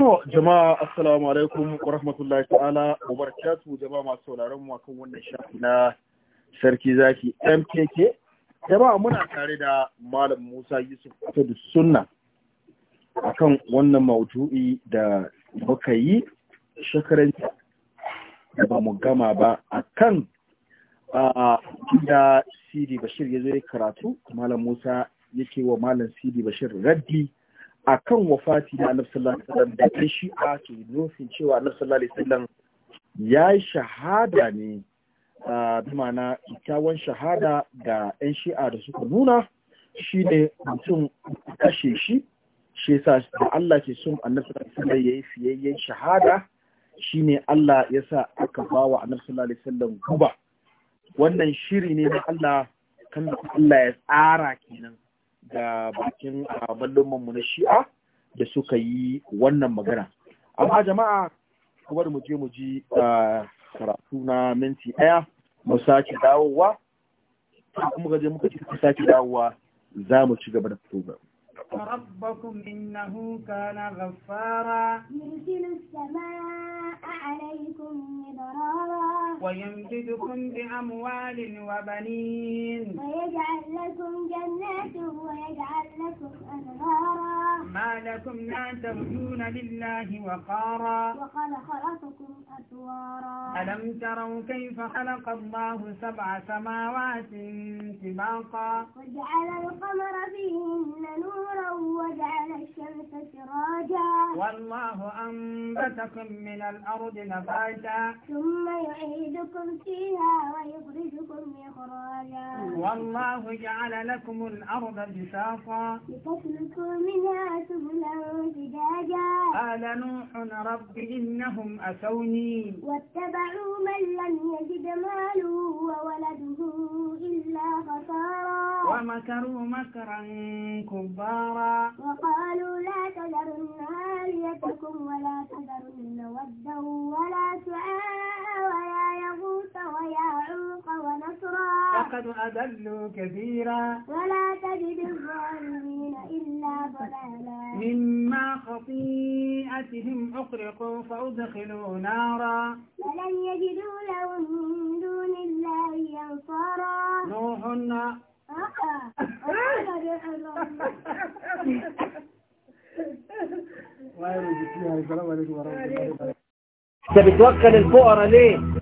To jama'a assalamu alaikum wa rahmatullahi ta'ala wa barakatuhu jama'a masu sauraron mu kan wannan shafi na Sarki Zaki MKK. Jama'a muna tare da Malam Musa Yusuf da Sunna akan wannan maudu'i da muka yi shekaran da ba mu gama ba a akan da Sidi Bashir ya zo karatu Malam Musa yake wa Malam Sidi Bashir raddi a kan wafati na annabi da ke shi ke nufin cewa annabi ya yi shahada ne bi mana kyakkyawan shahada da 'yan shi'a da suka nuna shi ne mutum kashe shi shi sa da Allah ke son annabi ya yi yayi fiyayyen shahada shine Allah ya sa aka bawa wa sallallahu guba wannan shiri ne na Allah kan da Allah ya tsara kenan da bakin ah, mu na shi'a da suka yi wannan magana amma jama'a kuma da muje muji ah, karatu na minti ɗaya mu sake dawowa kuma gaje muka ci sake dawowa za mu ci gaba da fito ربكم إنه كان غفارا يرسل السماء عليكم مدرارا ويمددكم بأموال وبنين ويجعل لكم جنات ويجعل لكم أنهارا ما لكم لا ترجون لله وقارا وقد خلقكم أسوارا ألم تروا كيف خلق الله سبع سماوات سباقا وجعل القمر فيهن نورا وجعل الشمس سراجا والله أنبتكم من الأرض نباتا ثم يعيدكم فيها ويخرجكم إخراجا والله جعل لكم الأرض بساطا لتسلكوا منها سبلا فجاجا قال نوح رب إنهم أتوني واتبعوا من لم يجد ماله وولده إلا خسارا ومكروا مكرا كبارا نارا وقالوا لا تذرن آليتكم ولا تذرن ودا ولا سعاء ويا يغوث ويا عوق ونصرا لقد أضلوا كثيرا ولا تجد الظالمين إلا ضلالا مما خطيئتهم أخرقوا فأدخلوا نارا فلن يجدوا لهم من دون الله أنصارا نوح بتوكل الفقراء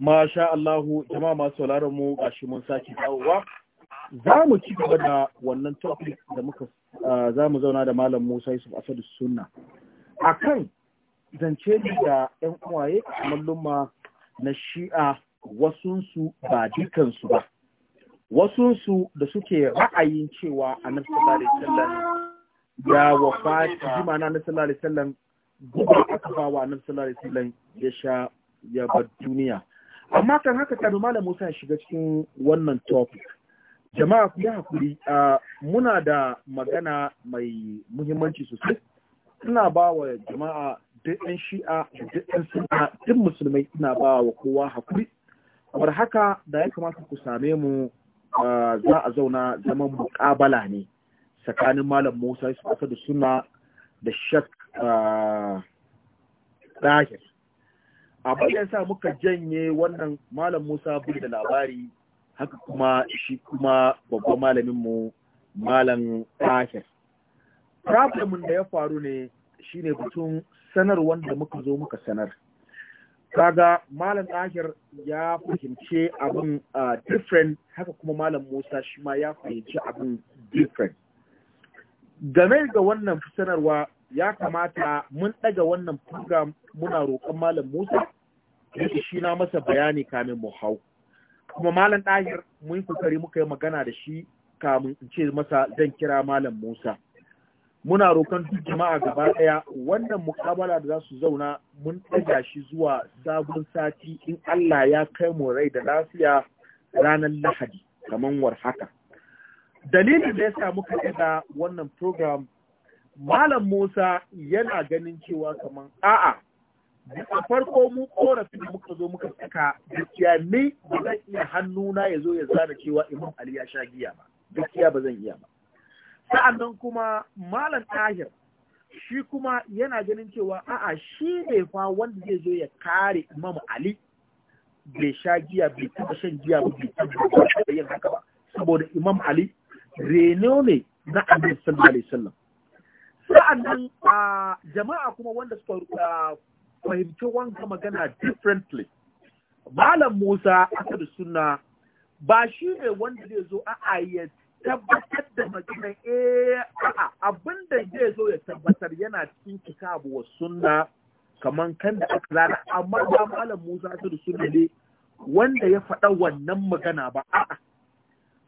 masha Allahu jama'a masu sauraron mu gashi mun saki tsawowa? za mu ci gaba da wannan topic da muka za mu zauna da malam Musa Yusuf Asadu Sunna akan zance da 'yan uwaye malluma na Shi'a wasunsu ba dukansu ba wasunsu da suke ra'ayin cewa annabi sallallahu alaihi wasallam ya wafa na annabi sallallahu alaihi wasallam aka wa annabi sallallahu ya sha ya bar duniya amma kan haka kan malam Musa ya shiga cikin wannan topic jama'a ku yi hakuri muna da magana mai muhimmanci sosai ina ba wa jama'a duk ɗan shi'a da duk ɗan suna duk musulmai ina ba wa kowa hakuri kamar haka da ya kamata ku same mu ah, za a zauna zaman muƙabala ne tsakanin malam Musa Yusuf da suna ah, da shak Dahir A bayan sa muka janye wannan malam Musa bin da labari haka kuma shi kuma babban malamin mu malam Dahir problemin da ya faru ne shine batun sanarwar da muka zo muka sanar kaga malam Dahir ya fahimce abin a different haka kuma malam Musa shi ma ya fahimci abin different game ga wannan sanarwa ya kamata mun daga wannan program muna roƙon malam Musa yake shi na masa bayani kamin mu hau kuma malam Dahir mun kokari muka yi magana da shi kamin in ce masa zan kira malam Musa muna roƙon duk jama'a gaba ɗaya wannan mukabala da za su zauna mun ɗaga shi zuwa sabon sati in Allah ya kai mu rai da lafiya ranar Lahadi kamar war haka. Dalilin da ya sa muka ɗaga wannan program Malam Musa yana ganin cewa kamar a'a a farko mu korafi da muka zo muka saka gaskiya ni ba zan iya hannuna ya zo ya zana cewa Imam Ali ya sha giya ba gaskiya ba zan iya ba sa'annan kuma malam tahir shi kuma yana ganin cewa a'a shi ne fa wanda zai zo ya kare imam ali bai sha giya bai taba shan giya ba bai taba yin haka ba saboda imam ali reno ne na annabi sallallahu alaihi wasallam sa'annan a jama'a kuma wanda suka fahimci wanka magana differently malam musa asadu sunna ba shi ne wanda zai zo a'a ya tabbatar da maganar eh a'a abin da zai zo ya tabbatar yana cikin kitabu wa sunna kamar kan da aka rana amma ba malam Musa su da sunna ne wanda ya faɗa wannan magana ba a'a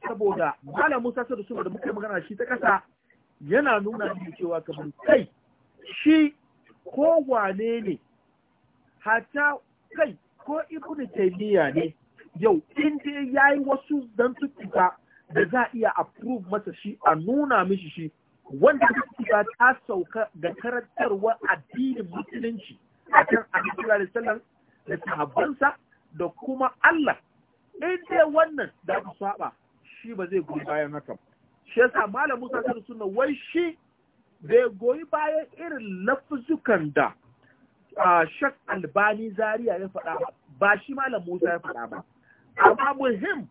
saboda malam Musa su da sunna da muka magana shi ta kasa yana nuna ni cewa kamar kai shi ko wane ne hata kai ko ibnu taymiya ne yau in dai yayi wasu zantuttuka da za a iya approve masa shi a nuna mishi shi wanda ba ta sauka ga karantarwa addinin musulunci a kan annabi sallallahu da sahabbansa da kuma Allah in dai wannan da ku saba shi ba zai goyi bayan haka shi yasa malam Musa sun sunna wai shi bai goyi bayan irin lafuzukan da Shak Albani Zariya ya faɗa ba shi malam Musa ya faɗa ba amma muhim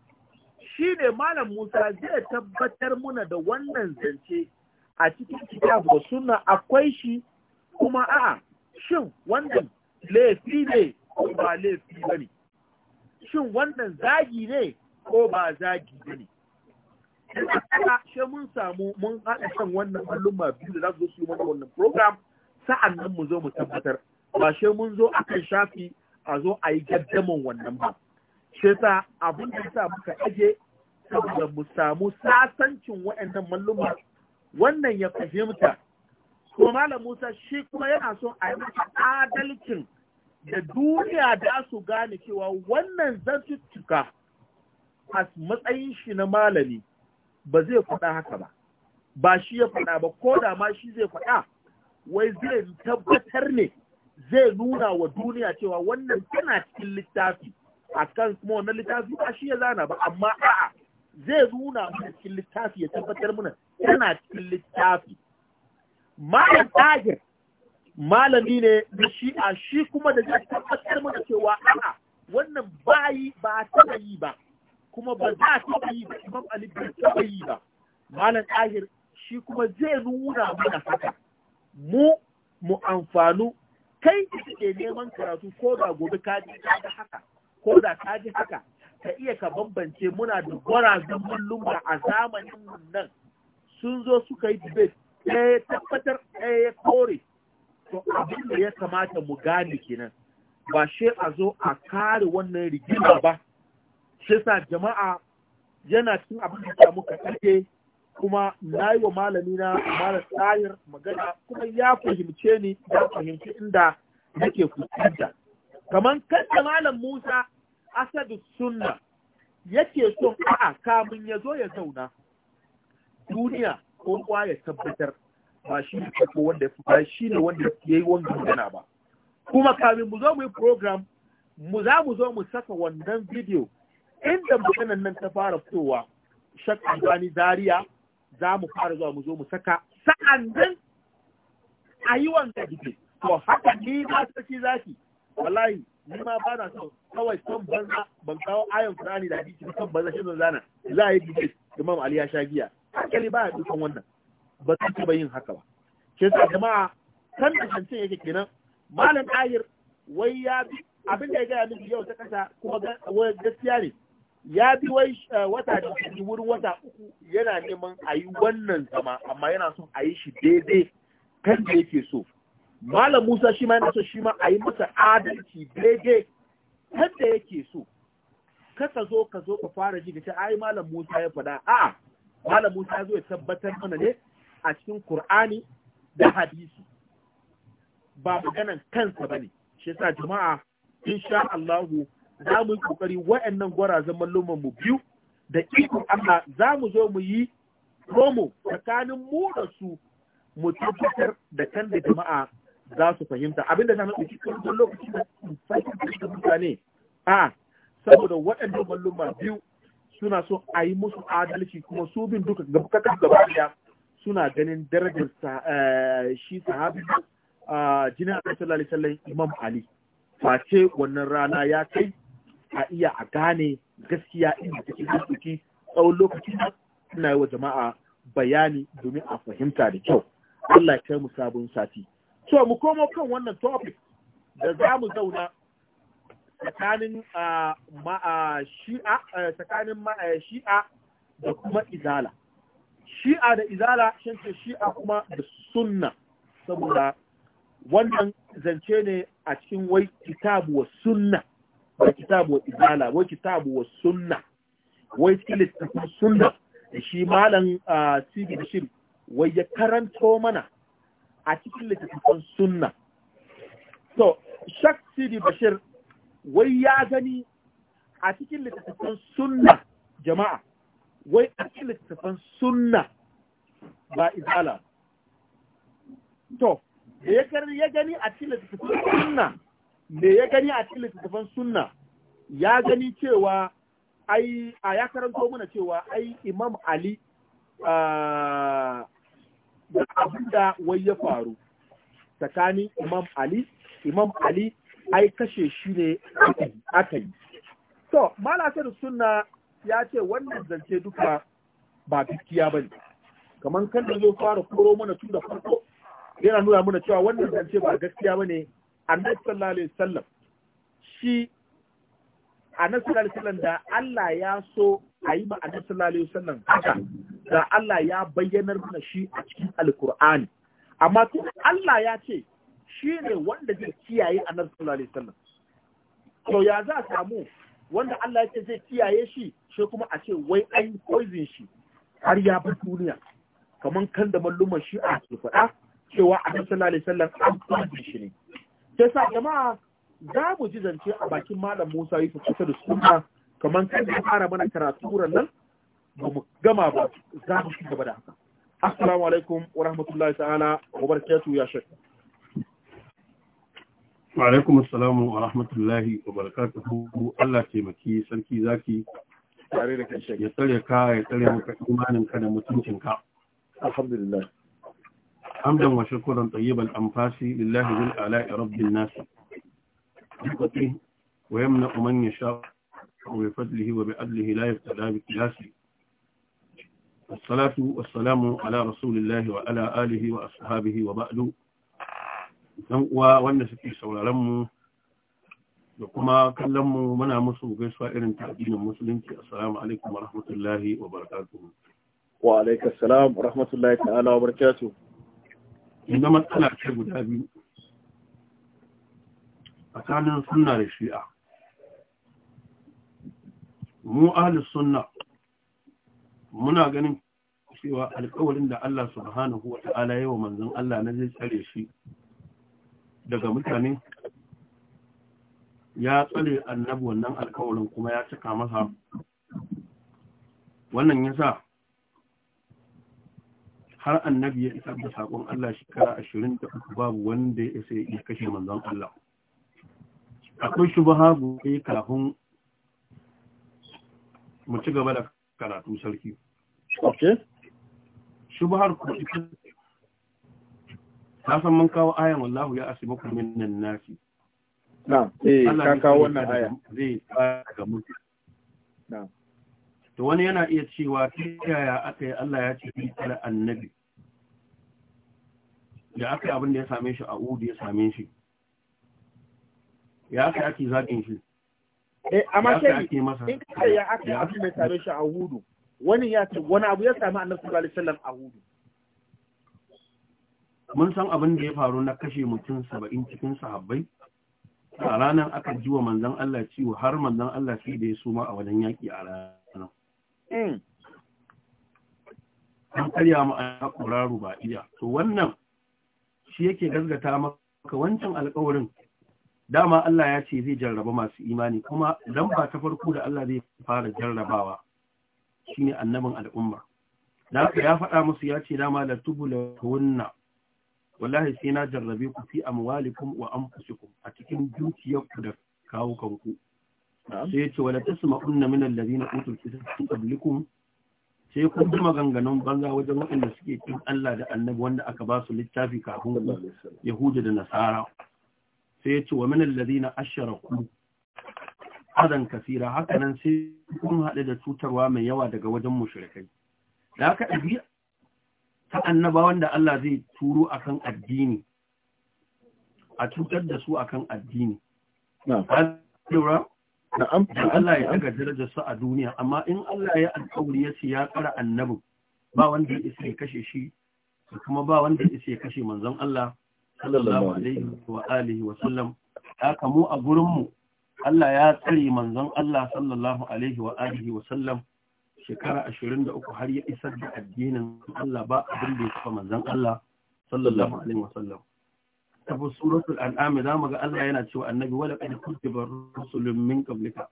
shi ne malam musa zai tabbatar muna da wannan zance a cikin kitab da sunna akwai shi kuma a'a shin wannan laifi ne ko ba laifi ba ne shin wannan zagi ne ko ba zagi ba ne shi mun samu mun haɗa kan wannan al'umma biyu da za su zo su mana wannan program sa'an nan mu zo mu tabbatar ba shi mun zo akan shafi a zo a yi gaddaman wannan ba shi abin da yasa muka aje saboda mu samu sasancin wa'annan malluma wannan ya fahimta ko malam Musa shi kuma yana so a yi masa adalcin da duniya da su gane cewa wannan zantuttuka a matsayin shi na malami ba zai faɗa haka ba ba shi ya faɗa ba ko da ma shi zai faɗa wai zai tabbatar ne zai nuna wa duniya cewa wannan tana cikin littafi a kan kuma wannan littafi ba shi ya zana ba amma a'a zai nuna mana cikin littafi ya tabbatar mana yana cikin littafi malam tahir malami ne da shi a shi kuma da zai tabbatar mana cewa a'a wannan bayi ba taɓa yi ba kuma ba za ta yi ba imam ali bai yi ba malam tahir shi kuma zai nuna mana haka mu mu amfanu kai da ke neman karatu ko ga gobe ka ga haka ko da ka ji haka ta iya ka bambance muna da gwarazan mallum a zamanin nan sun zo suka yi debate ɗaya tabbatar ɗaya kore to abin da ya kamata mu gane kenan ba shi a zo a kare wannan rigima ba shi sa jama'a yana cin abin da ta muka ƙarfe kuma na yi wa malami na mara tsayar magana kuma ya fahimce ni ya fahimci inda nake fuskanta kamar kan malam Musa asadu sunna yake so a'a kamun ya zo ya zauna duniya ko kwa ya tabbatar ba shi ne ko wanda ba shi ne wanda ya yi wanda magana ba kuma kamin mu zo mu yi program mu za mu zo mu saka wannan video inda maganan nan ta fara fitowa shakka gani dariya za mu fara zuwa mu zo mu saka sa'an nan a yi wanda dike to haka ni ba sarki zaki wallahi ni ma ba na so kawai son banza ban kawo ayon Qur'ani da hadisi ba son banza shi zan zana za a yi bibi Imam Ali ya sha giya hankali ba ya dukan wannan ba zan taɓa yin haka ba ke sa jama'a kan da yake kenan malam Tahir wai ya bi abin da ya gaya miki yau ta kasa kuma gaskiya ne ya bi wai eh, wata da wurin wata uku yana neman a yi wannan zama amma yana son a yi shi daidai kan da yake so Malam Musa shi ma yana so shi ma a yi masa adalci daidai yadda yake so. Kasa zo ka zo ka fara ji ce ai Malam Musa ya faɗa a'a Malam Musa ya zo ya tabbatar mana ne a cikin Kur'ani da hadisi. Ba maganan kansa ne. Shi yasa jama'a insha Allahu za mu yi kokari wa'annan gwarazan malluman mu biyu da ikon Allah za mu zo mu yi promo tsakanin mu da su mu tabbatar da kan da jama'a za su fahimta abinda ta nufi cikin lokaci da fahimta mutane a saboda waɗanda malluma biyu suna so a yi musu adalci kuma su bin duka gabkakan gaba suna ganin darajar eh, shi sahabi jinin Allah sallallahu alaihi Imam Ali face wannan rana ya kai a iya a gane gaskiya inda take gaskiya tsawon lokaci suna yi wa jama'a bayani domin a fahimta da kyau Allah ya kai mu sabon sati so mu komo kan wannan topic da za mu zauna tsakanin shi'a shi'a da kuma izala shi'a da izala shan ce shi'a kuma da sunna saboda wannan zance ne a cikin wai kitabu wa sunna ba kitabu wa izala wai kitabu wa sunna wai cikin da sunna da shi malam da shi, wai ya karanto mana a cikin littattafan sunna to shak sidi bashir wai ya gani a cikin littattafan sunna jama'a wai a cikin littattafan sunna ba izala to ya ya gani a cikin littattafan sunna me ya gani a cikin littattafan sunna ya gani cewa ai a ya karanto mana cewa ai imam ali ah, da abin da wai ya faru tsakanin Imam Ali, Imam Ali ai kashe shi ne aka yi. To, Malasar Sunna ya ce wannan zance duka ba gaskiya ba ne, kamar kan da zai fara koro mana tun da farko, yana nuna mana cewa wannan zance ba gaskiya ba ne, annabi sallallahu alaihi wasallam shi annabi sallallahu alaihi wasallam da Allah ya so a yi ma'anar sallallahu sallam haka da Allah ya bayyanar mana shi a cikin alkur'ani amma to Allah ya ce shi ne wanda zai kiyaye a'nan sallallahu sallam to ya za samu wanda Allah ya ce zai kiyaye shi shi kuma a ce wai an poison shi har ya bar duniya kaman kan da malluman a su faɗa cewa annabi sallallahu sallam an poison shi ne sai sa jama'a za mu ji zance a bakin malam Musa Yusuf kusa da sunna kamar kan da fara mana karatu wurin nan ba mu gama ba za mu ci gaba da haka assalamu alaikum wa rahmatullahi ta'ala wa barakatuh ya shek wa alaikum assalamu wa rahmatullahi wa barakatuh Allah taimaki sarki zaki tare da kai ya tsare ka ya tsare maka imanin ka da mutuncin ka alhamdulillah hamdan wa shukran tayyiban anfasi lillahi bil ala'i rabbil nas ويمنع من يشاء وبفضله وبعدله لا يبتدى بقياسه الصلاة والسلام على رسول الله وعلى آله وأصحابه وبعد وأن سكي سولارمو da kuma kallon mu muna musu gaisuwa irin ta addinin musulunci assalamu alaikum wa rahmatullahi wa barakatuhu wa alaika assalam wa rahmatullahi ta'ala wa matsala guda biyu tsakanin sunna da shi'a mu ahlus sunna muna ganin cewa alƙawarin da Allah subhanahu wa ta'ala yawa manzon Allah na zai tsare shi daga mutane ya tsare annabi wannan alƙawarin kuma ya cika masa wannan yasa har annabi ya isa da sakon Allah shekara 23 babu wanda ya isa ya kashe manzon Allah akwai shubaha gobe kafin mu ci gaba da karatu sarki okay shubhar ku ta san mun kawo ayan wallahu ya min nan nasi na eh ka kawo wannan aya zai ga mutu na to wani yana iya cewa ta yaya aka yi Allah ya ce kala annabi Ya aka abin da ya same shi a udu ya same shi ya aka yi ake shi eh sai in kai ya aka mai shi a hudu wani ya sami annabi sallallahu alaihi a hudu mun san abin da ya faru na kashe mutum saba'in cikin sahabbai a ranar aka ji wa manzan Allah ciwo har manzan Allah shi da ya suma a wajen yaƙi a ranar. Hmm. An karya mu a ƙuraru ba iya. To wannan shi yake gasgata maka wancan alƙawarin dama Allah ya ce zai jarraba masu imani kuma lamba ta farko da Allah zai fara jarrabawa shine annabin al'umma ya faɗa musu ya ce dama la tubulawunna wallahi sai na jarrabe ku fi amwalikum wa anfusikum a cikin dukiyarku da kawo kanku sai ya ce wala tasma'unna min alladhina utul kitaba qablikum sai kun ji maganganun banza wajen waɗanda suke kin Allah da Annabi wanda aka ba su littafi kafin Yahuda da Nasara sai ya ce wa minan lalina ku adan kasira haka nan sai kun haɗu da cutarwa mai yawa daga wajen mushrikai da haka ɗabi'a ta annabawan da Allah zai turo akan addini a cutar da su akan addini da Allah ya daga darajar su a duniya amma in Allah ya alƙawari ya ce ya ƙara annabin ba wanda ya isa ya kashe shi kuma ba wanda ya isa ya kashe manzon Allah sallallahu alaihi wa alihi wa sallam haka mu a gurin mu Allah ya tsare manzon Allah sallallahu alaihi wa alihi wa sallam shekara 23 har ya isar da addinin Allah ba abin da ya kafa manzon Allah sallallahu alaihi wa sallam tafi suratul an'am za mu ga Allah yana cewa annabi wala qad kutiba rusulun min qablika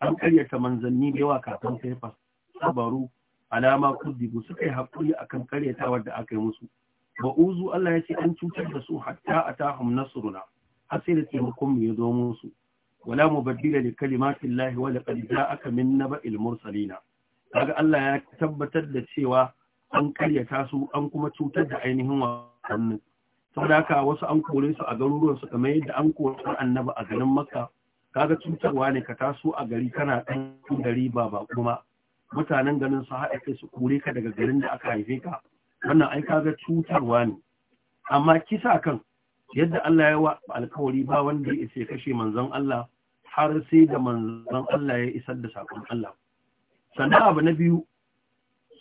an karyata manzanni da yawa kafin kai fa sabaru alama kudibu suka yi hakuri akan karyatawar da aka yi musu ba uzu Allah ya ce an cutar da su hatta a tahun nasuruna har sai da taimakon mu ya zo musu wala mu baddila da kalimatin lahi wala ƙadda aka min na ba'il mursalina kaga Allah ya tabbatar da cewa an karyata su an kuma cutar da ainihin wannan saboda haka wasu an kore su a garuruwan su kamar yadda an kore annaba a garin makka kaga cutarwa ne ka taso a gari kana ɗan gari ba ba kuma mutanen ganin su haɗa kai su kore ka daga garin da aka haife ka wannan ai kaga cutarwa ne amma kisa kan yadda Allah ya wa alkawari ba wanda ya isa kashe manzon Allah har sai da manzon Allah ya isar da sakon Allah sannan abu na biyu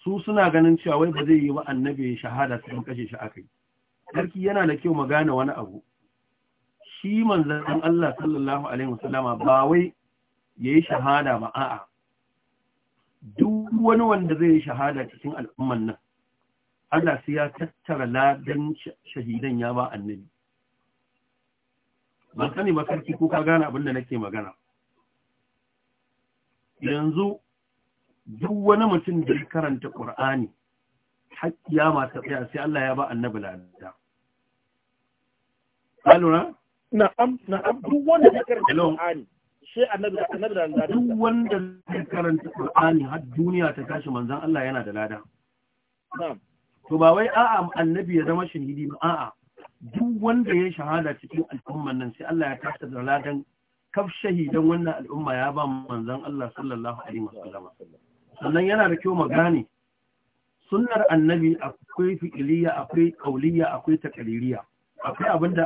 su suna ganin cewa wai ba zai yi wa annabi shahada sai kashe shi akai sarki yana da kyau magana wani abu shi manzon Allah sallallahu alaihi wasallama ba wai yayi shahada ba a'a duk wani wanda zai yi shahada cikin al'umman nan Allah sai ya tattara ladan shahidan ya ba annabi ban sani makarki ko ka gane abin da nake magana yanzu duk wani mutum da ya karanta ƙur'ani haƙƙiya masu tsaya sai Allah ya ba annabi ladada alura na'am na'am duk wanda ya karanta ƙur'ani sai annabi annabi duk wanda zai karanta ƙur'ani har duniya ta tashi manzon Allah yana da lada na'am to ba wai a'a annabi ya zama shahidi ba a'a duk wanda ya shahada cikin al'umman nan sai Allah ya tasa da ladan kaf shahidan wannan al'umma ya ba manzon Allah sallallahu alaihi wasallam sannan yana da kyau magani sunnar annabi akwai fi'iliya akwai kauliya akwai takaririya akwai abinda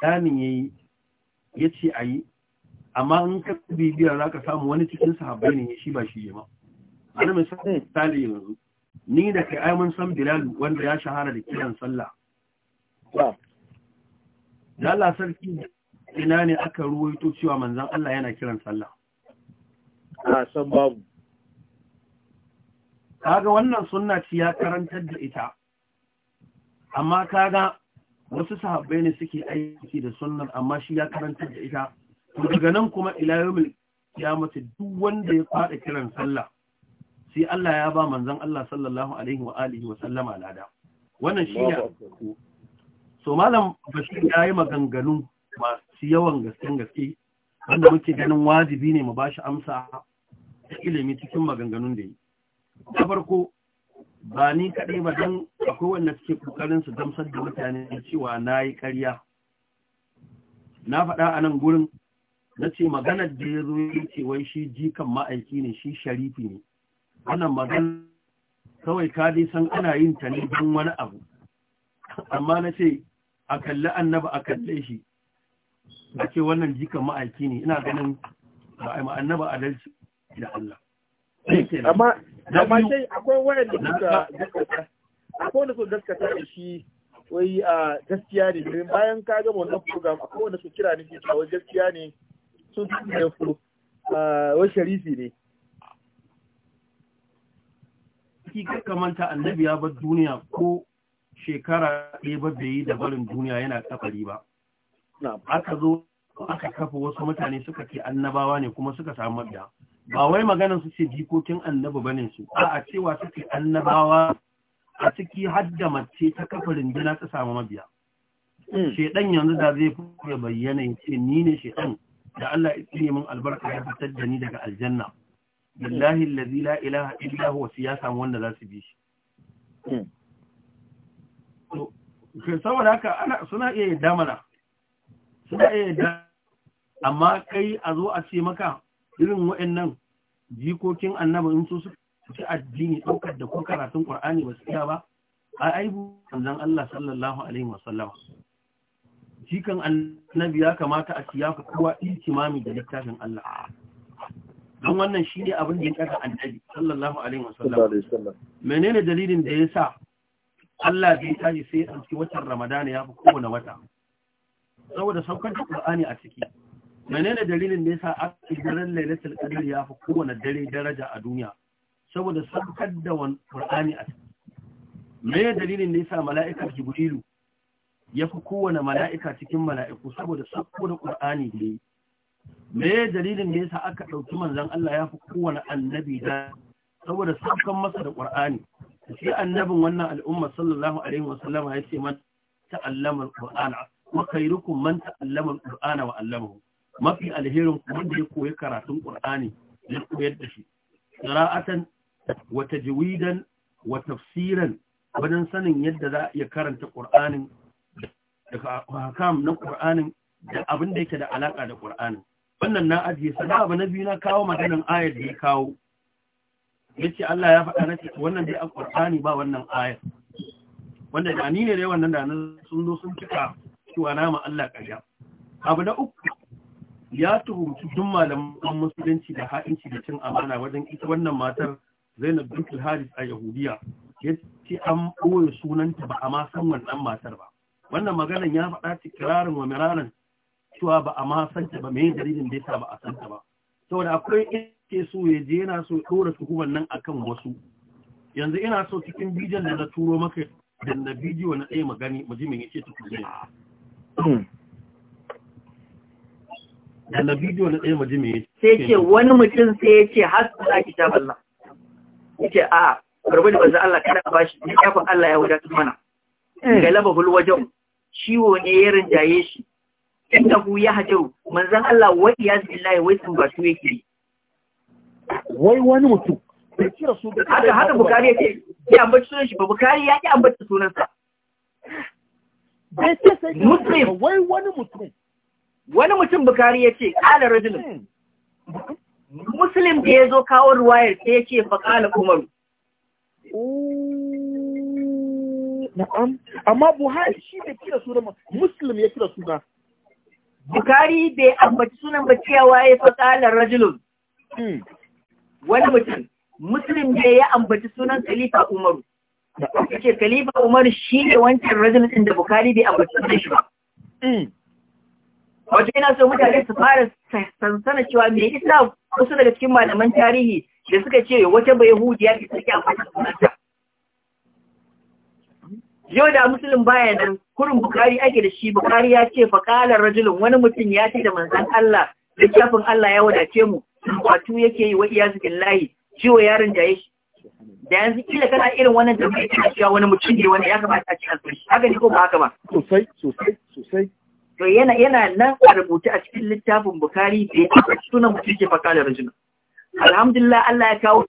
da yi yayi yace ayi amma in ka bibiya zaka samu wani cikin sahabbai ne shi ba shi ba ana misali yanzu ni da kai ai mun san Bilal wanda ya shahara da kiran sallah da Allah sarki ina ne aka ruwaito cewa manzon Allah yana kiran sallah a san babu kaga wannan sunna ci ya karantar da ita amma kaga wasu sahabbai ne suke aiki da sunnan amma shi ya karantar da ita daga nan kuma ila yawmil kiyamati duk wanda ya fada kiran sallah sai Allah ya ba manzon Allah sallallahu alaihi wa alihi wa sallama lada wannan shine so malam bashir yayi maganganu masu yawan gaske gaske wanda muke ganin wajibi ne mu ba shi amsa ta ilimi cikin maganganun da yi na farko ba ni kaɗai ba don akwai wanda suke kokarin su gamsar da mutane cewa na yi ƙarya na faɗa a nan gurin na ce maganar da ya zo ya ce wai shi jikan ma'aiki ne shi sharifi ne wannan magana kawai ka dai san ana yin ta ne don wani abu amma na ce a kalli annaba a kalle shi a ce wannan jikan ma'aiki ne ina ganin ba a yi ma'annaba dalci da Allah amma sai akwai da suka gaskata akwai wanda suka gaskata da shi wai a gaskiya ne domin bayan ka gama wannan program akwai wanda su kira ne ke cewa gaskiya ne sun fi da furu. wai sharifi ne sarki manta annabi ya bar duniya ko shekara ɗaya ba bai yi da barin duniya yana kafari ba aka zo aka kafa wasu mutane suka ce annabawa ne kuma suka samu mabiya ba wai maganar su ce jikokin annabi bane su a cewa suke annabawa a ciki da mace ta kafa rindina ta samu mabiya hmm. shedan yanzu da zai fuka bayyana ya ce ni ne shedan da Allah ya tsine min albarka ya fitar da ni daga aljanna billahi lazi la ilaha illa huwa siyasa wanda za su bi shi saboda haka ana suna iya yadda mana suna iya yadda amma kai a zo a ce maka irin nan jikokin annaba in su ci addini ɗaukar da ko karatun ƙur'ani ba su iya ba a aibu zan Allah sallallahu alaihi wasallam jikan annabi ya kamata a ciya kowa ikimami da littafin Allah don wannan shi ne abin da ya an annabi sallallahu alaihi wasallam menene dalilin da ya sa Allah zai tashi sai ya ɗauki watan Ramadana ya fi kowane wata saboda saukar da Qur'ani a ciki menene dalilin da ya sa aka daren Lailatul Qadr ya fi kowane dare daraja a duniya saboda saukar da Qur'ani a ciki me dalilin da ya sa mala'ikar Jibrilu ya fi kowane mala'ika cikin mala'iku saboda saukar da Qur'ani da yi me dalilin da yasa aka ɗauki manzan Allah ya fi kowane annabi da saboda sabkan masa da Qur'ani shi annabin wannan al'umma sallallahu alaihi wasallam ya ce man ta'allama al-Qur'ana wa khairukum man ta'allama al-Qur'ana wa 'allamahu mafi alherin ku wanda ya koyi karatun Qur'ani ya koyar da shi qira'atan wa tajwidan wa tafsiran wajen sanin yadda za a iya karanta Qur'anin da hakam na Qur'anin da abin da yake da alaka da Qur'anin wannan na ajiye sana abu na biyu na kawo maganin ayar da ya kawo ya ce Allah ya faɗa na cikin wannan dai alƙur'ani ba wannan ayar wanda da ni ne dai wannan da na sun zo sun cika cewa nama Allah ƙarya abu na uku ya tuhumci duk malaman musulunci da ha'inci da cin amana wajen ita wannan matar Zainab Bintul Haris a Yahudiya ya ce an ɓoye sunanta ba a ma san wannan matar ba wannan maganan ya faɗa tikirarin wa miraran cewa ba a ma santa ba mai dalilin da yasa ba a santa ba saboda akwai ke so ya je yana so dora tuhumar nan akan wasu yanzu ina so cikin bidiyon da na turo maka da na bidiyo na ɗaya magani mu ji me yace tukuni da na bidiyo na ɗaya mu ji me yace sai ce wani mutum sai ya ce har hasbuna kitaballah yace a karbi da banzan Allah kada a bashi ya kafin Allah ya wadatar mana eh. galaba hul ciwo ne ya rinjaye shi innahu yahjaru manzan Allah wai ya billahi wai tumbatu yake wai wani mutum bai kira su da haka haka bukari yake ya ambaci sunan shi ba bukari ya ki ambaci sunan sa muslim wai wani mutum wani mutum bukari yake ala rajulun hmm. muslim da ya zo kawo ruwayar sai yake fa qala umaru na'am amma buhari shi ne kira sunan muslim ya kira sunan Bukari bai ambaci sunan ba cewa ya fi tsalar rajulun. Hmm. Wani mutum, Muslim bai ya ambaci sunan Khalifa Umaru. Ya ce Khalifa Umaru shi ne wancan rajulun ɗin da Bukari bai ambaci sunan shi ba. Hmm. Wato ina so mutane su fara sansana cewa me isa wasu daga cikin malaman tarihi da suka ce wata bai hudiya ke suke ambaci sunanta. yau da musulun baya nan kurin bukari ake da shi bukari ya ce fakalar rajulun wani mutum ya ce da manzan Allah da kyafin Allah ya wadace mu kwatu yake yi wa iyazu billahi ciwo yaron da yake da yanzu kila kana irin wannan tambayar ce cewa wani mutum ne wanda ya kamata a ci asiri haka ne ko ba haka ba sosai sosai sosai to yana yana nan a rubuce a cikin littafin bukari da ya sunan mutum ke fakalar rajulun alhamdulillah Allah ya kawo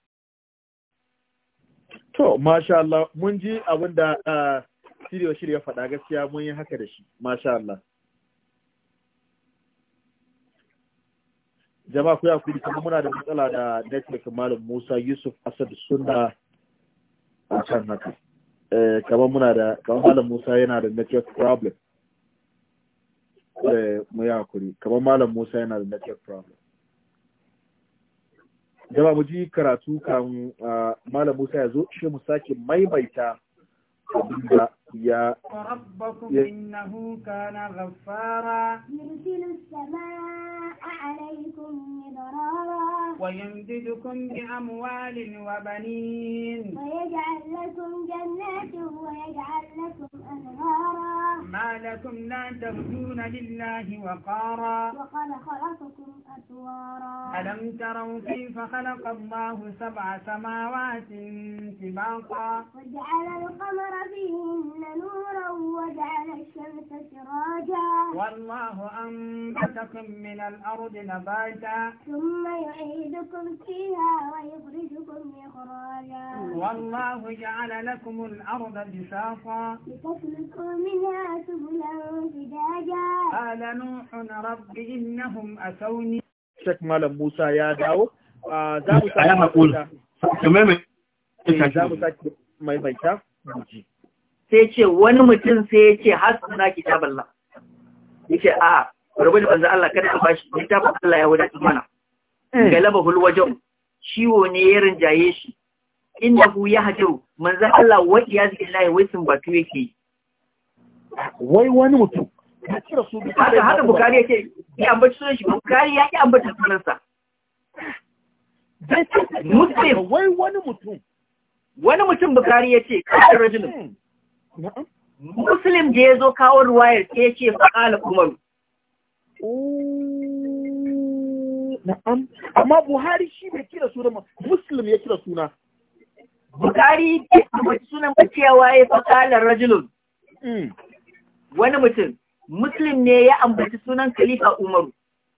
To, masha Allah, mun ji abin da ah, shirya shirya faɗa gaskiya mun yi haka da shi, masha Allah. Jama'a ku ya kuri kuma muna da matsala da Netflix Malam Musa Yusuf Asad suna a can haka. Eh, kamar muna da, kamar Malam Musa yana da network problem. Eh, mu ya kuri, kamar Malam Musa yana da network problem. jama mu ji karatu kan malam Musa ya zo shi mu sake maimaita abin da ya rabbakum innahu kana ghaffara yursilu as-samaa'a 'alaykum midrara ويمددكم بأموال وبنين ويجعل لكم جنات ويجعل لكم أنهارا ما لكم لا ترجون لله وقارا وقد خلقكم أسوارا ألم تروا كيف خلق الله سبع سماوات سباقا وجعل القمر فيهن نورا وجعل الشمس سراجا والله أنبتكم من الأرض نباتا ثم يعيد يعيدكم فيها ويخرجكم إخراجا والله جعل لكم الأرض بساطا لتسلكوا منها سبلا فجاجا قال نوح رب إنهم أتوني شك مال موسى يا داو آه، أنا أقول sai ce wani mutum sai ya ce hasuna Mm. galaba hulwajo ciwo ne ya rinjaye shi Inda innahu yahjur manzo Allah wa iyaz billahi wai sun batu yake wai wani mutum ya kira su haka haka bukari yake ya ambaci sunan shi bukari ya ki ambaci sunan sa muslim wai wani mutum wani mutum bukari yace kafin rajulun hmm. muslim da ya zo kawo ruwayar sai ya ce fa'ala umar oh. Na'am, amma Buhari shi bai kira suna Muslim ya kira suna. Buhari ke ambaci sunan ba cewa ya fakalar rajulun. Hmm. Wani mutum, Muslim ne ya ambaci sunan Khalifa Umaru.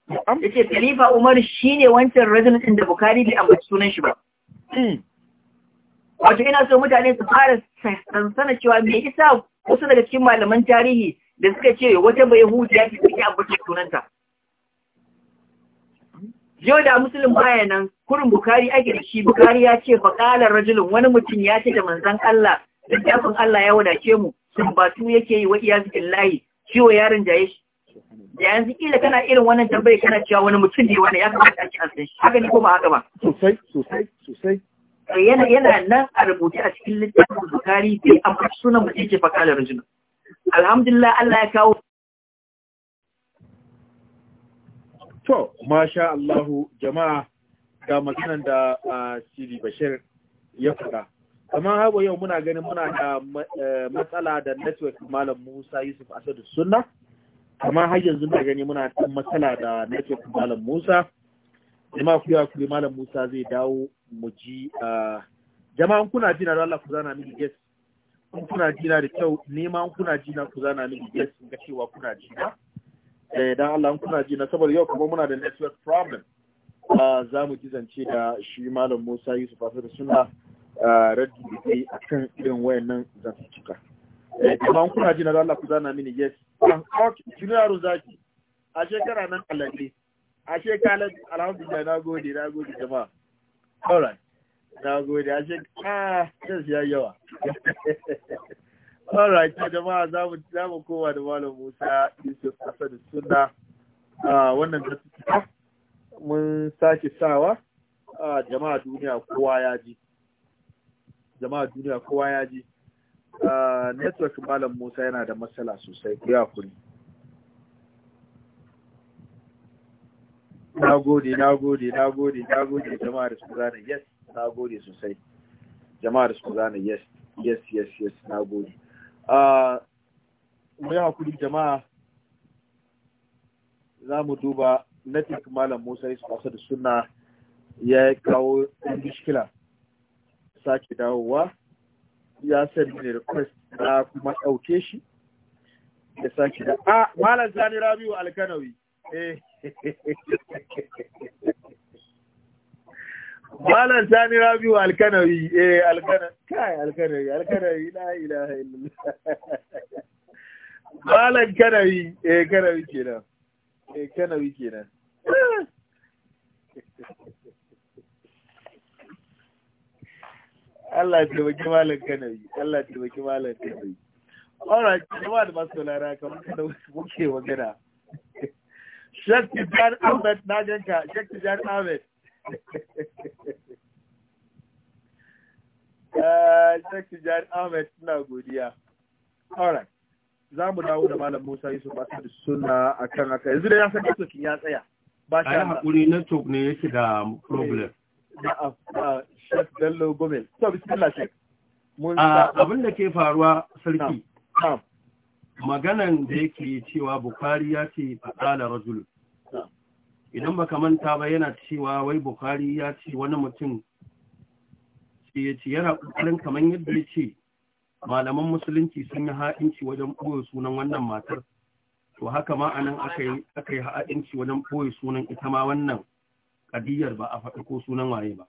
Ya ce Khalifa Umaru shi ne wancan rajulun inda Buhari bai ambaci sunan shi ba. Hmm. Wato ina so mutane su fara sansana cewa me isa wasu daga cikin malaman tarihi da suka ce wata bai hutu ya ce suke ambaci sunanta. yau da musulun baya nan kurin bukari ake da shi bukari ya ce faƙalar rajulun wani mutum ya ce da manzan Allah littafin Allah ya wadace mu sumbatu yake yi wa iyazu layi, ciwo yaron jaye shi da yanzu kila kana irin wannan tambayi kana cewa wani mutum ne wani ya kamata ake an san shi haka ne kuma haka ba sosai sosai sosai eh, yana yana nan a rubuce a cikin littafin bukari bai amma sunan mutum ke faƙalar rajulun alhamdulillah Allah ya kawo To, masha Allahu jama'a ga maganan da Sidi Bashir ya faɗa. Kamar haɓo yau muna ganin muna da e, matsala da network Malam Musa Yusuf Asadu Sunna. Kamar har yanzu muna gani muna da matsala da network Malam Musa. Jama'a ku kuri Malam Musa zai dawo mu ji jama'an kuna jina da Allah ku zana mini yes. In kuna jina da kyau, nema kuna jina ku zana mini yes in ga cewa kuna jina. eh dan Allah kuna ji na saboda yau kuma muna da network problem ah, za mu kizance da shi malam Musa Yusuf da suna ah, raddi da kai akan irin wayannan zantuka eh kuma kuna ji na Allah ku zana mini yes an out junior zaki a shekara nan alalle a shekara alhamdulillah na gode na gode jama'a all right na gode a shekara ah yes ya yawa Alright, jama'a za mu za mu kowa da Malam Musa Yusuf Asad Sunna a wannan gaskiya mun sake sawa a jama'a duniya kowa ya ji. Jama'a duniya kowa ya ji. network Malam Musa yana da matsala sosai ku ya kuri. Na gode, na gode, na gode, na gode jama'a da su zane yes, na gode sosai. Jama'a da su zane yes, yes, yes, yes, na gode. mu yi hakuri jama'a za mu duba latin malam musa yi su da suna ya kawo mishkila sake dawowa ya send ne request na kuma ɗauke shi da sake da a malam zani rabiu alkanawi eh Malam Sani Rabiu Alkanawi, eh Alkanawi, kai Alkanawi, Alkanawi la ilaha illallah. Malam Kanawi, eh Kanawi kenan. Eh Kanawi kenan. Allah ya tabbaki Malam Kanawi, Allah ya tabbaki Malam Kanawi. right, jama'a da masu saurara kamar kada muke magana. Shakti Jan Ahmed na ganka, Shakti Jan Ahmed. Eh, sarki Jari Ahmed suna godiya. Alright. Za mu dawo da Malam Musa Yusuf Asadu suna a kan haka. Yanzu da ya san networking ya tsaya. Ba shi haƙuri network ne yake da problem. Da eh, Bello Gomez. To, bismillah Sheikh. Ah, abin da ke faruwa sarki. Maganan da yake cewa Bukhari ya ce faɗa da rajulun. idan baka manta ba yana cewa wai Bukhari ya ce wani mutum sai ya ce yana kukurin kamar yadda ya ce malaman musulunci sun yi ha'inci wajen ɓoye sunan wannan matar to haka ma anan aka yi aka yi ha'inci wajen ɓoye sunan ita ma wannan kadiyar ba a faɗi ko sunan waye ba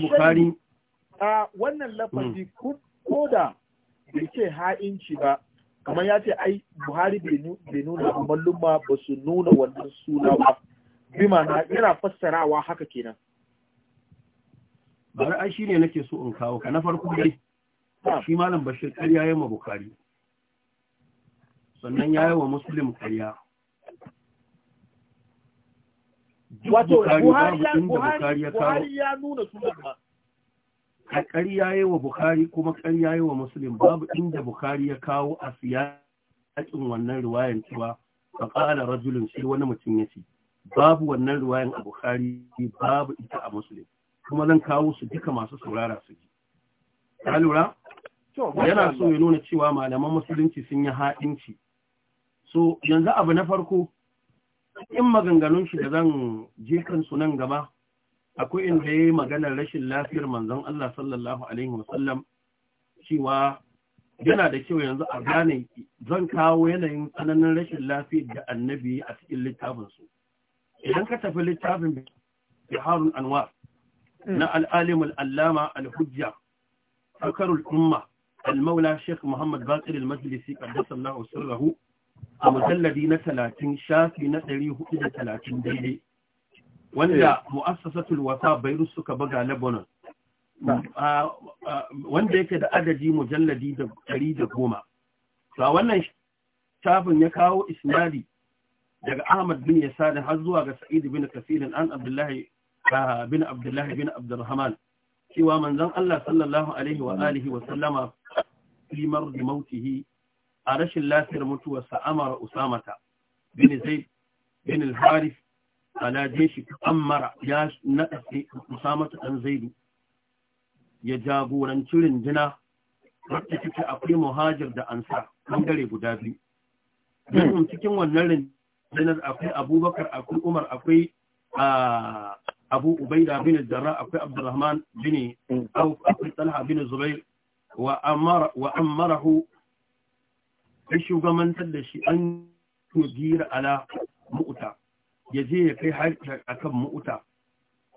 Bukhari wannan lafazi hmm. ko da bai ce ha'inci ba kamar ya ce ai buhari bai nuna amma lumma ba su nuna wannan suna ba bima na yana fassarawa haka kenan bari ai shine nake so in kawo ka na farko dai shi malam bashir kariya ya ma bukari sannan ya yi wa muslim kariya wato buhari ya nuna sunan ba a ƙarya wa Bukhari kuma ƙarya wa musulun babu inda Bukhari ya kawo a siyasin wannan ruwayan cewa fa qala rajulun shi wani mutum ya ce babu wannan riwayan a Bukhari babu ita a musulun kuma zan kawo su duka masu saurara su ji ka lura yana so ya nuna cewa malaman musulunci sun yi haɗinci so yanzu abu na farko in maganganun shi da zan je kansu nan gaba akwai inda ya yi maganar rashin lafiyar manzon Allah sallallahu alaihi wasallam cewa yana da kyau yanzu a gane zan kawo yanayin tsananin rashin lafiyar da annabi a cikin littafinsu idan ka tafi littafin biharun anwar na al'alimul allama al-hujja fakarul umma al-maula sheikh muhammad bakir al-majlisi qaddasallahu sirrahu a mujalladi na talatin shafi na hudu da talatin daidai wanda eh. mu'assasatul wasa suka buga lebanon ah, ah, wanda yake da adadi mujalladi da ɗari da goma a wannan shafin ya kawo isnadi daga ahmad bin yasadin har zuwa ga sa'id bin kasirin an abdullahi ah, bin abdullahi bin abdurrahman cewa manzon Allah sallallahu alaihi wa alihi wa sallama limar da mautihi a rashin lafiyar mutuwarsa amara usamata bin zaid bin al ala jeshi ammara ya naɗa musamman ɗan zaidu ya jagoranci rindina wadda take akwai muhajir da ansa ɓangare guda biyu yanzu cikin wannan rindinar akwai abubakar akwai umar akwai abu ubaida bin jarra akwai abdurrahman bin auf akwai talha bin zubair wa ammarahu ya shugabantar da shi an yugira ala mu'uta ya je ya kai a kan mu'uta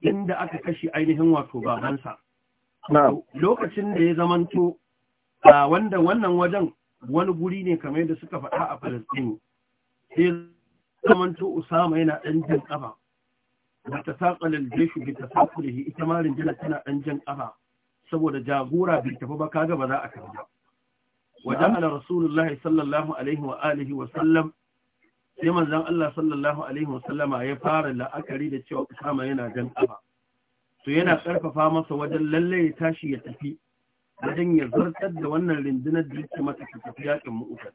inda aka kashe ainihin wato babansa lokacin da ya zamanto a wanda wannan wajen wani guri ne kamar yadda suka faɗa a Falastini sai zamanto Usama yana ɗan jin ƙafa ba saƙa laljeshu bai da ita ma rinjina tana ɗan jin ƙafa saboda jagora bai tafi ba kaga ba za a tafi ba wajen ala rasulullahi sallallahu alaihi wa alihi wa sallam sai manzon Allah sallallahu alaihi wasallama ya fara la'akari da cewa Usama yana jan kafa to yana karfafa masa wajen lalle ya tashi ya tafi wajen ya zartar da wannan rundunar da yake mata ta tafi yakin mu'ukat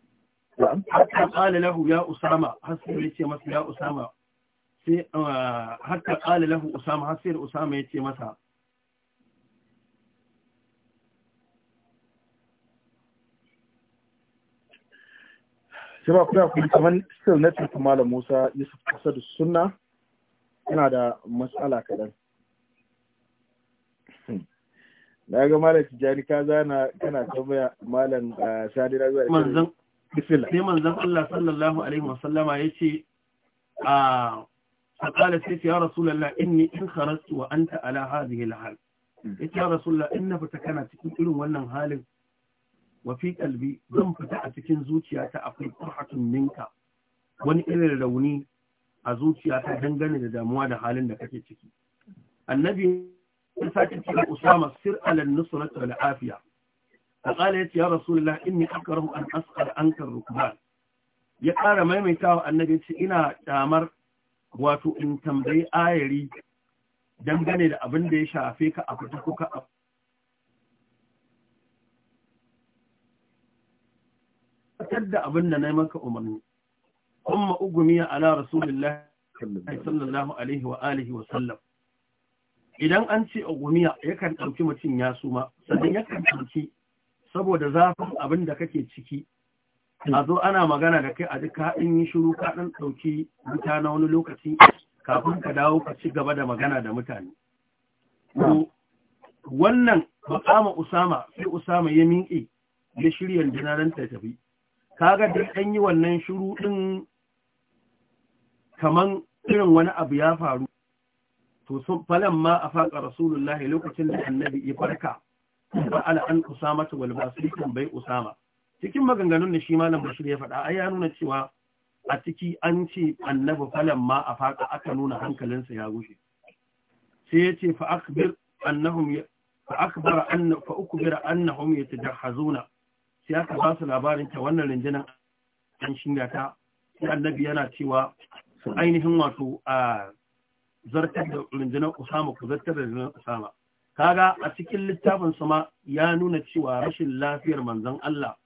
hatta qala lahu ya Usama hasbi yace masa ya Usama sai uh, hatta qala lahu Usama hasbi Usama yace masa jama'a kuna kuma kaman still na tafi malam musa yusuf kasadu sunna yana da matsala kaɗan na ga malam tijjani ka zana kana tambaya malam ah, sadi na zuwa manzan sai manzan allah sallallahu alaihi wasallama ya ce a ah, faƙala sai ya rasulallah inni in kharastu wa anta ala hadhihi alhal hmm. yace ya rasulallah in na fita kana cikin irin wannan halin Wafi kalbi zan fita a cikin zuciyata akwai qurhatun minka wani irin rauni a zuciyata dangane da damuwa da halin da kake ciki annabi ya sake cewa usama sir ala nusrat wal afiya فقال ya رسول الله إني an أن أسأل عنك الركبان ya ƙara maimaitawa annabi ce ina damar wato in tambayi ayari dangane da abin da ya shafe ka a fita kuka a tabbatar da abin da na maka umarni umma ugumiya ala rasulillah sallallahu alaihi wa alihi wa sallam idan an ce ugumiya yakan ɗauki mutum ya suma sannan yakan dauki saboda zafin abin da kake ciki a zo ana magana da kai a duk haɗin yi shiru ka dan ɗauki wuta na wani lokaci kafin ka dawo ka ci gaba da magana da mutane wannan makama usama sai usama ya minke ya shirya dinaran ta tafi kaga da an yi wannan shiru ɗin kaman irin wani abu ya faru to sun falan ma a faƙa rasulullahi lokacin da annabi ya farka ba'ala an usama ta walba su bai usama cikin maganganun da shi malam bashir ya faɗa ai ya nuna cewa a ciki an ce annabi falon ma a faƙa aka nuna hankalinsa ya gushe sai ya ce fa akbir annahum fa akbara anna fa ukbira annahum sai aka ba su labarin ta wannan rinjinan an shinga ta sai annabi yana cewa su ainihin wato a zartar da rinjinan usama ku zartar da rinjinan usama kaga a cikin littafin ma, ya nuna cewa rashin lafiyar manzon Allah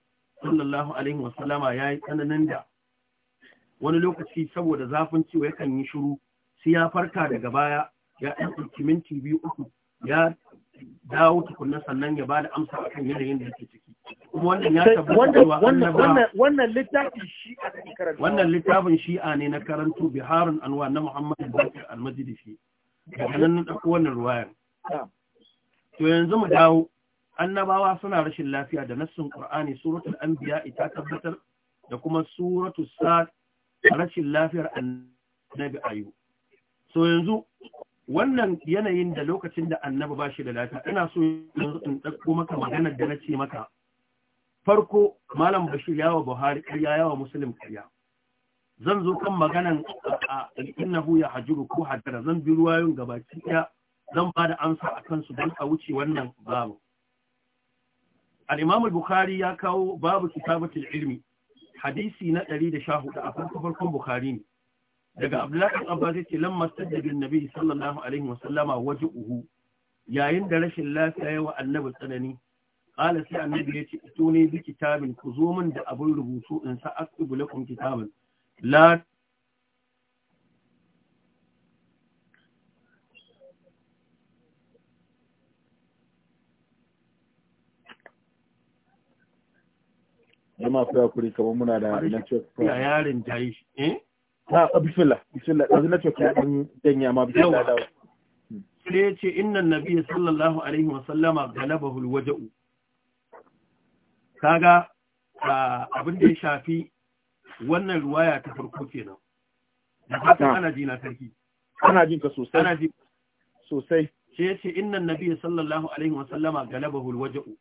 sallallahu alaihi wasallama yayi tsananin da wani lokaci saboda zafin ciwo yakan yi shiru sai ya farka daga baya ya ɗan minti biyu uku ya dawo tukunna sannan ya ba da amsa akan yanayin da yake ciki wannan littafin shi'a ne na karantu biharun anwa na Muhammad Bakir al shi, daga nan na wannan ruwayar to yanzu mu dawo annabawa suna rashin lafiya da nassin Qur'ani an biya ita tabbatar da kuma suratu sa rashin lafiyar annabi ayu so yanzu wannan yanayin da lokacin da annabi ba shi da lafiya ina so in ɗauko maka maganar da na ce maka farko malam bashir yawa buhari karya yawa muslim karya zan zo kan maganan innahu ya hajuru ko hadara zan bi ruwayoyin gabaki ɗaya zan ba da amsa a kansu don a wuce wannan babu al-imam al-bukhari ya kawo babu kitabatul ilmi hadisi na 114 a farko farkon bukhari ne daga abdullahi abbas yace lamma sajjada annabi sallallahu alaihi wasallama wajhuhu yayin da rashin lafiya yawa annabi tsanani qala sai annabi yace tuni bi kitabin ku zo min da abun rubutu in sa aktubu lakum kitaban la Jama'a ku ya kamar muna da network problem. Ya yarin jayi, eh? a bismillah bismillah yanzu na cewa sai ya ce innan nabi sallallahu abin da ya shafi wannan ruwaya ta farko kenan da haka ana ji na sarki ana jin ka sosai ana ji sosai sai ya ce innan nabi sallallahu alaihi wasallama galabahu alwaja'u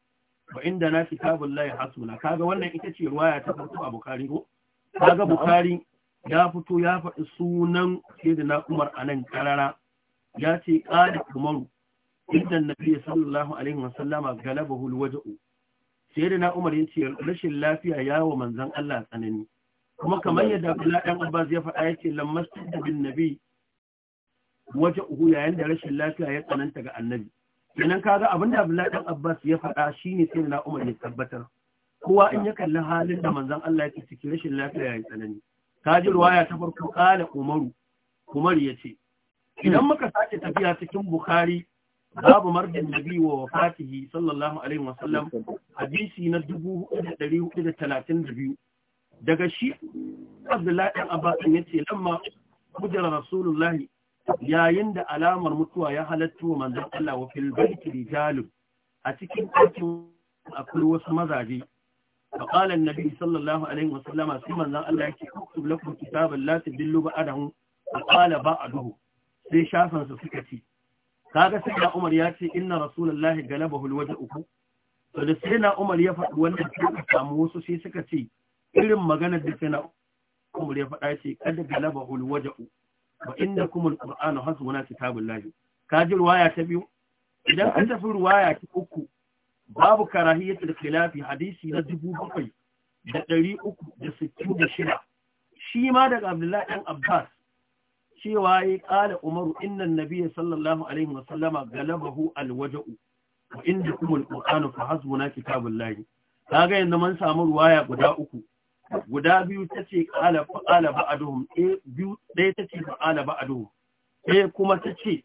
wa inda na kitabullahi hasbuna kaga wannan ita ce ruwaya ta farko a bukari ko kaga bukari ya fito ya faɗi sunan sayyidina Umar a nan karara ya ce qala Umaru inda Nabi sallallahu alaihi wa wasallama galabahu alwaja'u sayyidina Umar ya ce rashin lafiya ya wa manzon Allah tsanani kuma kamar yadda Abdullah dan Abbas ya faɗa yace lammastada bin nabi waja'uhu yayin da rashin lafiya ya tsananta ga annabi kenan kaga abinda Abdullah dan Abbas ya faɗa shine sayyidina Umar ya tabbatar kowa in ya kalli halin da manzon Allah yake cikin rashin lafiya ya tsanani ta ji ruwaya ta farko kala umaru umar ya ce idan hmm. muka sake tafiya cikin bukhari babu mardin nabi wa wafatihi sallallahu alaihi wasallam hadisi na 4432 daga shi abdullahi dan abbas ya ce lamma hujjar rasulullahi yayin da alamar mutuwa ya halatta wa manzon Allah wa fil baiti rijalun a cikin ɗakin akwai wasu mazaje فقال النبي صلى الله عليه وسلم سمن ذا الله يكي لكم كتابا لا تدلوا بعده فقال بعده sai shafan su suka ci kaga sai da Umar ya ce inna rasulullahi galabahu alwaja'u to da sai na Umar ya faɗi wannan sai samu sai suka ce irin maganar da sai na Umar ya faɗa ce kad galabahu alwaja'u wa innakum alqur'anu hasbuna kitabullahi kaji ruwaya ta biyu idan an tafi ruwaya ta uku babu karahiyatul khilafi hadisi na dubu shida. shi ma daga Abdullahi dan Abbas cewa ya kala Umaru innan nabiyyi sallallahu alaihi wa sallama galabahu alwaja'u wa inda kumul qur'anu fa layi. kitabullahi kaga yanzu mun samu ruwaya guda uku guda biyu tace qala fa qala eh, eh kuma tace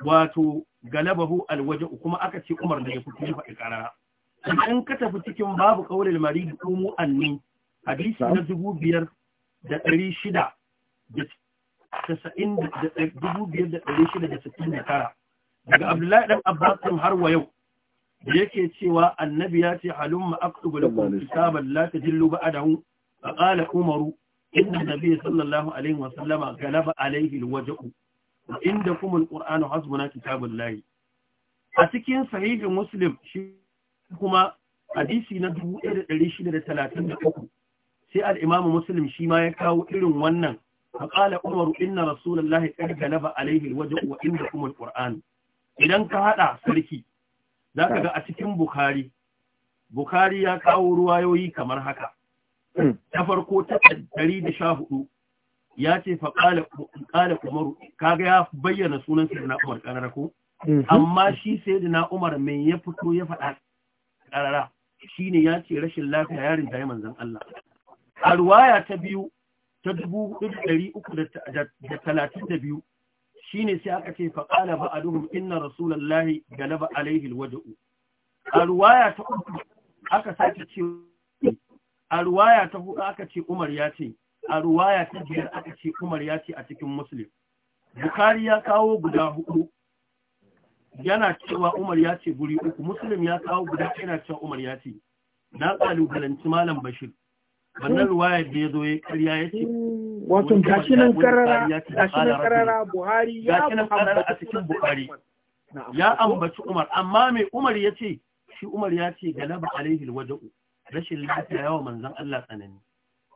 wato galabahu alwaje kuma aka ce Umar da ya fito ya faɗi ƙarara. idan ka tafi cikin babu qaulil marid umu anni hadisi na dubu biyar da ɗari shida da tasa'in da dubu biyar da ɗari shida da sittin da tara daga Abdullahi dan Abbas har wa yau da yake cewa annabi ya ce halumma aktubu lakum kitaban la tajillu ba'dahu fa qala umaru inna nabiyya sallallahu alaihi wa sallama galaba alaihi alwaja'u wa inda kuma alqur'anu hasbuna kitabullahi a cikin sahihin muslim shi kuma hadisi na 1633 sai al muslim shi ma ya kawo irin wannan inna عمر إن رسول الله alaihi waje wa inda kuma القرآن idan ka haɗa sarki za ka ga a cikin Bukhari Bukhari ya kawo ruwayoyi kamar haka hmm. ta farko ta ɗari da ya ce fa ƙala umaru kaga ya bayyana sunan sai na umar ƙarara ko mhm. amma shi sai na umar mai ya fito ya faɗa ƙarara shi ne ya ce rashin lafiya yarin ta yi manzan Allah a ruwaya ta biyu ta dubu ɗari uku da talatin da biyu shi ne sai aka ce faƙala ba a duhun inna rasulallahi galaba alaihi wadu'u a ruwaya ta uku aka sake ce a ruwaya ta hudu aka ce umar ya ce a ruwaya ta biyar aka ce Umar ya ce a cikin Muslim. Bukhari ya kawo guda hudu yana cewa Umar ya ce guri uku, Muslim ya kawo guda yana cewa Umar ya ce, na kalubalanci Malam Bashir, wannan ruwaya da ya zo ya karya ya ce, Wato gashinan karara Buhari ya karara a cikin Buhari. Ya ambaci Umar, amma mai Umar ya ce, shi Umar ya ce galaba alaihi waje'u, rashin lafiya yawa manzan Allah tsanani.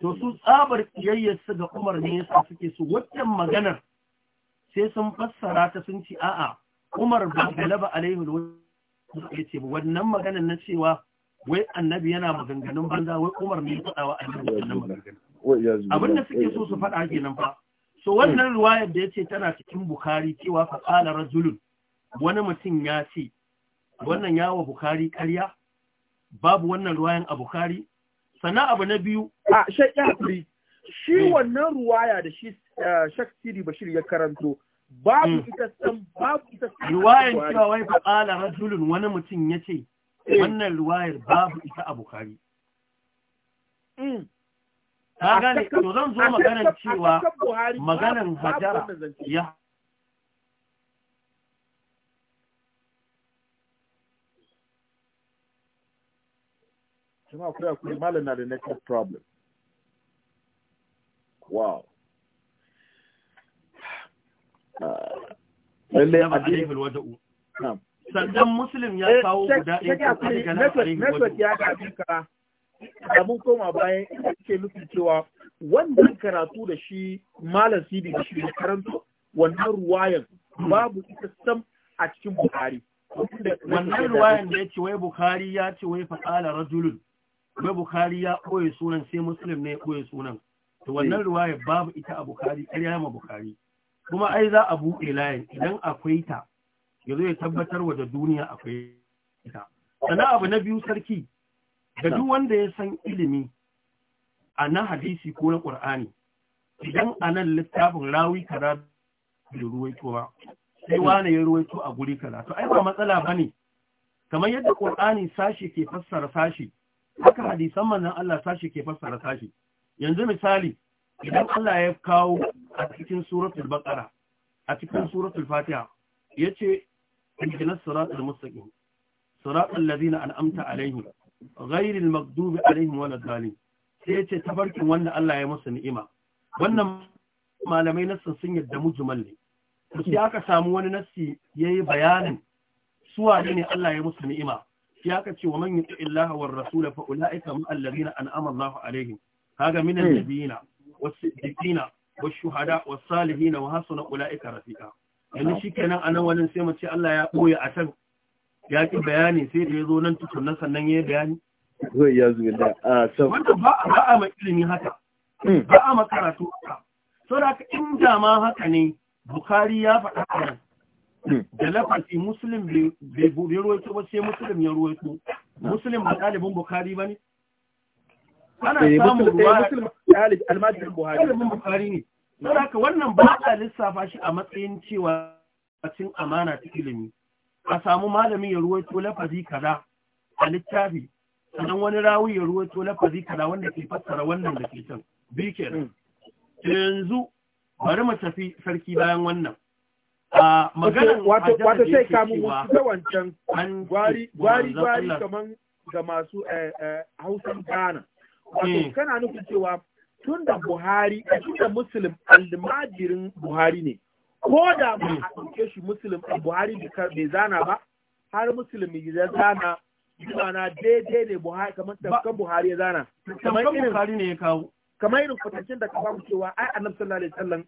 to su tsabar kiyayyarsu ga Umar ne yasa suke su wannan maganar sai sun fassara ta sun ci a'a Umar ba galaba alaihi ya ce wannan maganar na cewa wai annabi yana maganganun banza wai Umar ne ya faɗa wa annabi wannan maganar abin da suke so su faɗa kenan fa so wannan riwayar da yace tana cikin Bukhari cewa fa qala rajulun wani mutum ya ce wannan yawo Bukhari ƙarya babu wannan ruwayan a Bukhari sannan abu na biyu a shakki shi hmm. wannan ruwaya da shi eh, shakki bashir ya karanto babu hmm. ita san babu ita san ruwayan cewa wai fa qala rajulun wani mutum yace hmm. wannan ruwayar babu ita a bukhari ta gane to zan zo maganar cewa maganar hajara ya jama'a ku hakuri malam na da network problem wow ah. lallai hadisi wada'u na'am sannan muslim ya eh, kawo guda ɗaya network ya gaji ka da mun koma bayan ina ke nufin cewa wannan karatu da shi malam sidi da shi da karanto wannan ruwayan babu ita sam a cikin bukari wannan ruwayan da ya ce wai bukari ya ce wai fa'ala rajulun kuma Bukhari ya ɓoye sunan sai Muslim ne ya ɓoye sunan to wannan eh. riwaya babu ita a Bukhari ƙarya ma Bukhari kuma ai za a buɗe layin idan akwai ta ya zo ya tabbatar wa da duniya akwai ta Sana abu na biyu sarki ga duk wanda ya san ilimi a na hadisi ko na ƙur'ani, idan a nan littafin rawi kaza da ruwaito ba sai hmm. wane ya ruwaito a guri kaza to ai ba matsala ba ne. kamar yadda ƙur'ani sashi ke fassara sashi haka hadisan manzon Allah sashi ke fassara sashi yanzu misali idan Allah ya kawo a cikin suratul baqara a cikin suratul fatiha yace ihdinas siratal mustaqim siratal ladina an'amta alaihim ghayril maghdubi alaihim waladdallin sai yace tabarkin wanda Allah ya masa ni'ima wannan malamai nassin sun yadda mujmal ne sai aka samu wani nassi yayi bayanin su wane ne Allah ya musu ni'ima shi aka ce wa man yuti illaha war rasul fa ulaika ma alladhina an'ama Allahu alaihim kaga min annabiyina hmm. wa siddiqina wa shuhada was-salihin wa hasuna ulaika rafiqa yanzu shikenan anan wannan sai mu ce Allah ya boye a can ya ki bayani sai da yazo nan tukunna sannan yayi bayani zai ya zuwa da a so wanda ba ba a mai ilimi haka hmm. ba a makaratu haka saboda in da ma haka ne Bukhari ya faɗa da lafazi musulun bai ruwaito ba sai musulun ya ruwaito Musulun ba ɗalibin bukari ba ne ana eh, samun eh, ruwa ɗalibin bukari ne saboda haka wannan ba a lissafa shi a matsayin cewa cin amana ta ilimi a samu malami ya ruwaito lafazi kaza a littafi sannan wani rawi ya ruwaito lafazi kaza wanda ke fassara wannan da ke can bi hmm. yanzu bari mu tafi sarki bayan wannan wato wato sai kamu mu da wancan gwari gwari gwari kaman ga masu eh, eh, hausan Ghana wato eh. kana nufin cewa tun da Buhari tun da Muslim almajirin Buhari ne ko da ba a ɗauke shi Muslim a Buhari bai zana ba har Muslim ya zana mana daidai ne Buhari kamar tafkan Buhari ya zana kamar Buhari ne ya kawo kamar irin kwatancin da ka bamu cewa ai Annabi sallallahu alaihi wasallam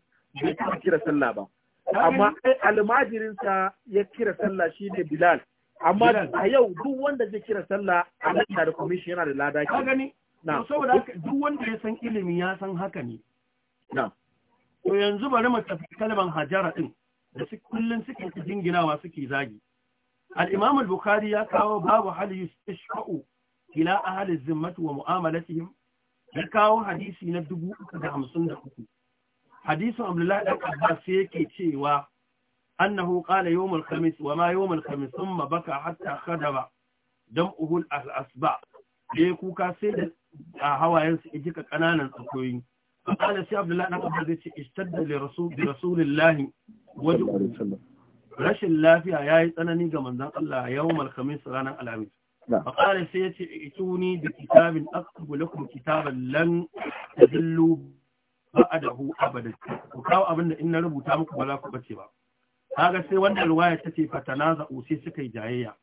bai kira sallah ba amma almajirinsa ya kira sallah shi ne bilal amma a yau duk wanda zai kira sallah a nan da commission yana da lada ke gani saboda duk wanda ya san ilimi ya san haka ne to yanzu bari mu tafi kalaban hajara din da su kullun suke jinginawa suke zagi al-imam al-bukhari ya kawo babu hal yustashfa'u ila ahli zimmati wa mu'amalatihim ya kawo hadisi na 353 hadisin abdullahi dan abbas yake cewa annahu qala yawm al-khamis wa ma yawm khamis thumma baka hatta khadaba dam'uhu al-asba da kuka sai da hawayensu ijika kananan tsakoyi قال سي عبد الله بن عباس اشتد لرسول برسول الله wajen rashin lafiya ya yi tsanani ga manzon Allah yawmal khamis ranan alhamis faqala sai yace ituni da kitabin aktubu lakum kitaban lan tadillu ba a dahu abadan ku kawo abin da in na rubuta muku ba za ku bace ba kaga sai wanda ruwaya ta ce fatanaza'u sai suka yi jayayya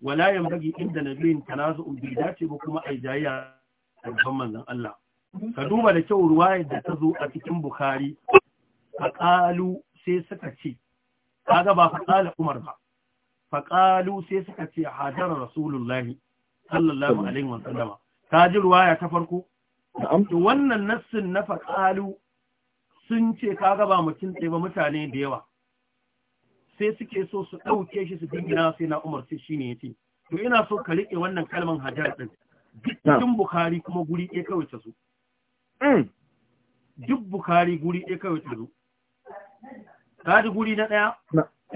wala bagi inda nabiyin tanazu'u bi dace ba kuma ai jayayya a gaban manzon Allah ka duba da kyau ruwayar da ta zo a cikin Bukhari faqalu sai suka ce kaga ba faqala Umar ba faƙalu sai suka ce hajara rasulullahi sallallahu alaihi wasallama Ka ji ruwaya ta farko to wannan nassin na faƙalu sun ce kaga ba mutum ɗaya ba mutane da yawa sai suke so su ɗauke shi su dingina sai na umar sai shine yace to ina so ka riƙe wannan kalman hajjar din dukkan bukhari kuma guri ɗaya kawai ta zo mm. duk bukhari guri ɗaya kawai ta zo ka ji guri na ɗaya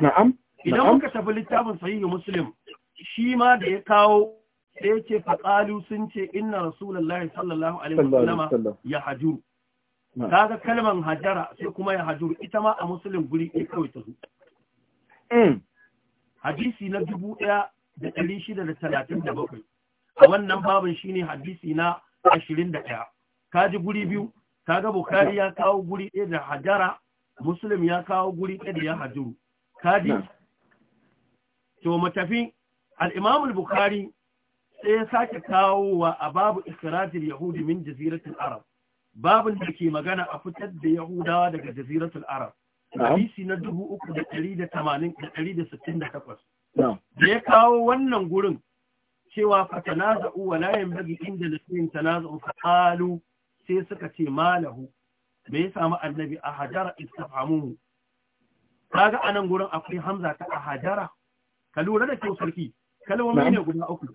na'am idan muka tafi littafin sahihu muslim shi ma da ya kawo sai ce faƙalu sun ce inna rasulallah sallallahu alaihi wasallam ya hajuru kaga kalman hajara sai kuma ya hajuru ita ma a musulun guri ɗaya kawai ta zo mm. hadisi na dubu ɗaya da ɗari shida da talatin da bakwai a wannan babin shine hadisi na ashirin da ɗaya kaji guri biyu kaga bukari ya kawo guri ɗaya da hajara muslim ya kawo guri ɗaya da ya hajuru kaji to matafi al-imam al-bukhari sai ya sake kawowa a babu ikirajin yahudi min jaziratul arab babin da ke magana a fitar da yahudawa daga jaziratul arab hadisi na dubu uku da ɗari da tamanin da ɗari da sittin da takwas da ya kawo wannan gurin cewa fatana za'u wa layin bagi inda na tanaza'u fa'alu sai suka ce malahu me ya samu annabi a hajara istafamuhu kaga anan gurin akwai hamza ta a hajara ka lura da kyau sarki kalmomi ne guda uku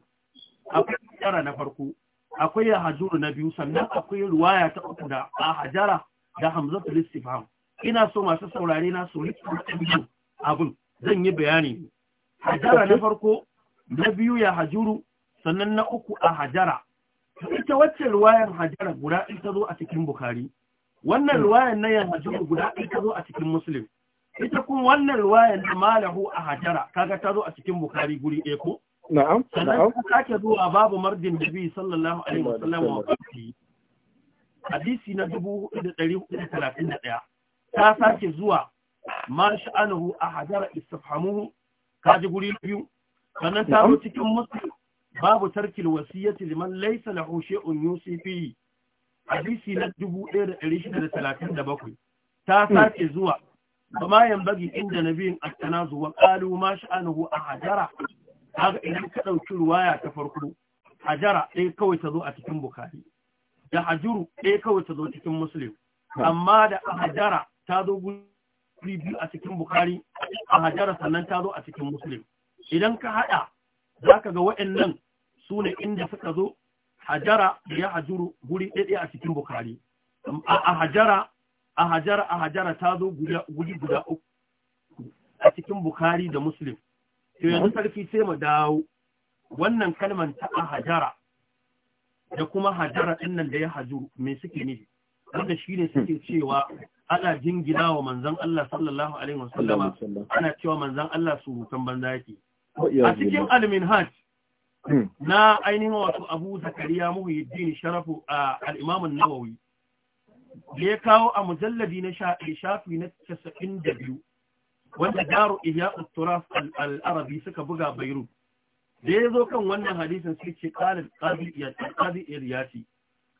akwai tsara na farko akwai ya hajuru na biyu sannan akwai ruwaya ta uku da a hajara da hamzatul istifham ina so masu saurare na su rike wannan abin zan yi bayani hajara na farko na biyu ya hajuru sannan na uku a hajara ita wacce ruwayan hajara guda ɗaya ta zo a cikin bukhari wannan ruwayan na ya hajuru guda ɗaya ta zo a cikin muslim ita kuma wannan ruwayan na malahu a hajara kaga ta zo a cikin bukhari guri ɗaya ko na'am na'am ka sake zuwa babu mardin nabi sallallahu alaihi wasallam wa qati hadisi na 4431 ta sake zuwa ma sha'anuhu ahadara istifhamuhu ji guri biyu sannan ta zo cikin musu. babu tarkil wasiyyati liman laysa lahu shay'un yusifi hadisi na 1637 ta hmm. sake zuwa kama yan bagi inda nabiyin at-tanazu wa qalu ma sha'anuhu ahadara kaga idan ka ɗauki ruwaya ta farko hajara ɗaya kawai ta zo a cikin bukari da hajuru ɗaya kawai ta zo cikin muslim amma da hajara ta zo guri biyu a cikin bukari a hajara sannan ta zo a cikin muslim idan ka haɗa za ka ga waɗannan su ne inda suka zo hajara da ya hajuru guri ɗaya a cikin bukari a hajara a hajara a hajara ta zo guri guda uku a cikin bukari da muslim to yanzu sarki sai mu dawo wannan kalmar ta hajara da kuma hajara ɗin nan da ya hajuru me suke ne wanda shi ne suke cewa ana jingina wa manzan Allah sallallahu alaihi wasallama ana cewa manzan Allah surutan banza yake a cikin almin hajj hmm. na ainihin wato abu zakariya muhyiddin sharafu a al'imamun nawawi da ya kawo a mujalladi na shafi na casa'in da biyu wanda daru ihya'ut turaf al-arabi suka buga bairu da ya zo kan wannan hadisin sai ce qalil qadi iriyati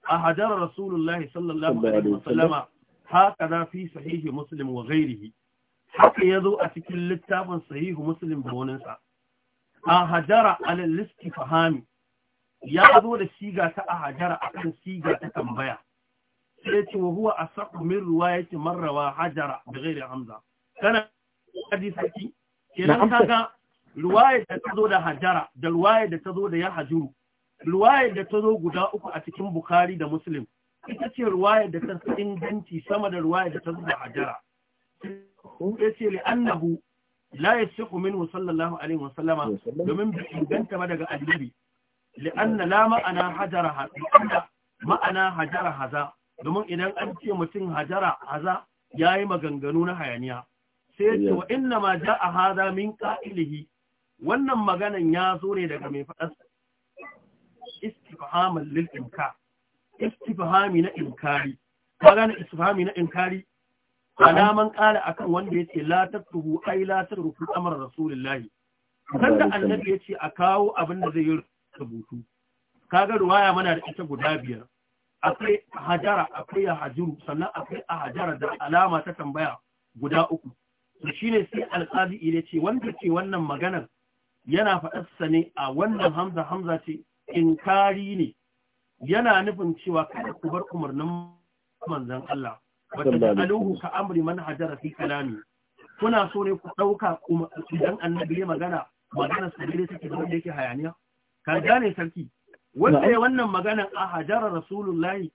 a hadara rasulullahi sallallahu alaihi wasallama haka na fi sahihi muslim wa ghairihi haka ya zo a cikin littafin sahihu muslim da sa. a hadara alal liski fahami ya zo da siga ta a akan siga ta tambaya sai ce wa huwa asaqu min riwayati marrawa hajara da ghairi hamza kana kaji saki, kenan kaga ruwaya da ta zo da hajara da ruwaya da ta zo da ya hajuru ruwaya da ta zo guda uku a cikin bukhari da muslim ita ce ruwaya da ta inganci sama da ruwaya da ta zo da hajara ya ce li'annahu la yasihu minhu sallallahu alaihi wa sallama domin bi inganta ba daga annabi li'anna la ma'ana hajara hada ma'ana hajara haza domin idan an ce mutum hajara haza yayi maganganu na hayaniya sai ce wa inna ma a haza min ƙa’ilihi wannan maganan ya zo ne daga mai faɗar istifhaman lil inkar na inkari ka gane na inkari alaman ƙara akan wanda ya la tattubu ai la tatruku da rasulullahi sanda annabi ya ce a kawo abin da zai yi rubutu kaga ruwaya mana da ita guda biyar akwai hajara akwai hajuru sannan akwai a hajara da alama ta tambaya guda uku to shine sai alqadi ya ce wanda ke wannan maganar yana faɗarsa ne a wannan hamza hamza ce kari ne yana nufin cewa kada ku bar umarnin manzon Allah wata aluhu ka amri man hajara fi kalami kuna so ne ku ɗauka idan annabi ya magana magana sa ne take da yake hayaniya ka gane sarki wanda ya wannan maganar a hajara rasulullahi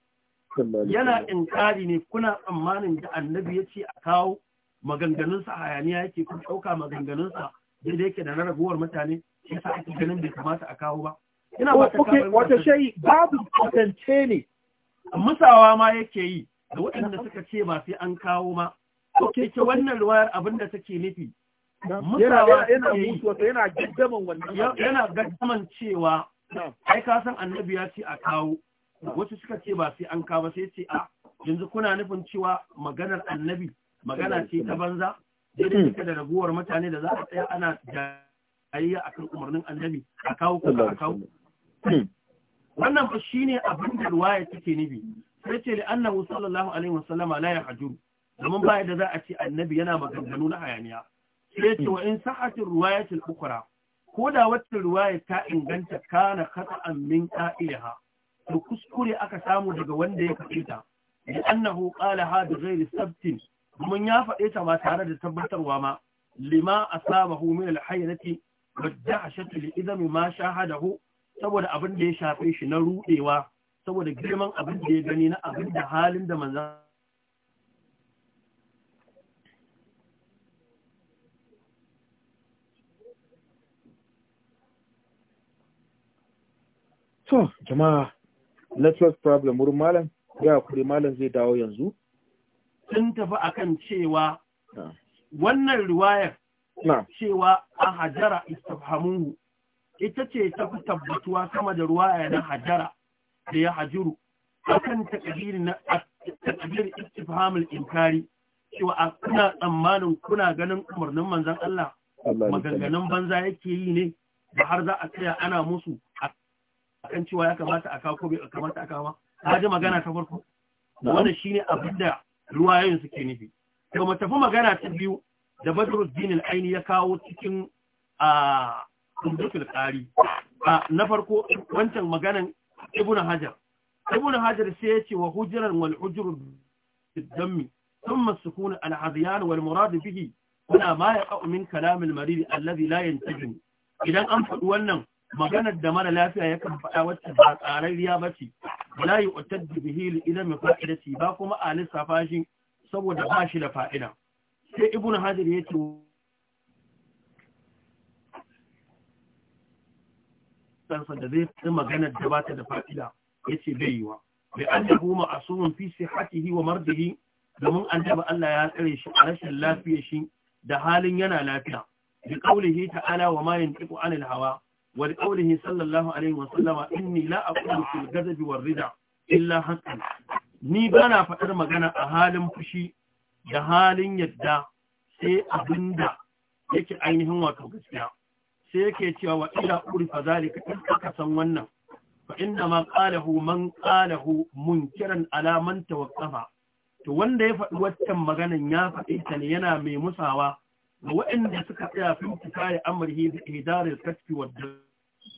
yana inkari ne kuna tsammanin da annabi ya ce a kawo maganganunsa hayaniya yake kun ɗauka maganganunsa daidai yake da na raguwar mutane shi sa ake ganin bai kamata a kawo ba ina ba ta wato shayi babu kwatance ne musawa ma yake yi da waɗanda suka ce ba sai an kawo ma ke ce wannan ruwayar abin da take nufi musawa yana mutuwa yana gaddaman wannan yana gaddaman cewa ai ka san annabi ya ce a kawo wasu suka ce ba sai an kawo sai ce a ah, yanzu kuna nufin cewa maganar annabi magana ce ta banza daidai suka da raguwar mutane da za a tsaya ana jayayya akan umarnin annabi a kawo kuma a kawo wannan ba shine abin da ruwaya take nibi. sai ce li annahu sallallahu alaihi wasallama la yahjuru domin ba da za a ce annabi yana maganganu na hayaniya sai ce wa in sahatin ruwayatul ukhra ko da wata ruwaya ta inganta kana khata'an min qa'iliha to kuskure aka samu daga wanda ya kace ta li annahu qala ha bi sabtin Mun ya faɗe ta ba tare da tabbatarwa ma lima asabahu min alhayrati wadahshati li idami ma shahadahu saboda abin da ya shafe shi na rudewa saboda girman abin da ya gani na abin da halin da manzan To, jama'a, network problem wurin malam, ya kuri malam zai dawo yanzu. sun tafi akan cewa wannan riwayar cewa a hajara istifhamuhu ita ce ta fi tabbatuwa sama da ruwaya na hajara da ya hajuru akan takabiri na takabiri istifhamul inkari cewa kuna tsammanin kuna ganin umarnin manzon Allah maganganun banza yake yi ne ba har za a tsaya ana musu akan cewa ya kamata a kawo ko bai kamata a kawo ba magana ta farko wannan shine abin da yanzu ke nufi to mu tafi magana ta biyu da Badruddin al-Aini ya kawo cikin a Umdatul Qari na farko wancan maganan Ibn Hajar Ibn Hajar sai ya ce wa hujran wal hujr bid-dammi thumma sukun al-hadyan wal murad bihi kuna ma yaqa min kalam al-marid alladhi la idan an faɗi wannan maganar da mara lafiya ya kan faɗa wacce ba ƙararriya ba ce la yi otar da bihili idan mai fa'ida ce ba kuma a lissafa shi saboda ba shi da fa'ida sai ibn hajar ya ce ɗansa da zai fi maganar da ba ta da fa'ida ya ce bai yiwa bai an da goma a sunan fi sai haƙihi wa mardihi domin an taɓa Allah ya tsare shi a rashin lafiya shi da halin yana lafiya bi ƙaulihi ta'ala wa mayin yantiqu anil hawa Wani qawlihi sallallahu alaihi wa sallama inni la aqulu fil ghadabi war illa haqqan ni bana faɗar magana a halin fushi da halin yadda sai abinda yake ainihin wato gaskiya sai yake cewa wa ila urifa zalika in aka san wannan fa inna ma qalahu man qalahu munkiran ala man tawaqqafa to wanda ya faɗi waccan maganan ya faɗi ta ne yana mai musawa da waɗanda suka tsaya sun fita ya amurhi da hidarar kasfi wadda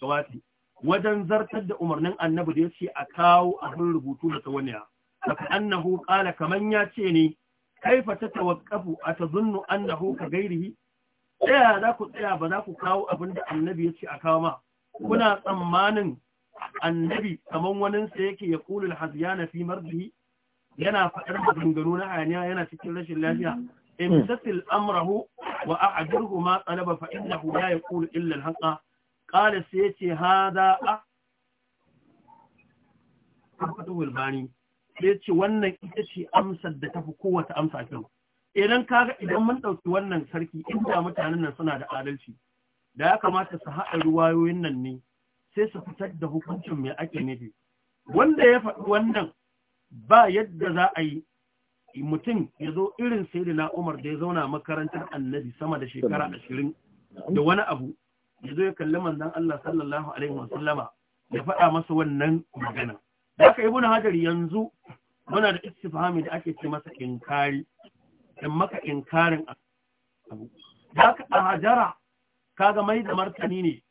gawati wajen zartar da umarnin annabi da ya ce a kawo abin rubutu da tawaniya daga annahu kala kaman ya ce ne kaifa ta tawakkafu a ta zunnu annahu ka gairihi tsaya za ku tsaya ba za ku kawo abin da annabi ya ce a kawo ma kuna tsammanin annabi kaman waninsa yake ya kulul haziyana fi mardihi yana faɗar maganganu na hayaniya yana cikin rashin lafiya Hmm. imsatil amrahu wa a'jirhu ma talaba fa innahu la yaqulu illa al-haqa qala sayati hadha aqatu al-bani sayati wannan ita ce amsar da tafi kowace amsa kin idan ga idan mun ɗauki wannan sarki inda mutanen nan suna da adalci da ya kamata su haɗa ruwayoyin nan ne sai su fitar da hukuncin mai ake nufi wanda ya faɗi wannan ba yadda za a yi mutum ya zo irin sai na Umar da ya zauna makarantar Annabi sama da shekara ashirin da wani abu ya zo ya kalli manzon Allah sallallahu alaihi wasallama ya faɗa masa wannan magana da aka ibnu Hajar yanzu muna da istifhami da ake ce masa inkari in maka inkarin abu da aka hajara kaga mai da martani ne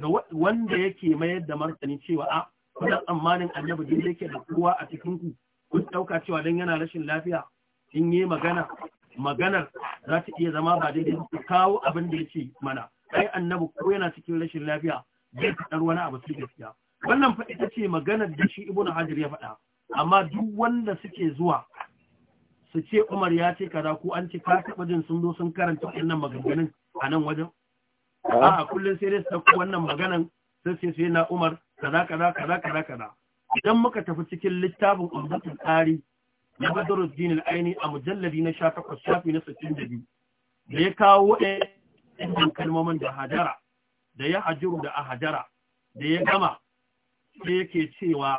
ga wanda yake mayar da martani cewa a ah, kudan tsammanin annabi da yake da kowa a cikin ku kun ɗauka cewa don yana rashin lafiya in yi magana maganar za ta iya zama ba daidai su kawo abin da ya ce mana ai annabi ko yana cikin rashin lafiya zai fitar wani abu su gaskiya wannan fa ita ce maganar da shi ibnu hajar ya faɗa amma duk wanda suke zuwa su ce umar ya ce kaza ko an ce ka taɓa jin sun zo sun karanta wannan maganganun a nan wajen a'a kullum sai dai su ɗauko wannan maganan sai su sai na umar kaza kaza kaza kaza idan muka tafi cikin littafin umar tsari na Badruddin al-Aini a mujalladi na 18 shafi na 62 da ya kawo waɗannan kalmomin da hajara da ya hajiru da ahajara da ya gama sai yake cewa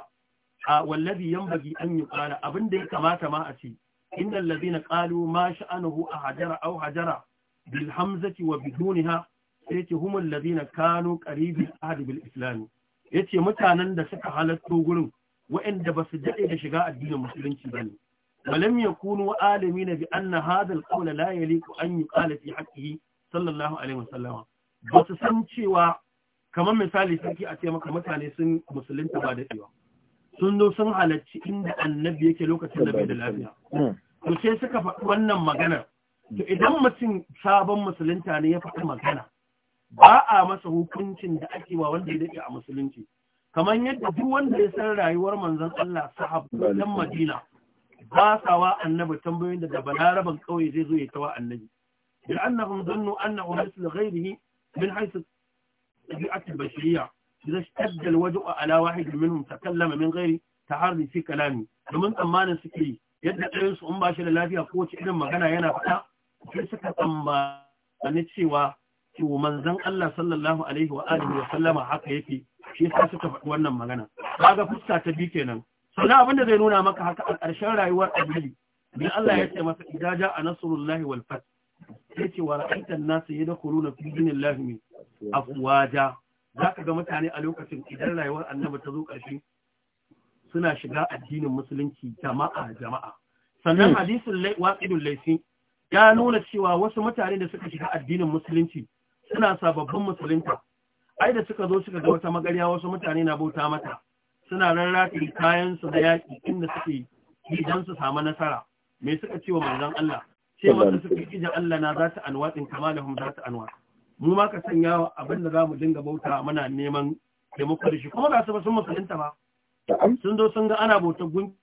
a wallazi yanbaghi an yuqala abin da ya kamata ma a ce innal ladina qalu ma sha'anuhu ahajara aw hajara bil hamzati wa bidunha sai ce humul ladina Kano qaribi ahad bil islam yace mutanen da suka halatto gurin waɗanda ba su daɗe da shiga addinin musulunci ba ne ولم يكونوا عالمين na هذا القول لا يليق أن يقال في حقه صلى الله عليه وسلم بس cewa kamar misali sarki a ce maka mutane sun musulunta ba da cewa sun zo sun halarci inda annabi yake lokacin da bai da lafiya to sai suka faɗi wannan magana to idan mutum sabon musulunta ne ya faɗi magana ba a masa hukuncin da ake wa wanda ya daɗe a musulunci kamar yadda duk wanda ya san rayuwar manzon Allah sahabban Madina ba sa wa annabi tambayoyin da balaraban kauye zai zo ya tawa annabi bil annahum dhannu annahu mislu ghayrihi min haythu tabi'at al-bashariyya idza ishtadda al-waj'u ala wahid minhum takallama min ghairi taharri fi kalami domin tsammanin suke yadda ɗayan su in ba shi da lafiya ko wace irin magana yana faɗa sai suka tsammani cewa to manzon Allah sallallahu alaihi wa alihi wa sallama haka yake shi yasa suka faɗi wannan magana kaga fuska ta bi kenan sannan abin da zai nuna maka haka a ƙarshen rayuwar abili bin Allah ya ce masa a nasarun lahi wal sai ce wa kuru na nas lahimi a dinillahi za ka ga mutane a lokacin idan rayuwar annabi ta zo ƙarshe suna shiga addinin musulunci jama'a jama'a sannan hmm. hadisin waqidul laifi ya nuna cewa wasu mutane da suka shiga addinin musulunci suna sababbin musulunta ai da suka zo suka ga wata magarya wasu mutane na bauta mata suna rarrafi kayansu da yaƙi inda suke idan su samu nasara me suka ce wa manzon Allah ce masa suka kija Allah na za ta anwatin kamalahum za ta anwa mu ma ka sanya wa abin da zamu dinga bauta muna neman taimako da shi kuma ga su ba sun musulunta ba sun zo sun ga ana bautar gunki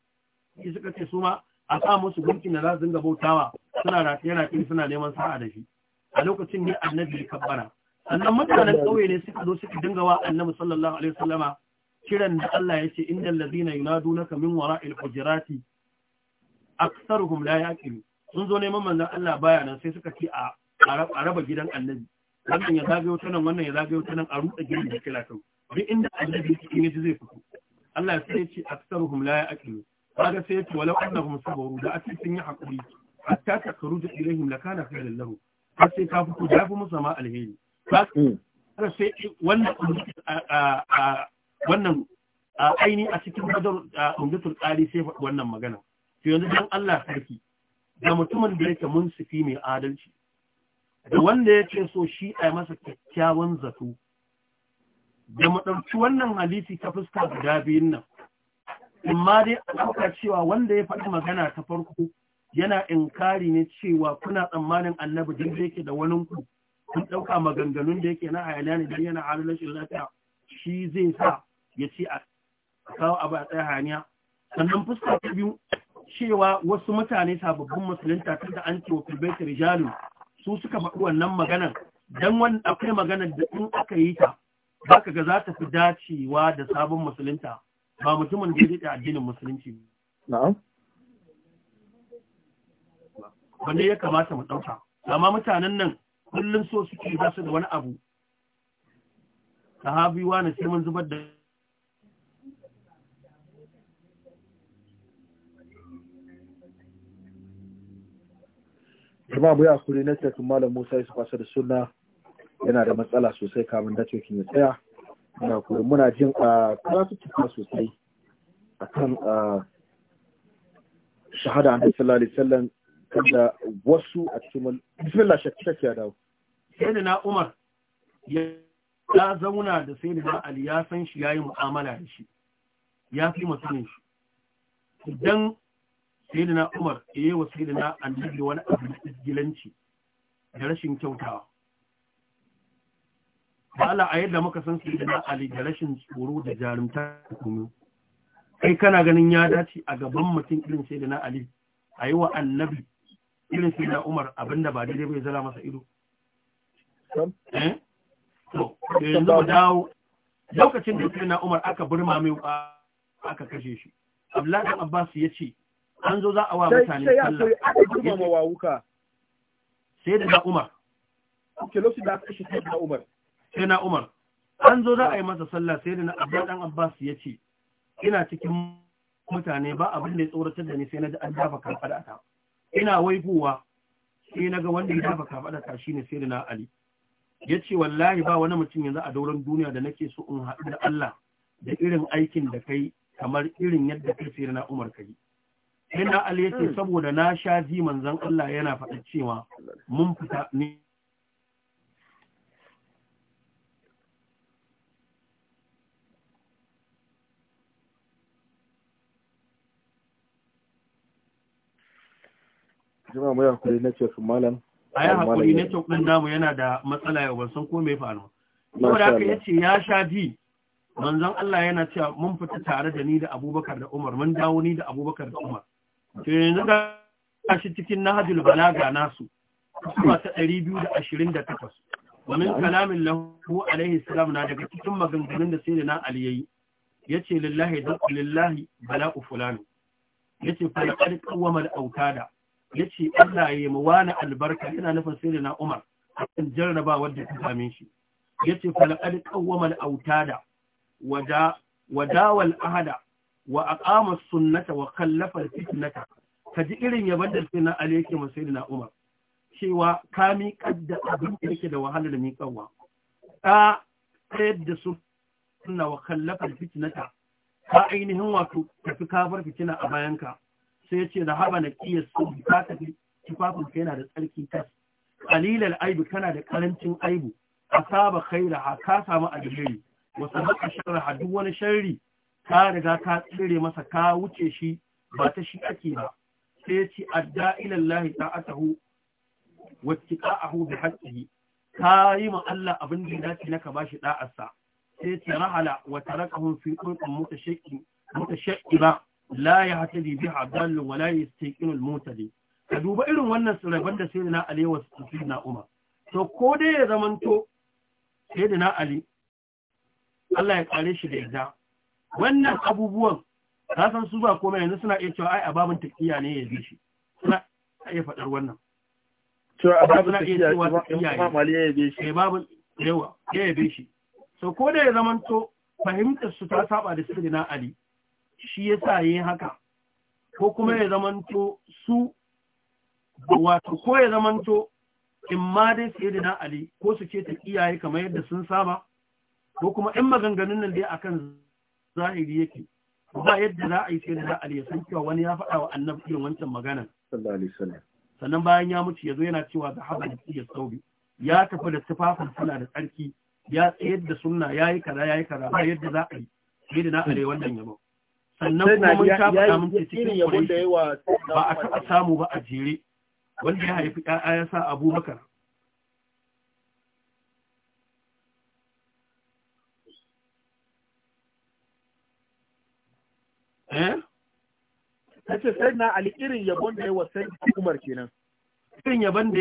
suka ce su ma a sa musu gunki da za su dinga bautawa suna rataye rataye suna neman sa'a da shi a lokacin ne annabi ya kabbara sannan mutanen ƙauye ne suka zo suka dinga wa annabi sallallahu alaihi wasallama kiran da Allah ya ce innal ladina yunadunaka min wara'il hujurati aktsaruhum la yaqilu sun zo neman manzon Allah baya nan sai suka ce a raba gidan annabi wannan ya zagayo ta nan wannan ya zagayo ta nan a rutsa gidan da kila kan duk inda annabi cikin yaji zai fito Allah sai ya ce aktsaruhum la yaqilu kaga sai ya ce walau musu sabaru da ake sun yi hakuri hatta ta kharuju ilaihim lakana khairan lahum har sai ka fito da fi musu ma alheri Ba hmm. sai wanda a wannan aini a cikin badar umdatul qari sai faɗi wannan magana to yanzu dan Allah sarki da mutumin da yake munsifi mai adalci da wanda ya yake so shi a masa kyakkyawan zato da mu wannan halisi ta fuska guda biyun nan Amma dai a kuka cewa wanda ya faɗi magana ta farko yana inkari ne cewa kuna tsammanin annabi duk da yake da wani ku kun ɗauka maganganun da yake na hayaniya ne don yana halin rashin lafiya shi zai sa ya ce a kawo abu a tsaye haniya sannan fuska ta biyu cewa wasu mutane sababbin musulunta tun da an ce wa kulbaitar rijalu su suka faɗi wannan maganar don wani akwai maganar da in aka yi ta za ka ga za ta fi dacewa da sabon musulunta ba mutumin da ya daɗe addinin musulunci ba. wanda ya kamata mu ɗauka amma mutanen nan kullum so suke ba su da wani abu sahabi na sai mun zubar da kuma mu ya kuri na tafi malam Musa fasa da suna yana da matsala sosai kamun da cikin ya tsaya muna kuri muna jin a ah, karatu cikin sosai a kan ah, shahada an sallallahu da sallan kada wasu a cikin bismillah shakki ya dawo na Umar ya zauna da da Ali ya san shi yayi mu'amala da shi ya fi mutumin shi idan sayyidina Umar yayi wa sayyidina Annabi wani abu na isgilanci da rashin kyautawa Ba Allah a yadda muka san sayyidina Ali da rashin tsoro da jarumta kuma kai kana ganin ya dace a gaban mutum irin sayyidina Ali yi wa Annabi irin sayyidina Umar abinda ba daidai bai zala masa ido eh? to yanzu mu dawo lokacin da sayyidina Umar aka burma mai aka kashe shi Abdullahi Abbas ya ce an zo za a wa mutane sallah sai da Umar ke lokacin da aka shi sai Umar sai na Umar an zo za a yi masa sallah sai da na Abdul dan Abbas ya ce ina cikin mutane ba abin da ya tsoratar da ni sai na ji an dafa kafada ta ina waifuwa sai na ga wanda ya dafa kafada ta shi ne sai da na Ali ya ce wallahi ba wani mutum yanzu a dauran duniya da nake so in haɗu da Allah da irin aikin da kai kamar irin yadda kai sai na Umar kai Inda Ali yake hmm. saboda na sha ji manzan Allah yana faɗa cewa mun fita ne Jama'a mai hakuri na ce su malam. A yi hakuri na cewa kun namu yana da matsala yau ban san ko mai faru. Saboda haka ya ce ya sha ji Manzan Allah yana cewa mun fita tare da ni da Abubakar da Umar mun dawo ni da Abubakar da Umar. to yanzu ga shi cikin nahajul balaga nasu kuma ta 228 ومن كلام الله عليه السلام na daga cikin maganganun da sayyidina Ali ya yace lillahi da lillahi bala'u fulan yace fa laqad qawama al-autada yace Allah ya mu wani albarka yana nufin na Umar akan jarraba wanda ta same shi yace ce, laqad qawama autada wada wadawal ahada wa aqama sunnata wa kallafa fitnata kaji irin yaban da sai na wa da na Umar cewa ka mi kadda abin da yake da wahalar miƙawa ka tsayar da sunna wa kallafa fitnata ka ainihin wato tafi kafar fitina a bayanka sai yace ce da haba na kiyar su ka tafi tufafin ka yana da tsarki tas qalilal aibu kana da karancin aibu asaba khairaha ka samu ajiri wa sabaka sharra duk wani sharri ka riga ka tsire masa ka wuce shi ba ta shi ake ba sai ya ce adda ilallahi wacce ta'atahu wattiqa'ahu bi haqqihi ka yi ma Allah abin da dace na ka bashi da'arsa sai ce rahala wa tarakahum fi qurqin mutashakkin ba. la yahtadi biha dallun wa la yastaqinu al-mutadi ka duba irin wannan sirraban da sai na Ali wa na Umar to ko dai ya zamanto sai da na Ali Allah ya kare shi da yadda wannan abubuwan ka san su ba komai yanzu suna iya cewa ai ababin takiya ne ya shi suna iya faɗar wannan cewa ababin takiya kuma mali ya yabe shi eh, babin yawa ya yabe shi so ko da ya to fahimtar su ta saba da na ali shi yasa yayi haka ko kuma ya to su wato ko ya to in ma dai sayyidina ali ko su ce ta iyaye kamar yadda sun saba ko kuma in maganganun nan dai akan sa'iri yake ba yadda za a yi sai da Ali ya san cewa wani ya faɗa wa annabi irin wancan magana, sannan bayan ya mutu yazo yana cewa da haba da ya saubi ya tafi da tufafin suna da tsarki ya tsayar da sunna yayi kaza yayi kaza ba yadda za a yi sai da na Ali wannan yabo sannan kuma mun ta faɗa mun ce cikin ba a taɓa samu ba a jere wanda ya haifi 'ya'ya ya sa Abubakar eh ce sai na alƙirin irin yabon da ya wasan hukumar kenan irin yabon da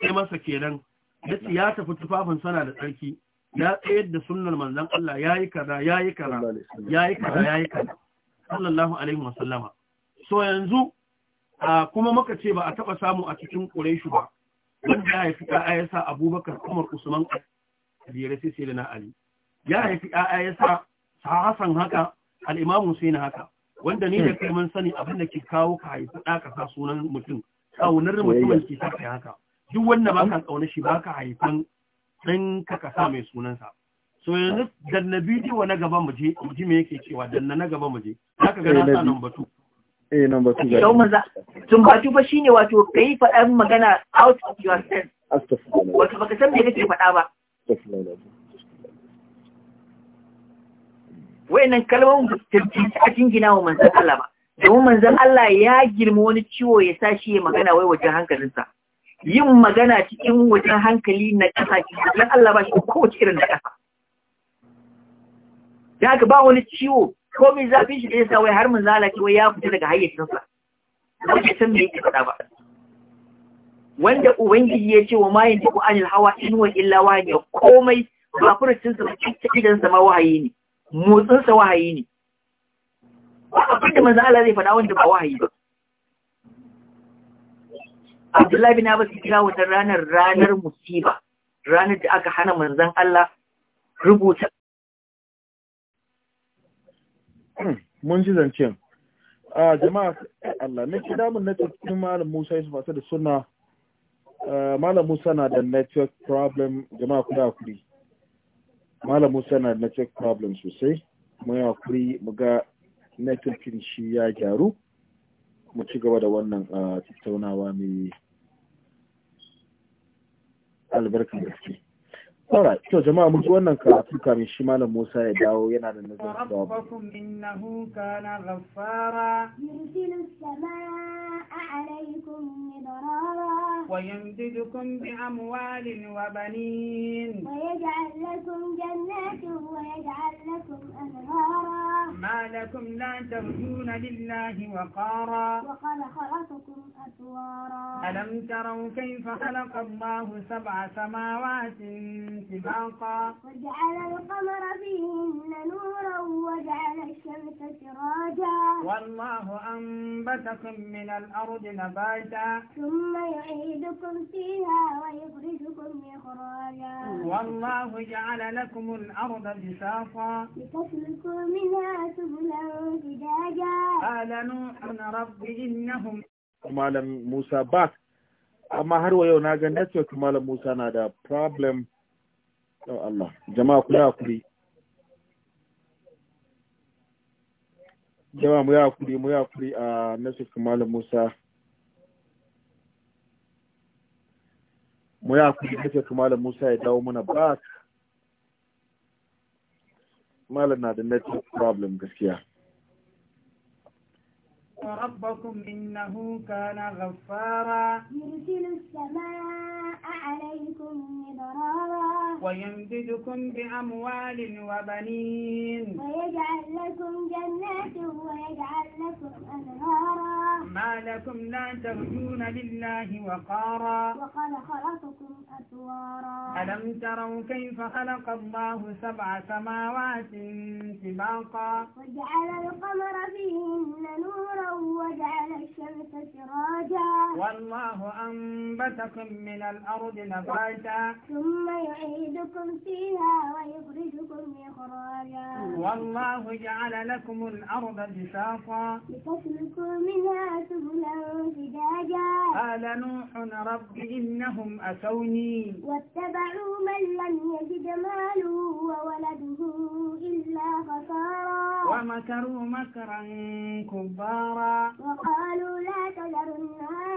ya masa kenan yace ya tafi tufafin sana da tsarki ya tsayar da sunnar manzon Allah yayi kaza yayi kaza yayi kaza yayi kaza sallallahu alaihi wasallama so yanzu kuma muka ce ba a taba samu a cikin Quraysh ba wanda ya haifi ɗaya ya sa Abubakar Umar Usman Aliyar sai sai da na Ali ya haifi ɗaya ya sa Hassan haka al-Imam Hussein haka wanda ni hmm. da kai mun sani abin da ke kawo ka haifi ɗa ka sa sunan mutum kaunar mutumin ke sa kai haka duk wanda ba ka kaunar shi ba ka haifan ɗan ka ka sa mai sunansa so yanzu ji bidiyo na gaba mu je mu ji me yake cewa danna na gaba mu je zaka ga eh, na sa nan batu eh nan batu ga yau maza tun batu fa shine wato kai faɗan magana out of your sense wato baka san me kake faɗa ba wayannan kalmomin tuntunci a jingina wa manzan Allah ba domin manzan Allah ya girma wani ciwo ya sa shi ya magana wai wajen hankalinsa yin magana cikin wajen hankali na ƙasa dan Allah ba shi kowace irin na ƙasa da haka ba wani ciwo ko mai zafin shi da ya sa wai har manzan Allah wai ya fita daga hayyacinsa wanda san me yake faɗa ba wanda ubangiji ya ce wa mayin da ku anil hawa in wa illa komai ba furucin sa cikin gidansa sama wahayi ne motsinsa wahayi ne ba abin da manzan Allah zai faɗa wanda ba wahayi ba Abdullahi bin Abbas kira wata ranar ranar musiba ranar da aka hana manzan Allah rubuta mun ji zancen a jama'a Allah ne kida mun na cikin malam Musa Yusuf da suna malam Musa na da network problem jama'a kuma kuri malam musa na da network problem sosai mu yi hakuri mu ga shi ya gyaru mu ci gaba da wannan ah, tattaunawa mai albarkar gaske Alright, to jama'a mun ji wannan karatu kamin shi Malam Musa ya dawo yana da nazarin da wa. Rabbukum innahu kana ghaffara. Yursilu samaa'a 'alaykum midrara. Wa yamdidukum bi amwalin wa banin. Wa yaj'al lakum jannatin wa yaj'al lakum anhara. Ma lakum la tarjuna lillahi waqara. Wa qad khalaqakum atwara. Alam taraw kayfa khalaqa Allahu sab'a samawati سباقا وجعل القمر فيهن نورا وجعل الشمس سراجا والله أنبتكم من الأرض نباتا ثم يعيدكم فيها ويخرجكم إخراجا والله جعل لكم الأرض بساطا لتسلكوا منها سبلا فجاجا قال نوح رب إنهم Malam Musa باك amma har wa yau na ga network Malam Musa na da problem الله جماعة كلها كلي جماعة ميا كلي ميا كلي ااا آه، موسى ميا كلي نسي موسى داو منا مالنا ده نتيجة problem كسيا ربكم إنه كان غفارا يرسل السماء عليكم مدرارا ويمددكم بأموال وبنين ويجعل لكم جنات ويجعل لكم أنهارا ما لكم لا ترجون لله وقارا وقد خلقكم أسوارا ألم تروا كيف خلق الله سبع سماوات سباقا وجعل القمر فيهن نورا وجعل الشمس سراجا والله أنبتكم من الأرض نباتا ثم يعيد يعيدكم فيها ويخرجكم إخراجا والله جعل لكم الأرض بساطا لتسلكوا منها سبلا فجاجا قال نوح رب إنهم أتوني واتبعوا من لم يجد ماله وولده إلا خسارا ومكروا مكرا كبارا وقالوا لا تذرن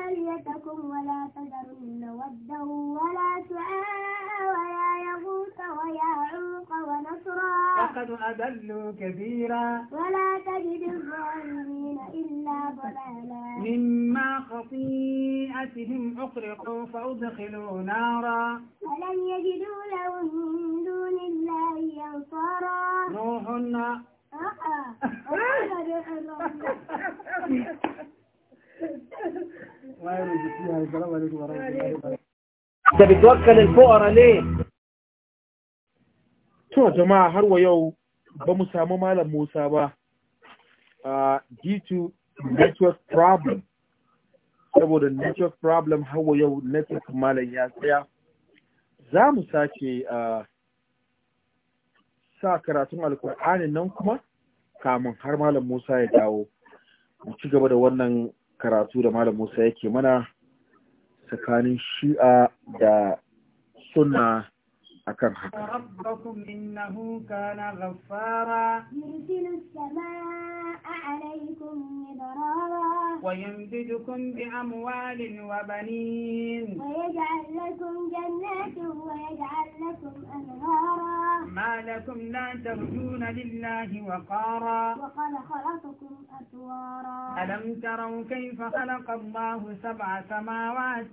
آليتكم ولا تذرن ودا ولا سعاء ولا ويغوث ويعوق ونصرا لقد أضلوا كثيرا ولا تجد الظالمين إلا ضلالا مما خطيئتهم أغرقوا فأدخلوا نارا ولن يجدوا لهم من دون الله أنصارا نوح انت بتوكل الفقراء ليه to jama'a har wa yau ba mu samu malam Musa ba uh, due to network problem saboda network problem har wa yau network malam ya tsaya za mu sake uh, sa karatun Alkur'ani nan kuma kamun har malam Musa ya dawo mu ci gaba da wannan karatu da malam Musa yake mana tsakanin shi'a da sunna أكرهك ربكم إنه كان غفارا يرسل السماء عليكم مدرارا ويمددكم بأموال وبنين ويجعل لكم جنات ويجعل لكم أنهارا ما لكم لا ترجون لله وقارا وقد خلقكم أسوارا ألم تروا كيف خلق الله سبع سماوات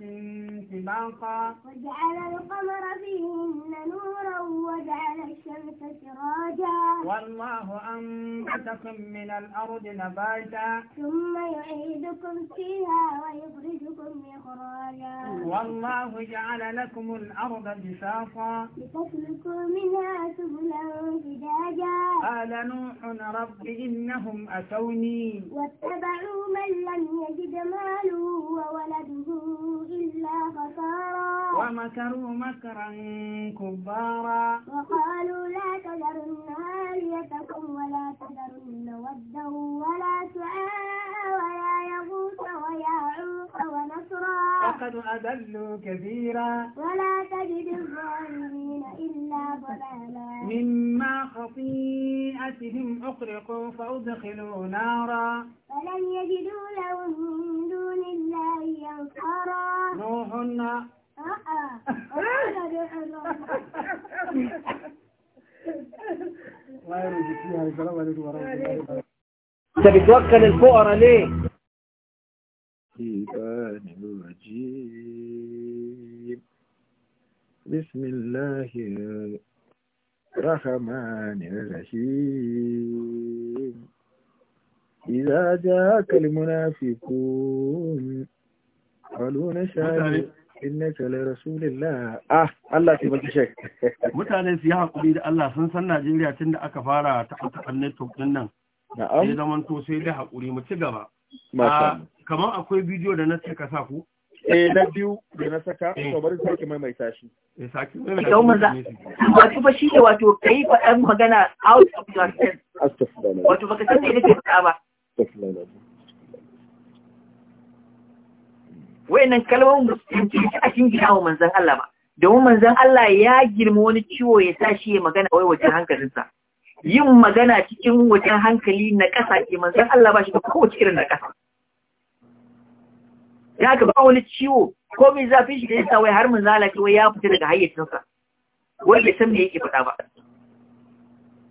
سباقا وجعل القمر فيهن نورا وجعل الشمس سراجا والله أنبتكم من الأرض نباتا ثم يعيدكم فيها ويخرجكم إخراجا والله جعل لكم الأرض بساطا لتسلكوا منها سبلا فجاجا قال نوح رب إنهم أتوني واتبعوا من لم يجد ماله وولده إلا خسارا ومكروا مكرا كبيرا كفارا وقالوا لا تذرن آليتكم ولا تذرن ودا ولا سعاء ولا يغوث ويعوق ونصرا وقد أذلوا كثيرا ولا تجد الظالمين إلا ضلالا مما خطيئتهم أخرقوا فأدخلوا نارا فلن يجدوا لهم من دون الله أنصارا نوح انت بتوكل الفقراء ليه الشيطان الرجيم بسم الله الرحمن الرحيم إذا جاءك المنافقون قالوا نشهد innaka la rasulillah ah Allah sai baki shek mutane su yi hakuri da Allah sun san Najeriya tun da aka fara ta taɓar network din nan na'am sai zaman to sai da hakuri mu ci gaba ah, kamar akwai bidiyo da na saka ka sa ku eh na biyu da na saka eh. to bari sake maimaita shi eh sake maimaita wato fa shi ne wato kai faɗan magana out of your astaghfirullah wato baka san me nake faɗa ba wayannan kalmomin ba su a cikin gida wa manzon Allah ba domin manzon Allah ya girma wani ciwo ya sashi ya magana wai wajen hankalinsa yin magana cikin wajen hankali na ƙasa ke manzon Allah ba shi da kowace irin na ƙasa ya ga ba wani ciwo ko mai zafin shi da ya sa wai har manzon Allah wai ya fita daga hayyacinsa wai bai san me yake faɗa ba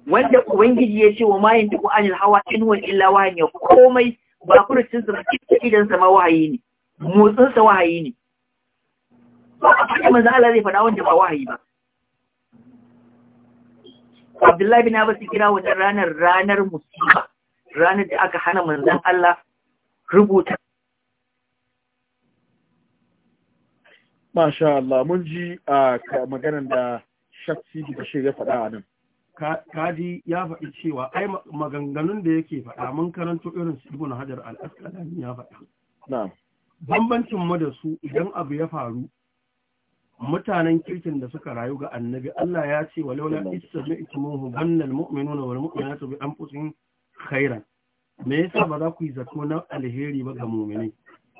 wanda ubangiji ya ce wa mayin duk anil hawa in huwa illa ya komai ba furucin sa idan sama wahayi ne motsinsa wahayi ne ba a faɗi manzan Allah zai faɗa wanda ba wahayi ba Abdullahi bin Abbas kira wajen ranar ranar musiba ranar da aka hana manzan Allah rubuta Masha Allah mun ji a maganar da Shafi Bashir ya faɗa a nan kaji ya faɗi cewa ai maganganun da yake faɗa mun karanto irin su na Hajar al-Asqalani ya faɗa na'am bambancin mu da su idan abu ya faru mutanen kirkin da suka rayu ga annabi Allah ya ce wa laula istami'tumuhu bannal mu'minuna wal mu'minatu bi anfusihim khairan me yasa ba za ku yi zato na alheri ba ga mu'mini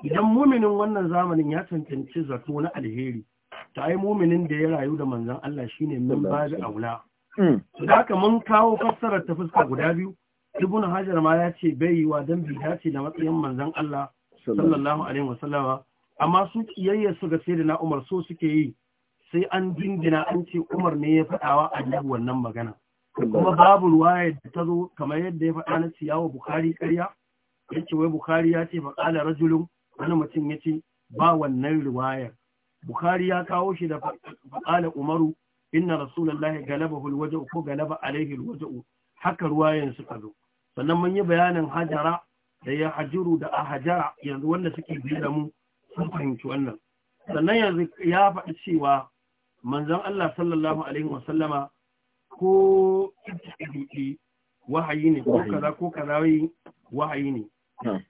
idan mu'minin wannan zamanin ya cancanci zato na alheri ta ai mu'minin da ya rayu da manzon Allah shine min babu aula hmm. da haka mun kawo fassarar ta fuska guda biyu ibnu hajar ma ya ce bai yi wa dan bi ce da matsayin manzon Allah sallallahu alaihi wasallama amma su kiyayya su ga na Umar so suke yi sai an dindina an ce Umar ne ya faɗawa yi wannan magana kuma babu ruwaya da ta zo kamar yadda ya faɗa na siyawa Bukhari ƙarya yace wai Bukhari ya ce faqala rajulun wani mutum yace ba wannan riwayar Bukhari ya kawo shi da faqala Umaru inna rasulullahi galabahu alwaja'u ko galaba alaihi alwaja'u haka ruwayan suka zo sannan mun yi bayanin hajara da ya hajiru da ahaja yanzu wanda suke biye da mu sun fahimci wannan sannan yanzu ya faɗi cewa manzon Allah sallallahu alaihi sallama ko ibtidi wahayi ne ko kaza ko kaza wahayi ne hmm.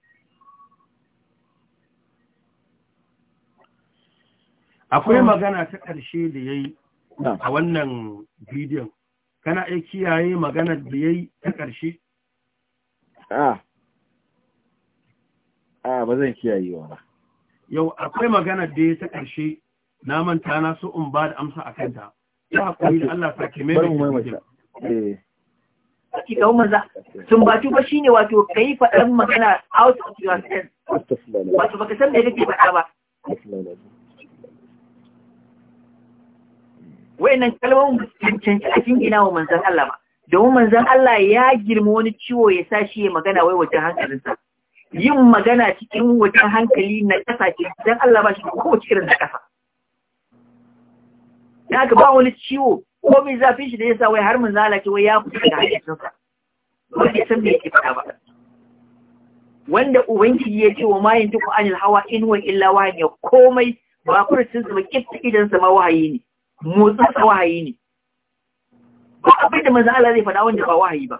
akwai magana ta ƙarshe da yayi hmm. a wannan bidiyon kana iya kiyaye maganar da yayi ta ƙarshe ah. a ba zan wa ba yau akwai magana da ya ta ƙarshe na manta na so in ba da amsa a kanta ya haƙuri da Allah sake mai mai eh. maza sun batu ba shine wato kai faɗan magana out of your sense wato baka san me kake faɗa ba Wai wayannan kalmomin cancanci a gina wa manzan Allah ba domin manzan Allah ya girma wani ciwo ya sa shi ya magana wai wajen hankalinsa yin magana cikin wajen hankali na ƙasa ce don Allah ba shi kowace cikin na ƙasa. Ya ka ba wani ciwo ko mai zafin shi da ya sa wai har mun lalace wai ya fi da hankalinsa. Wanda ya san mai ke faɗa ba. Wanda Ubangiji ya ce wa mayin duk anil hawa in wa illa wahayi komai ba furcin sa ba kifta idan sa ma wahayi ne. Motsa sa wahayi ne. Ba abin da manzo Allah zai fada wanda ba wahayi ba.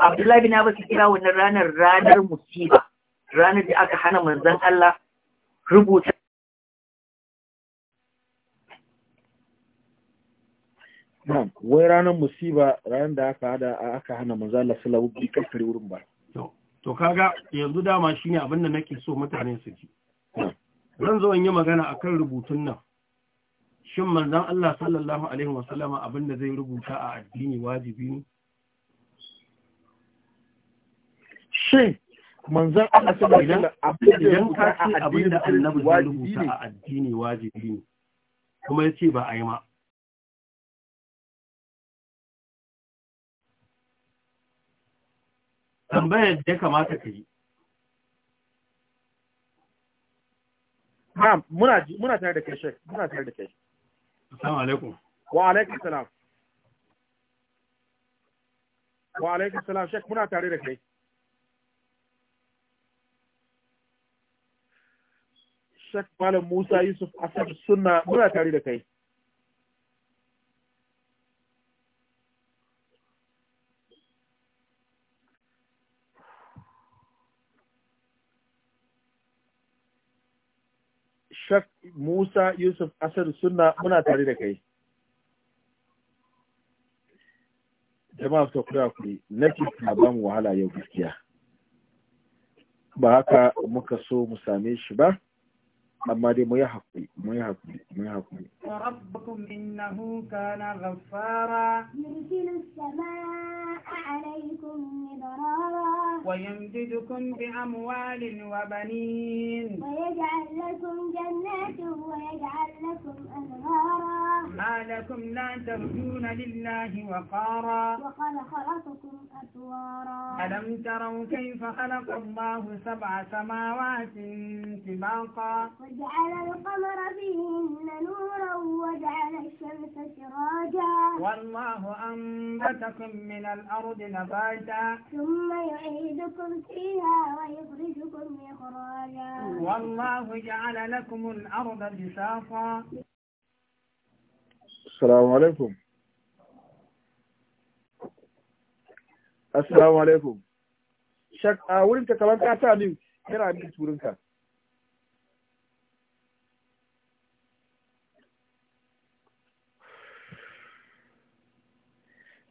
Abdullahi bin Abbas ya kira wannan ranar ranar musiba, ranar da aka hana manzon Allah rubuta wai ranar musiba ranar da aka hada aka hana manzon Allah sallallahu alaihi wasallam wurin ba. To kaga yanzu dama shine abin da nake so mutane su ji. Zan zo in yi magana akan rubutun nan. Shin manzon Allah sallallahu alaihi wasallama abin da zai rubuta a addini wajibi ne? shin manzan Allah sallallahu alaihi wasallam idan ka ce abin da annabi ya rubuta a addini wajibi ne kuma yace ba a yi ma tambayar da ya kamata ka yi Ha, muna muna tare da kai Sheikh, muna tare da kai. Assalamu alaikum. Wa alaikum salam. Wa alaikum salam Sheikh, muna tare da kai. Shek Malam Musa Yusuf Asad Sunna muna tare da kai. Shek Musa Yusuf Asad Sunna muna tare da kai. Jama'a ta kura kuri, na ba mu wahala yau gaskiya. Ba haka muka so mu same shi ba. amma dai mu yi haƙuri mu yi haƙuri mu yi haƙuri rabbukum innahu kana ghaffara yursilu samaa'a 'alaykum midrara wa yamdidukum bi amwalin wa banin wa yaj'al lakum jannatin wa yaj'al lakum anhara ma lakum la tarjuna lillahi waqara wa qad khalaqakum atwara alam taraw kayfa khalaqa Allahu sab'a samawati tibaqa وجعل القمر فيهن نورا وجعل الشمس سراجا والله أنبتكم من الأرض نباتا ثم يعيدكم فيها ويخرجكم إخراجا والله جعل لكم الأرض بساطا السلام عليكم السلام عليكم شك a تكلمت kamar ka ta ne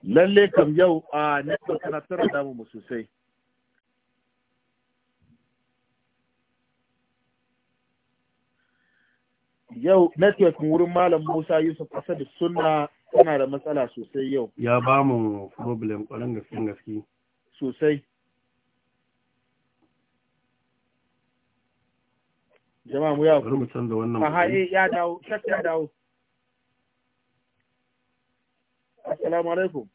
lalle kam yau a network tana tara damu mu sosai yau network wurin malam Musa Yusuf kasa da sunna tana da matsala sosai yau ya ba mu problem kwarin gaskiyan gaske sosai jama'a mu yau mu canza wannan aha eh, ya dawo shakka dawo assalamu alaikum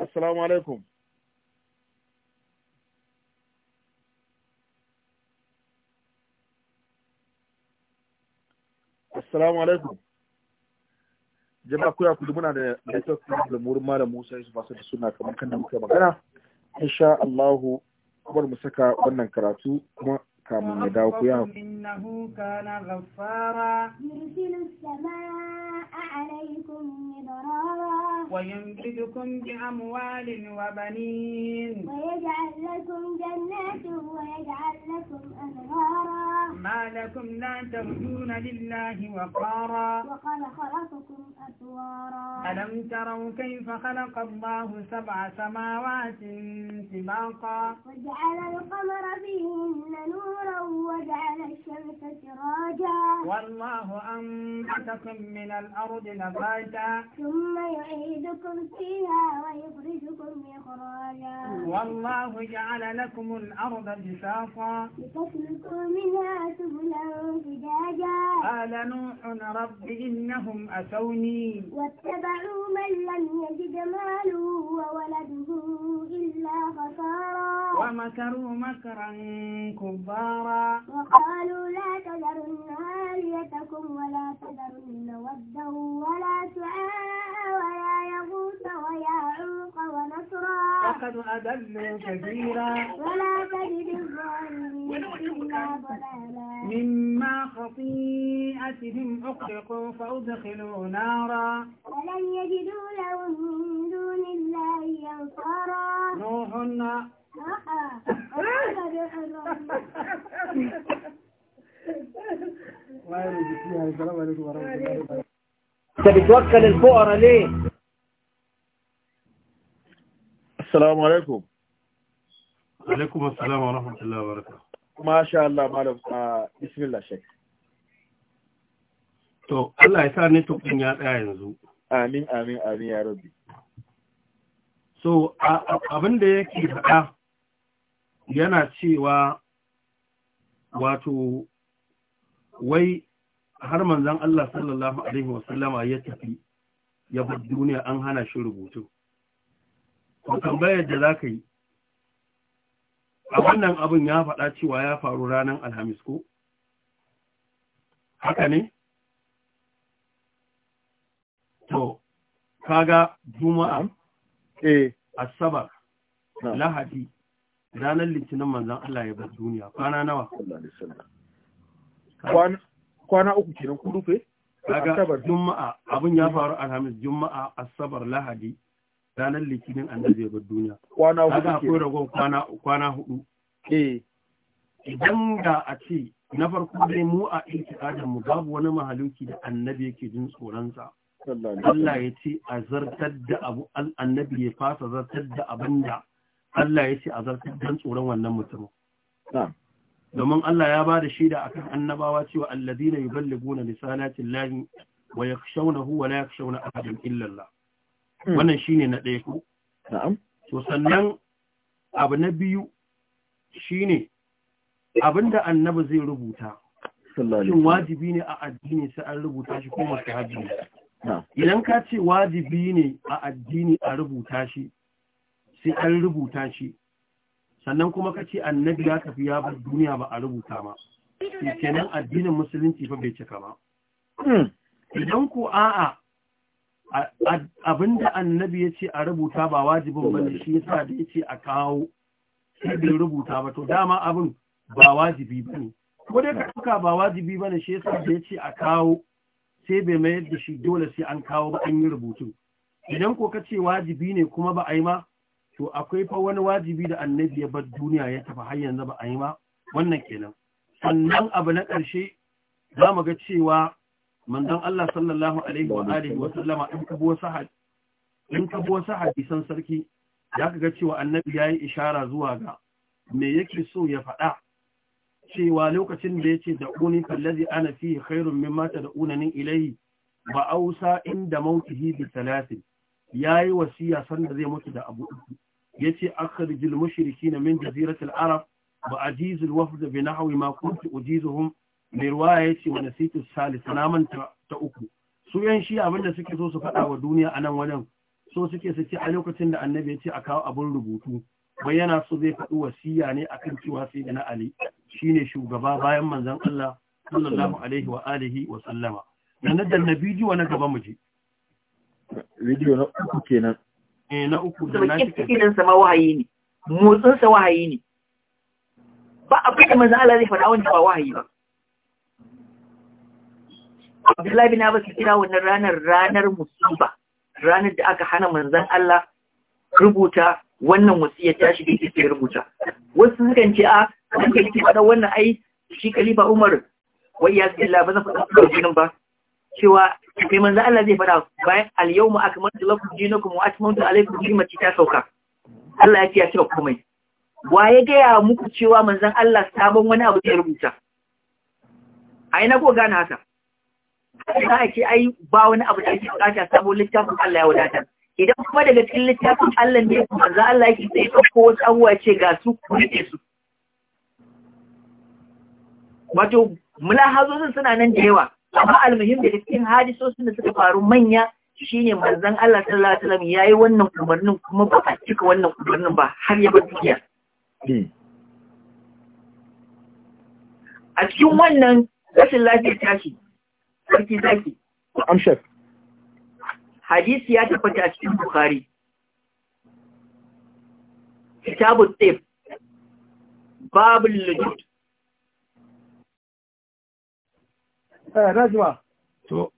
assalamu alaikum assalamu alaikum jama'a ya kudu muna da network problem wurin malam Musa Yusuf Asad suna kamar kan da muke magana insha Allah bar mu saka wannan karatu kuma kamun ya dawo ku ya innahu kana ghaffara yursilu samaa alaykum midrara ويمددكم بأموال وبنين ويجعل لكم جنات ويجعل لكم أنهارا ما لكم لا ترجون لله وقارا وقال خلقكم أسوارا ألم تروا كيف خلق الله سبع سماوات سباقا وجعل القمر فيهن نورا وجعل الشمس سراجا والله أنبتكم من الأرض نباتا ثم يعيدكم فيها ويخرجكم والله جعل لكم الأرض بساطا لتسلكوا منها سبلا فجاجا قال نوح رب إنهم أتوني واتبعوا من لم يجد ماله وولده إلا خسارا ومكروا مكرا كبارا وقالوا لا تذرن آليتكم ولا تذرن ودا ولا سعاء ولا لوط ويعوق ونصرا لقد أضلوا كثيرا ولا تجد الظالمين إلا مما خطيئتهم أغرقوا فأدخلوا نارا ولن يجدوا لهم من دون الله أنصارا نوح آه. انت بتوكل الفقراء ليه Assalamu alaikum. Alaikum assalamu wa rahmatullahi wa barakatuh. Masha Allah malam a uh, bismillah shek. To Allah ya sa ne tukun ya yanzu. Amin amin amin ya rabbi. So abin da yake faɗa yana cewa wato wai har manzon Allah sallallahu alaihi wasallama ya tafi ya bar duniya an hana shi rubutu. to tambayar da za ka yi a wannan abin ya faɗa cewa ya faru ranar alhamis ko haka ne to kaga juma'a eh asabar lahadi ranar litinin manzan Allah ya bar duniya kwana nawa kwana uku kenan ku rufe kaga juma'a abin ya faru alhamis juma'a asabar lahadi ranar litinin annabi ya bar duniya kwana hudu akwai ragon kwana kwana hudu eh idan da a ce na farko dai mu a ilki itikadin mu babu wani mahaluki da annabi yake jin tsoron sa Allah ya ce a zartar da abu annabi ya fasa zartar da abin da Allah ya ce a zartar da tsoron wannan mutumin domin Allah ya ba da shaida kan annabawa cewa alladina yuballiguna risalati llahi wa yakhshawnahu wa la yakhshawna ahadan illa Allah Hmm. wannan shine na ɗaya ko na'am sannan abu na biyu shine abinda annabi zai rubuta shin wajibi ne a addini sai an rubuta shi ko mustahabi ne idan ka ce wajibi ne a addini a rubuta shi sai an rubuta shi sannan kuma ka ce annabi ya tafi ya bar duniya ba a rubuta ma kenan addinin musulunci fa bai cika ba hmm. idan ku a'a abinda annabi ya ce a rubuta ba wajibin ba ne shi sa da ya ce a kawo sai bai rubuta ba to dama abin ba wajibi ba ne ko dai ka ɗauka ba wajibi ba ne shi sa da ya ce a kawo sai bai mayar da shi dole sai an kawo ba an yi rubutu idan ko ka ce wajibi ne kuma ba a yi ma to akwai fa wani wajibi da annabi ya bar duniya ya tafi har yanzu ba a yi ma wannan kenan sannan abu na ƙarshe za mu ga cewa manzon Allah sallallahu alaihi wa alihi wa sallama in kabo wasu in kabo sarki ya ga cewa annabi ya yi ishara zuwa ga me yake so ya faɗa cewa lokacin da yace da uni kallazi ana fihi khairun mimma tad'unani ilayhi ba ausa inda mautihi bi salatin yayi wasiya sanda zai mutu da abu yace akhrijil mushrikin min jaziratil arab ba ajizul wafd bi nahwi ma kuntu ujizuhum mai ruwa ya ce wani sitis salis na manta ta uku su yan shi abinda suke so su faɗa wa duniya a nan wajen so suke su ce a lokacin da annabi ya ce a kawo abin rubutu bayyana so zai faɗi wasiya ne akan cewa sai da na ali shine shugaba bayan manzon Allah sallallahu alaihi wa alihi wa sallama nan da na bidiyo na gaba mu je bidiyo na uku kenan eh na uku da na cikin sa ma wahayi ne motsin sa wahayi ne ba abin da manzon Allah zai faɗa wani ba wahayi ba Abdullahi bin Abbas ya kira wannan ranar ranar musiba ranar da aka hana manzon Allah rubuta wannan wasiyar ta shi da rubuta wasu sukan ce a ah, an kai ki faɗa wannan ai shi Khalifa Umar wai ya zilla ba zan faɗa jinin ba cewa kai manzon Allah zai fada bayan al-yawma akmaltu lakum dinakum wa atmamtu alaykum ni'mati ta sauka Allah ya ce ya cika komai wa ya gaya muku cewa manzon Allah sabon wani abu ya rubuta ai na ko gane haka za a ai ba wani abu da ake bukata sabo littafin Allah ya wadata idan kuma daga cikin littafin Allah ne manzo Allah yake sai ko wasu abubuwa ce ga su ku rike su wato mulahazozin suna nan da yawa amma almuhim da cikin hadisosin da suka faru manya shine manzon Allah sallallahu alaihi wasallam yayi wannan umarnin kuma ba a cika wannan umarnin ba har ya bar duniya hmm. a cikin wannan rashin lafiya tashi sarki zaki amshar hadisi ya tabbata a cikin bukhari kitabu tsif Babu lujud eh rajma to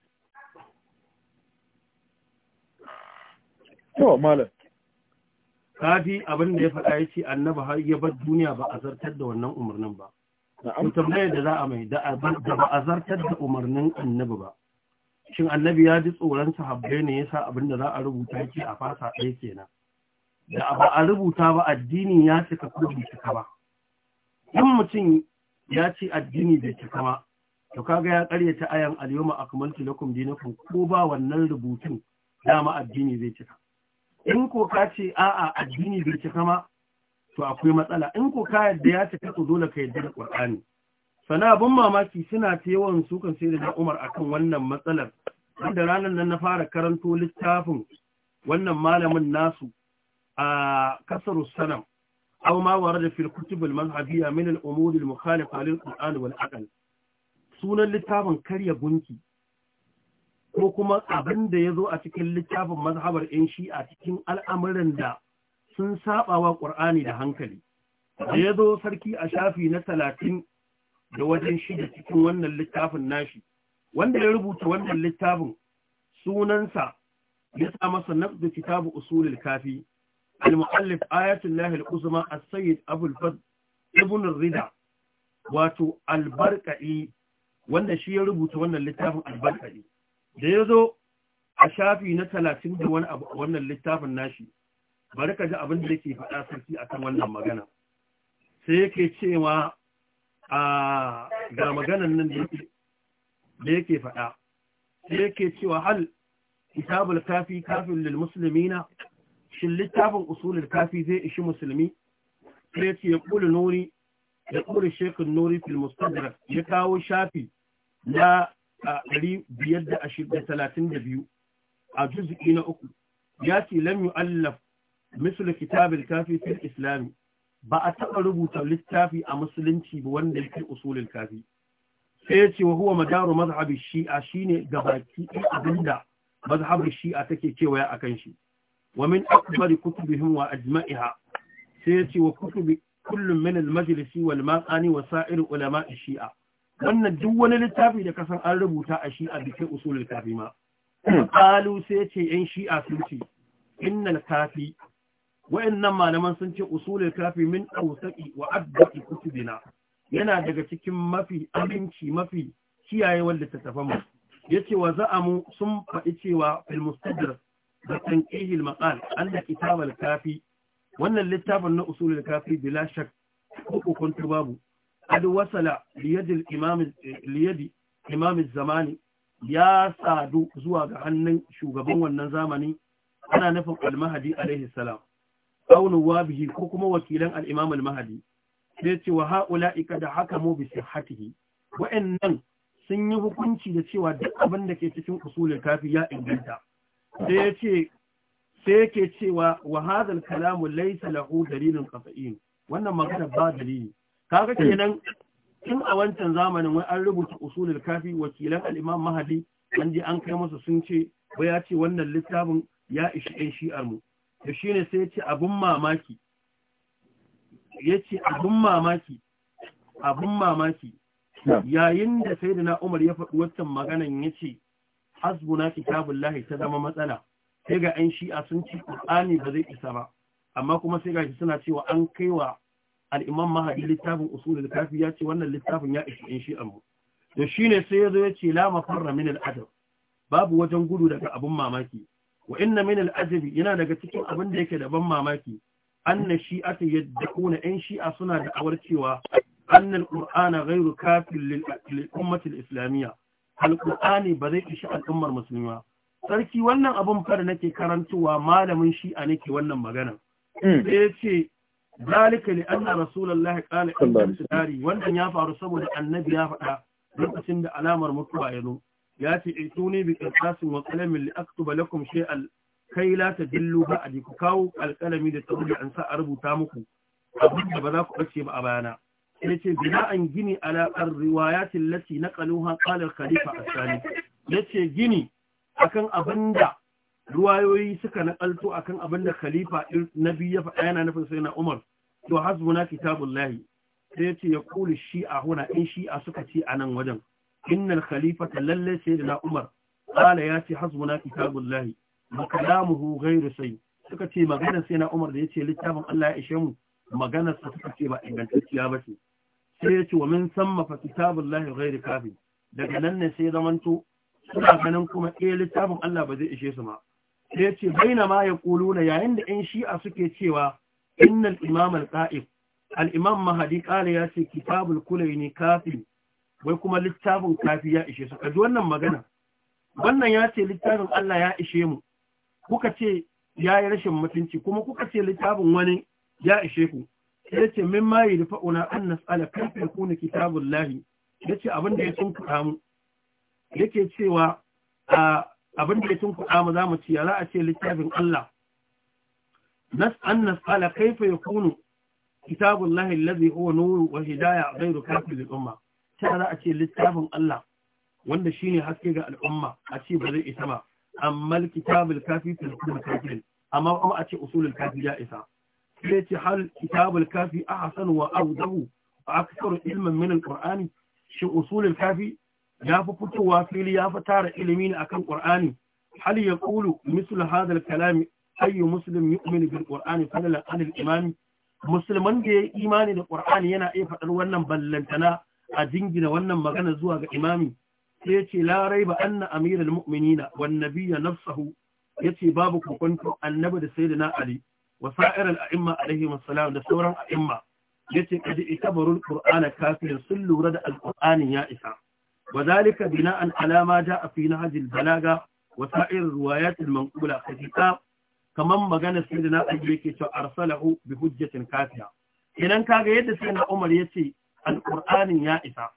to malam kaji abin da ya faɗa ya ce annaba har ya bar duniya ba a zartar da wannan umarnin ba tambayar da za mai da ba a zartar da umarnin annabi ba shin annabi ya ji tsoron sahabbai ne yasa abin da za a rubuta yake a fasa ɗaya kenan da ba a rubuta ba addini ya cika ko bai cika ba in mutum ya ce addini bai cika ba to kaga ya karyata ayan alyoma yawma akmaltu lakum dinakum ko ba wannan rubutun dama addini zai cika in ko ka ce a'a addini bai cika ba to akwai matsala in ku ka yadda ya cika su dole ka yadda da Qur'ani sana abun mamaki suna ta yawan sukan sai da Umar akan wannan matsalar wanda ranar nan na fara karanto littafin wannan malamin nasu a kasar sanam aw ma warada fil kutub al mazhabiyya min al umur al mukhalifa lil Qur'an wal aql sunan littafin karya gunki ko kuma abinda da ya zo a cikin littafin mazhabar shi a cikin al'amuran da sun saba wa ƙur'ani da hankali da ya zo sarki a shafi na talatin da wajen shida cikin wannan littafin nashi wanda ya rubuta wannan littafin sunansa ya sa masa nafdu kitabu usulul kafi al-muallif ayatul al-uzma as-sayyid abul fad ibn rida wato al-barqai wanda shi ya rubuta wannan littafin al-barqai da ya zo a shafi na talatin da wani abu wannan littafin nashi bari ka ji abin da yake faɗa sarki akan wannan magana sai yake cewa a ga maganan nan da yake faɗa sai yake cewa hal kitabul kafi kafin lil muslimina shin littafin usulul kafi zai ishi musulmi sai yake ya kula nuri ya kula shekun nuri fil mustadrak ya kawo shafi na biyu a juzu'i na uku ya ce lam yu'allaf misali kitabul kafi fil islami ba a taɓa rubuta littafi a musulunci ba wanda yake usulul kafi sai ya ce wa huwa madaru mazhabi shi'a shine baki abinda mazhabin shi'a take a kan shi wa min akbari kutubihim wa ajma'iha sai ya kullum min al-majlisi wal wa sa'ir ulama shi'a wannan duk wani littafi da kasan an rubuta a shi'a bikin usulul kafi ma qalu sai ce yan shi'a sun ce innal kafi wayannan malaman sun ce usulul kafi min awsaqi wa abdi kutubina yana daga cikin mafi aminci mafi kiyaye wanda ta tafa mu ce wa za'amu sun faɗi cewa fil da tanqihil maqal anna kitabal kafi wannan littafin na usulul kafi bila shak ko kuntu babu ad wasala liyadil liyadi zamani ya sadu zuwa ga hannun shugaban wannan zamani ana nufin almahadi alaihi salam qawlu wabihi ko kuma wakilan al-imam al-mahdi sai ce wa ha'ula'i kada hakamu bi sihhatihi wa'annan sun yi hukunci da cewa duk abin da ke cikin usulul kafi ya inganta sai ya ce sai yake cewa wa hadal kalamu laysa lahu dalilun qat'iyyin wannan magana ba dalili kaga kenan tun a wancan zamanin wai an rubuta usulul kafi wakilan al-imam mahdi an je an kai masa sun ce ba ya ce wannan littafin ya ishi ɗan shi'ar da shi ne sai ya ce abin mamaki ya ce abin mamaki abin mamaki yayin da sai da na umar ya faɗi wancan maganan ya ce hasbuna kitabun lahi ta zama matsala sai ga ‘yan shi'a sun ci ba zai isa ba amma kuma sai ga shi suna cewa an kai wa al'imam mahadi littafin usul da kafi ya ce wannan littafin ya isa ‘yan shi'an mu da shi ne sai ya zo ya ce lama farra min al'adar babu wajen gudu daga abin mamaki wa inna min al'ajabi yana daga cikin abin da yake da ban mamaki anna shi'ata yadda'una ɗan shi'a suna da awar cewa anna al-qur'ana ghayru kafin lil ummati al-islamiyya al-qur'ani ba zai ishi al'ummar musulma sarki wannan abin fara nake karantuwa malamin shi'a nake wannan magana hmm. sai ya ce ذلك لأن رسول الله قال إن wannan ya faru saboda annabi ya faɗa lokacin da alamar mutuwa ya ya ce ituni eh, bi qirtasin wa qalamin li aktuba lakum shay'an kai la tadillu ba a ku kawo alƙalami da ta an sa a rubuta muku abin da ba za ku bace ba a bayana sai ce bina an gini ala riwayatin lati naqaluha qala khalifa asani yace gini akan abinda ruwayoyi suka nakalto akan abinda khalifa nabi ya faɗa yana nufin sai na Umar to hasbuna kitabullahi sai yace ya shi shi'a huna in shi'a suka ce anan wajen innal khalifata lalle sayyidina Umar qala ya ce hasbuna kitabullahi wa kalamuhu ghayru sayy suka ce magana na Umar da yace littafin Allah ya ishe mu magana sa suka ce ba ingantacciya ba ce sai ya ce wa min samma fa kitabullahi ghayru kafi daga nan ne sai zamanto suna ganin kuma eh littafin Allah ba zai ishe su ma sai ya ce baina ma ya kuluna yayin da yan shi'a suke cewa innal imam al-qa'im al-imam mahdi qala ya ce kitabul kulaini kafi wai kuma littafin kafi ya ishe su kaji wannan magana wannan ya ce littafin Allah ya ishe mu kuka ce ya yi rashin mutunci kuma kuka ce littafin wani ya ishe ku ya ce min ma yi rufa una an nas'ala kai kai kuna kitabun lahi ya ce abin da ya sun kuɗa mu ke cewa abin da ya sun kuɗa mu za mu ci za a ce littafin Allah nas an nas'ala kai kai kuna kitabun lahi lazi huwa nuru wa hidaya ghairu kafin umma ta za a ce littafin Allah wanda shine haske ga al'umma a ce ba zai isa ba amma kitabul kafi fil kafirin amma kuma a ce usulul kafi ya isa sai ce hal kitabul kafi ahsan wa dahu a ilman min al-qur'ani shi usulul kafi ya fi fitowa fili ya fi tara ilimi ne akan qur'ani hal ya kulu hadha al kalami ayyu muslim yu'minu bil qur'ani fadlan an imani. musliman da ya imani da qur'ani yana iya faɗar wannan ballantana a jingina wannan magana zuwa ga imami sai yace larai ba anna amiral mu'minina wan nabiyya nafsuhu yace babu kokonto annabi da sayyidina ali wa sa'ir al a'imma alaihi wassalam da sauran a'imma yace kaji ita al qur'ana kafirin sun lura da al ya isa wa zalika bina'an ala ma ja'a fi nahj balaga wa sa'ir riwayat al manqula khatiqa kaman magana sayyidina ali yake cewa arsalahu bi hujjatin kafiya idan kaga yadda sayyidina umar yace alƙur'anin ya isa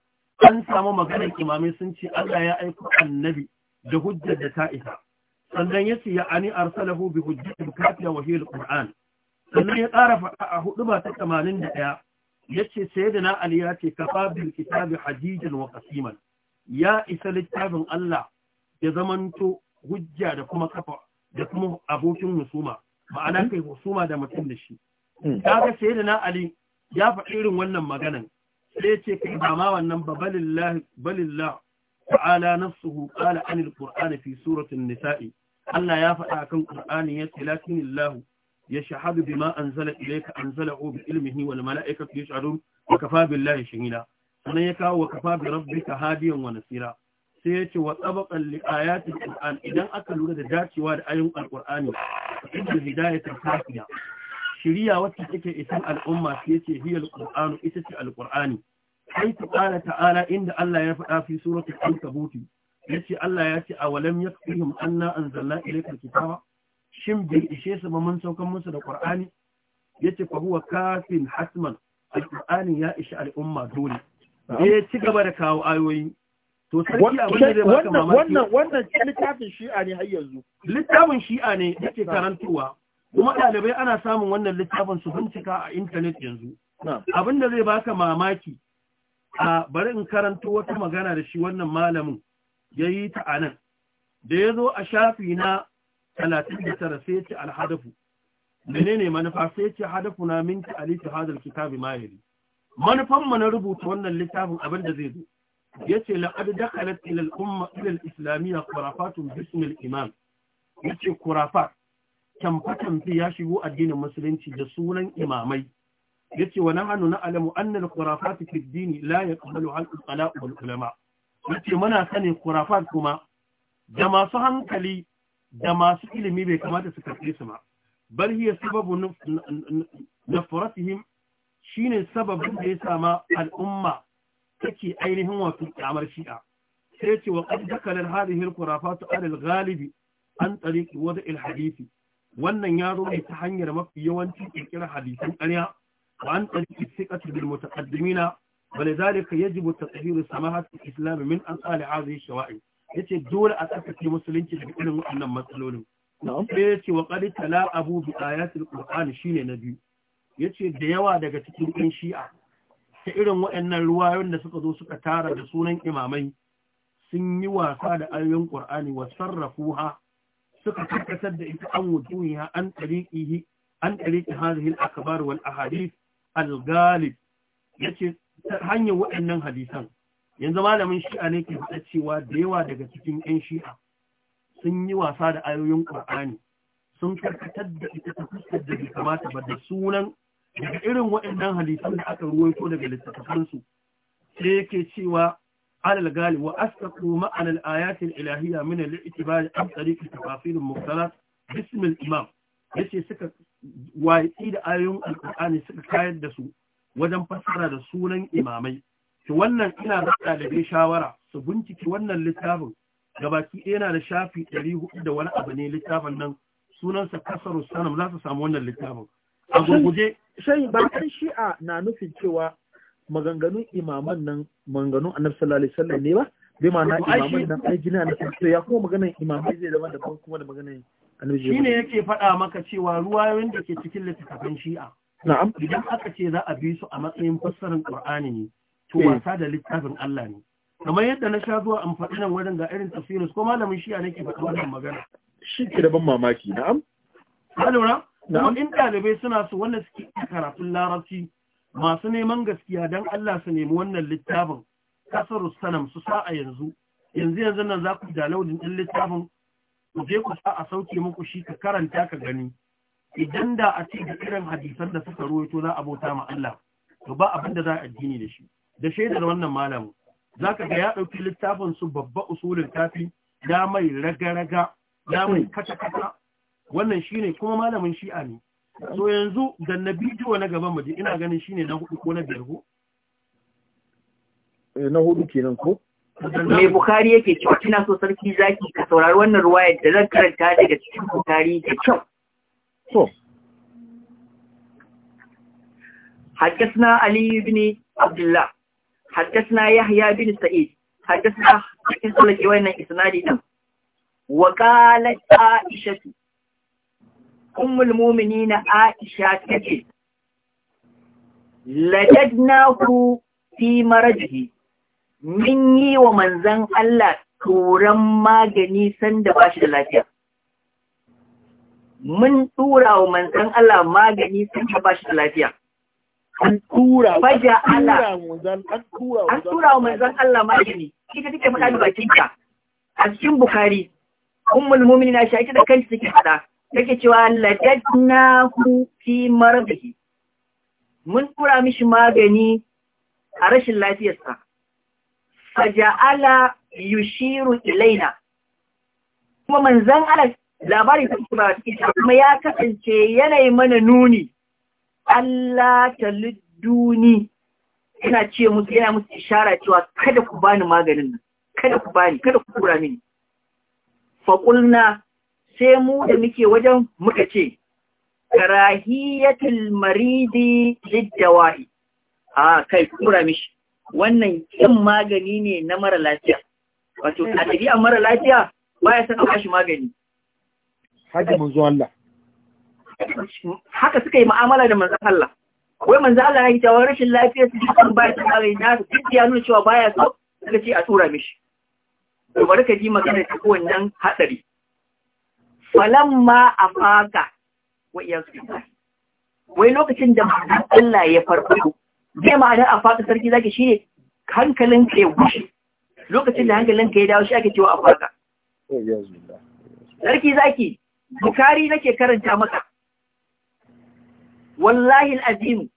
an samu maganar imamai sun ce Allah ya aiko annabi da hujjar da ta isa sannan ya ce ya ani arsalahu bi hujjatin kafiya wa hil qur'an sannan ya ƙara faɗa a hudu ba ta 81 yace sayyidina ali ya ce kafa bil kitabi hajijan wa qasiman ya isa littafin Allah ya zamanto hujja da kuma kafa da kuma abokin husuma ma'ana kai husuma da mutum da shi hmm. kaga sayyidina ali ya faɗi irin wannan maganan sai ce ka ba wannan ba balillah ta'ala nafsuhu qala anil qur'ani fi suratul nisa'i Allah ya faɗa kan qur'ani ya ce lakinillahu yashhadu bima anzala ilayka anzalahu bi ilmihi wal mala'ikatu yashhadun wa kafa billahi shahida sannan ya kawo wa kafa bi rabbika hadiyan wa nasira sai ya ce wa tsabaqan li ayatil qur'an idan aka lura da dacewa da ayoyin alqur'ani inda hidayatu kafiya shiriya wacce take isan al'umma su yace hiyal qur'anu ita ce alqur'ani sai ta qala ta'ala inda Allah ya faɗa fi suratul Ya ce Allah ya ce awalam yakfihim anna anzalna ilayka kitaba. shin bai ishe su ba mun saukan musu da qur'ani ce fa huwa kafin hasman Al-Qur'ani ya isha al'umma dole ya eh, ci gaba da kawo ayoyi To sarki abin da zai baka mamaki. Wannan wannan littafin shi'a ne har yanzu. Littafin shi'a ne yake karantuwa. kuma ɗalibai ana samun wannan littafin su bincika a intanet yanzu abin da zai baka mamaki a bari in karanto wata magana da shi wannan malamin ya yi ta a nan da ya zo a shafi na tara sai ce alhadafu menene manufa sai ce hadafu na minti alita hadar kitabi mahiri mu na rubuta wannan littafin abin da zai zo ya ce la'ad dakalat ilal umma ilal islamiyya kurafatun bismil imam ya ce kurafat tamfe ya shigo addinin musulunci da sunan imamai yace wa nahnu na'lamu anna al-khurafat fi ad-din la yaqbalu al-qala wal ulama yace muna sani khurafat kuma da masu hankali da masu ilimi bai kamata su karbe su ba bal hiya sababu nafratihim shine sababin da yasa ma al'umma take ainihin wato kamar shi'a sai yace wa qad dakala hadhihi al-khurafat ala al-ghalibi an tariqi wada al-hadisi wannan ya zo ne ta hanyar mafi yawanci kirkira hadisan ƙarya wa an tsarki sikatu bil mutaqaddimina ولذلك يجب تطهير min an من أنقال هذه Ya ce dole a tsarkake musulunci daga irin waɗannan matsalolin sai yace wa qad tala'abu bi ayatil qur'ani shine na biyu yace da yawa daga cikin ɗan shi'a ta irin waɗannan ruwayoyin da suka zo suka tara da sunan imamai sun yi wasa da ayoyin ƙur'ani wa ha suka karkatar da ita an wujuhiha an tariqihi an tariqi hadhihi al-akbar wal ahadith al-ghalib yace hanyar waɗannan hadisan yanzu malamin shi'a ne ke fada cewa da yawa daga cikin 'yan shi'a sun yi wasa da ayoyin qurani sun karkatar da ita ta fuskar da bai kamata ba da sunan daga irin waɗannan hadisan da aka ruwaito daga littattafansu sai yake cewa على الغالب وأسقطوا معنى الآيات الإلهية من الاعتبار عن طريق التفاصيل المختلة باسم الإمام yace suka watsi da ayoyin alkur'ani suka kayar da su wajen fassara da sunan imamai ki wannan ina da ɗalibai shawara su binciki wannan littafin gabaki ɗaya na da shafi ɗari hudu da wani abu ne littafin nan sunansa kasaru sanam za su samu wannan littafin a gurguje shayi ba shi'a na nufin cewa maganganun imaman nan maganganun annabi sallallahu alaihi wasallam ne ba bai ma'ana imaman nan ai gina na to ya kuma maganar imamai zai zama daban kuma da maganar annabi ne yake faɗa maka cewa ruwa yadda ke cikin littafin shi'a na'am idan aka ce za a bi su a matsayin fassarar qur'ani ne to eh. wasa da littafin Allah ne kamar yadda na sha zuwa an faɗi nan wajen ga irin tafsirus ko malamin shi'a nake faɗa wannan magana shi ke da ban mamaki na'am ka lura kuma in ɗalibai suna su wanda suke karatun larabci masu neman gaskiya don Allah su nemi wannan littafin kasar sanam su sa a yanzu yanzu yanzu nan za ku downloadin ɗin littafin ku je ku sa a sauke muku shi ka karanta ka gani idan da a ce ga irin hadisan da suka ruwaito za a bauta ma Allah to ba abin da za a addini da shi da shaidar wannan malamin zaka ga ya ɗauki littafin su babba usulin kafi ya mai raga-raga ya mai kata-kata wannan shine kuma malamin shi'a ne so yanzu da na bidiyo na gaban muje ina ganin shine na hudu ko na biyar ko eh, na hudu kenan ko mai bukari yake cewa kina so sarki zaki ka saurari wannan ruwaya da zan karanta daga cikin bukari da kyau so حدثنا علي بن عبد الله حدثنا يحيى بن سعيد حدثنا حدثنا جوانا إسنادي وقالت عائشة ummul mu'minina Aisha tace lajadnahu fi marajihi min yi wa manzan Allah turan magani sanda ba shi da lafiya mun tura wa manzan Allah magani sanda ba shi da lafiya an tura Allah an tura wa manzan Allah magani kika take faɗa da bakinka a cikin bukari ummul mu'minina shi ake da kanta take faɗa take cewa hu fi marbihi mun tura mishi magani a rashin lafiyarsa faja'ala yushiru ilaina kuma manzan Allah labari ta kuma kuma ya kasance yanayi mana nuni Allah ta ludduni yana ce musu yana musu ishara cewa kada ku bani maganin nan kada ku bani kada ku kura mini faƙulna sai mu da muke wajen muka ce karahiyatul maridi liddawahi a kai kura mishi wannan yin magani ne na mara lafiya wato a tabi'an mara lafiya ya san a bashi magani haji manzo Allah haka suka yi ma'amala da manzan Allah wai manzan Allah ya yi cewa rashin lafiya su kan baya san magani na su ya nuna cewa baya so suka ce a tura mishi to bari ka ji magana ta kowannan hatsari. a afaka wa iyyakum wai lokacin da manzon Allah ya farko zai a faka sarki zaki shi ne hankalin ka ya wuce lokacin da hankalin ka ya dawo shi ake cewa a faka. sarki zaki bukari nake karanta maka wallahi alazim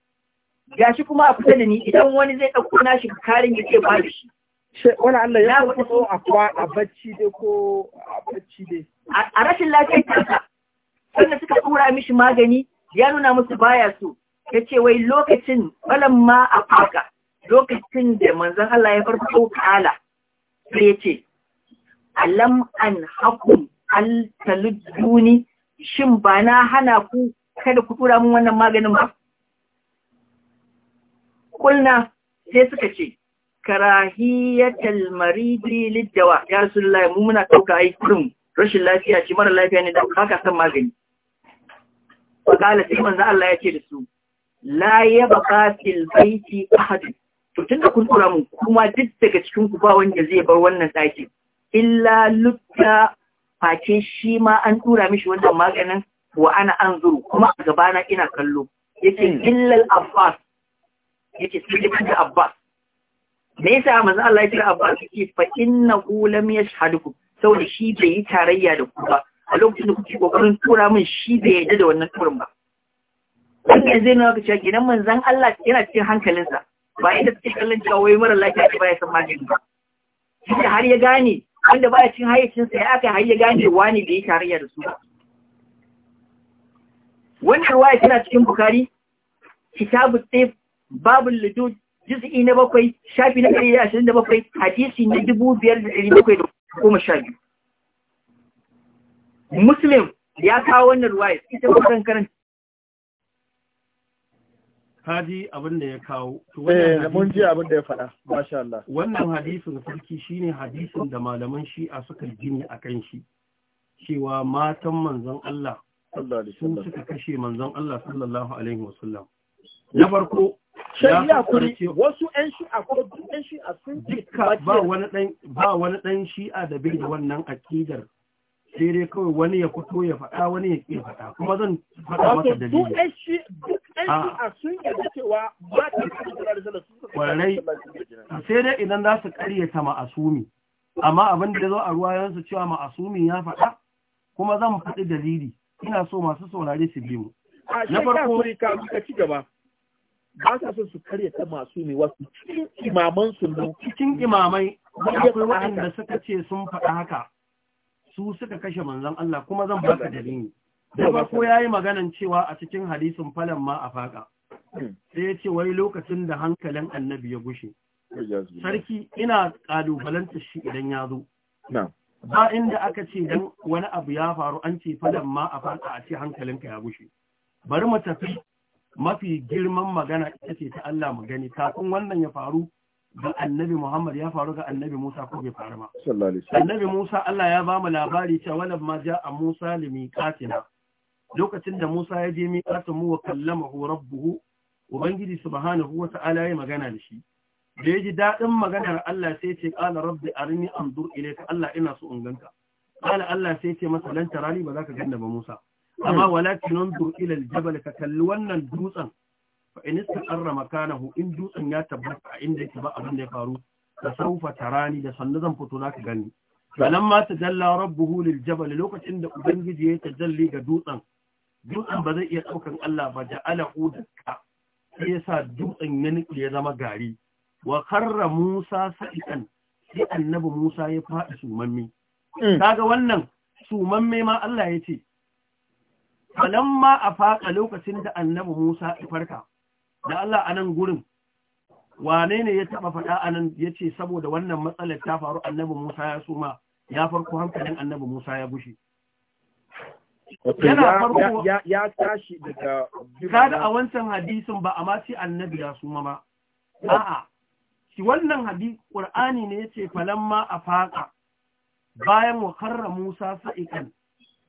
shi kuma a kusa da ni idan wani zai ɗauko nashi bukarin ya ce ba shi wani ya a kwa a bacci ko a bacci A lafiyar kansa, wanda suka tura mishi magani ya nuna musu baya so, ya ce wai lokacin balan ma a faka, lokacin da manzan Allah ya farko kala, sai ya ce, Alam an hakun altaluduni shin ba na hana ku kada ku tura min wannan maganin ba? Kulna sai suka ce, karahiyatal maridi liddawa ya rasulullahi mu muna dauka ai kurum rashin lafiya ce mara lafiya ne da baka san magani fa kala sai manzo Allah ya ce da su la yabqa fil baiti ahad to tunda kun tura mun kuma duk daga cikin ku ba wanda zai bar wannan daki illa lutta face shi ma an tura mishi wannan maganin wa ana anzuru kuma a gabana ina kallo yake illal abbas yake sai da abbas me yasa manzo Allah ya kira abu a ciki fa innahu lam yashhadukum saboda shi bai yi tarayya da ku ba a lokacin da kuke kokarin tura min shi bai yarda da wannan turin ba sai zai nuna ka cewa gidan manzon Allah yana cikin hankalinsa ba inda suke kallon cewa wai mara lafiya ce ya san magani ba shi har ya gane wanda baya cin hayyacinsa ya aka har ya gane wani bai yi tarayya da su ba wannan ruwaya tana cikin bukari kitabu tsif babul ludud juz'i na bakwai shafi na ɗari da ashirin da bakwai hadisi na dubu biyar da ɗari bakwai da goma sha biyu muslim ya kawo wannan ruwa ita ba kan karanta kaji abin da ya kawo eh, mun ji abin da ya faɗa masha Allah wannan hadisin sarki shine hadisin da malaman shi'a suka gini a kan shi cewa matan manzon Allah sun suka kashe manzon Allah sallallahu alaihi wasallam na farko shari'a kuri wasu ƴan shi'a ko duk ƴan shi'a sun dukka ba wani ɗan ba wani dan shi'a da bai da wannan akidar sai dai kawai wani ya fito ya faɗa wani ya ƙi faɗa kuma zan faɗa masa dalili duk ƴan shi'a sun yarda cewa ba ta da kwarai sai dai idan za su ƙaryata ma'asumi amma abin da ya zo a ruwa ruwayansu cewa ma'asumi ya faɗa kuma zan faɗi dalili ina so masu saurare su bi mu na farko ka ci gaba ba sa son su karya ta masu mai wasu cikin imaman su ne cikin imamai akwai waɗanda suka ce sun faɗa haka su suka kashe manzon Allah kuma zan baka dalili da ba ko yayi maganan cewa a cikin hadisin falan ma a faka hmm. sai ya ce wai lokacin da hankalin annabi ya gushe sarki ina kalubalanta shi idan ya zo ba inda aka ce dan wani abu ya faru an ce falan ma a faka a ce hankalinka ya gushe bari mu tafi mafi girman magana ita ce ta Allah mu gani kafin wannan ya faru ga annabi Muhammad ya faru ga annabi Musa ko bai faru ba annabi Musa Allah ya ba mu labari cewa walam ma ja'a Musa limiqatina lokacin da Musa ya je miqatin mu wa kallamahu rabbuhu ubangiji subhanahu wa ta'ala ya magana da shi da ya ji daɗin maganar Allah sai ce ƙala rabbi arini anzur ilayka Allah ina so in ganka ƙala Allah sai ce masa lan tarani ba za ka ganna ba Musa amma hmm. walakin nanzur ila aljabal ka kalli wannan dutsen fa in istaqarra makanahu in dutsen ya tabbata a inda yake ba abin da ya faru da saufa tarani da sanda zan fito ka gani falamma tajalla rabbuhu liljabal lokacin da ubangiji ya tajalli ga dutsen dutsen ba zai iya daukan Allah ba ja'alahu dakka sai ya sa dutsen ya nike ya zama gari wa karra Musa sa'ikan sai annabi Musa ya faɗi sumammi hmm. kaga wannan sumamme ma Allah ya ce ma a faƙa lokacin da annabi Musa ya farka da Allah a nan gurin wane ne ya taɓa faɗa a nan ya ce saboda wannan matsalar ta faru annabi Musa ya suma ya farko hankalin annabi Musa ya bushe. Ya tashi daga Kada a wancan hadisin ba a mace annabi ya suma ba. A'a, shi wannan hadis Ƙur'ani ne ya ce ma a faƙa bayan wa karra Musa sa'ikan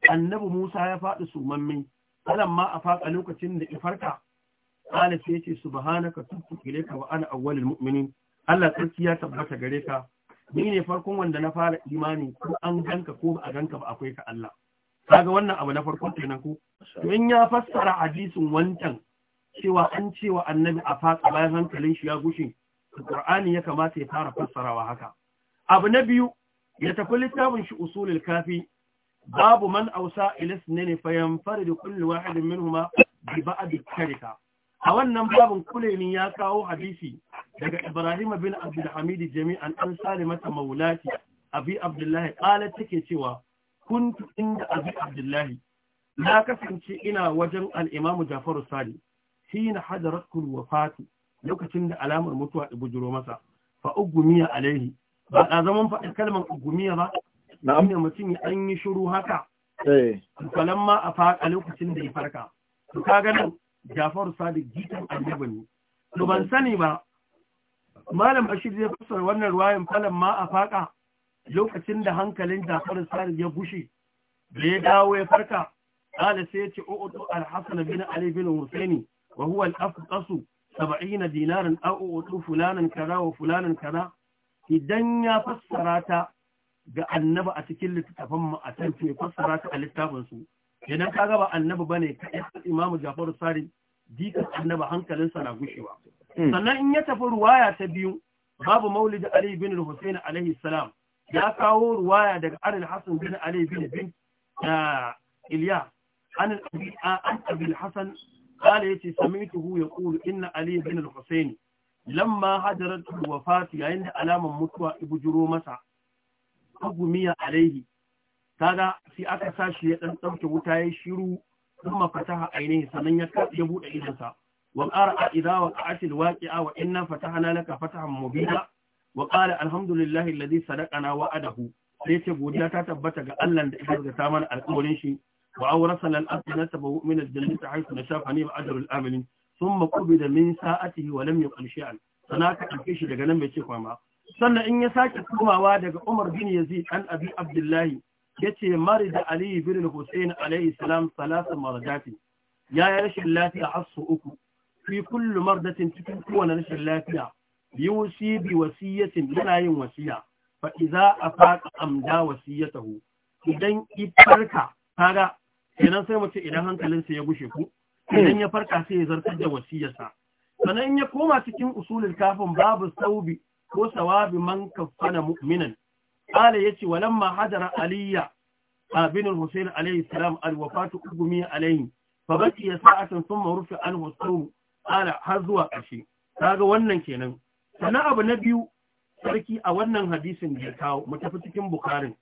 annabi Musa ya faɗi sumamme alamma a faƙa lokacin da ifarka قال سيتي ka تبت إليك وأنا أول Allah الله ya tabbata gare ka. Ni ne farkon wanda na fara imani ko an ganka ko ba a ganka ba akwai ka Allah kaga wannan abu na farkon kenan ko to in ya fassara hadisin wancan cewa an cewa annabi a faƙa bayan hankalin shi ya gushe Qur'ani ya kamata ya fara fassarawa haka abu na biyu ya tafi littafin shi usulul kafi babu man ausa ilis ne ne fayan fari da kulle wahidin minhuma bi ba'ad karika a wannan babin Kuleni ya kawo hadisi daga Ibrahim bin Abdul Hamid jami'an an salimata maulati abi Abdullahi qala take cewa kuntu inda abi Abdullahi na kasance ina wajen Jafaru imam Shi na hina hadaratul Fati lokacin da alamar mutuwa da masa fa ugumiya alaihi ba da zaman faɗin kalmar ugumiya ba na'am ne mutum an yi shiru haka eh falamma a faɗa lokacin da ya farka to kaga nan Jafaru Sadiq jikan annabi ne to ban sani ba Malam Bashir zai fassara wannan ruwayan falamma a faka. lokacin da hankalin Jafaru Sadiq ya bushe. da ya dawo ya farka قال سيتي أؤتو الحسن بن علي بن حسيني وهو الأفقص سبعين دينارا fulanan أؤتو wa كذا وفلانا idan ya fassara ta. ga annaba a cikin littattafan mu a can to fassara ta a littafin su idan ka gaba annabi bane ka imamu Jafaru Sadiq dika annaba hankalinsa na gushewa hmm. sannan in ya tafi ruwaya ta biyu babu maulidi Ali bin Hussein alaihi salam ya kawo ruwaya daga Anil Hassan bin Ali bin bin Iliya an Abi Hassan قال يتي سمعته يقول إن علي بن الحسين لما حضرت الوفاة عند علام متوى إبو جرو masa. fagumiya alaihi kaga sai aka sa shi ya dan dauke wuta ya shiru kuma fataha ainihi sannan ya ya bude idansa wa qara'a idha waqa'at alwaqi'a wa inna fatahna laka fatahan mubina wa qala alhamdulillahi alladhi sadaqana wa'adahu sai ce godiya ta tabbata ga Allah da ya ta mana alƙawarin shi wa awrasana al-ardh natabu min al-jannati haythu nashafa ni ajrul amilin thumma qubida min sa'atihi wa lam yuqil shay'an sanaka ɗauke shi daga nan bai ce kuma sannan in ya sake komawa daga Umar bin Yazid an Abi Abdullahi yace mari da Ali bin Hussein alayhi salam salasa maradati ya yi rashin lafiya har uku fi kullu mardatin cikin kowane rashin lafiya yusi bi wasiyatin yana yin wasiya fa idza afaqa amda wasiyatahu idan ifarka kaga idan sai mace idan hankalinsa ya gushe ku idan ya farka sai ya zartar da wasiyarsa sannan in ya koma cikin usulul kafin babu saubi ko sawabi man kafana mu'minan qala yace walamma hadara aliya bin al-husayn alayhi salam al-wafatu ugumi alayhi fa baqiya sa'atan thumma rufi anhu sawm qala har zuwa kashi kaga wannan kenan sana abu na biyu sarki a wannan hadisin da kawo mu tafi cikin bukharin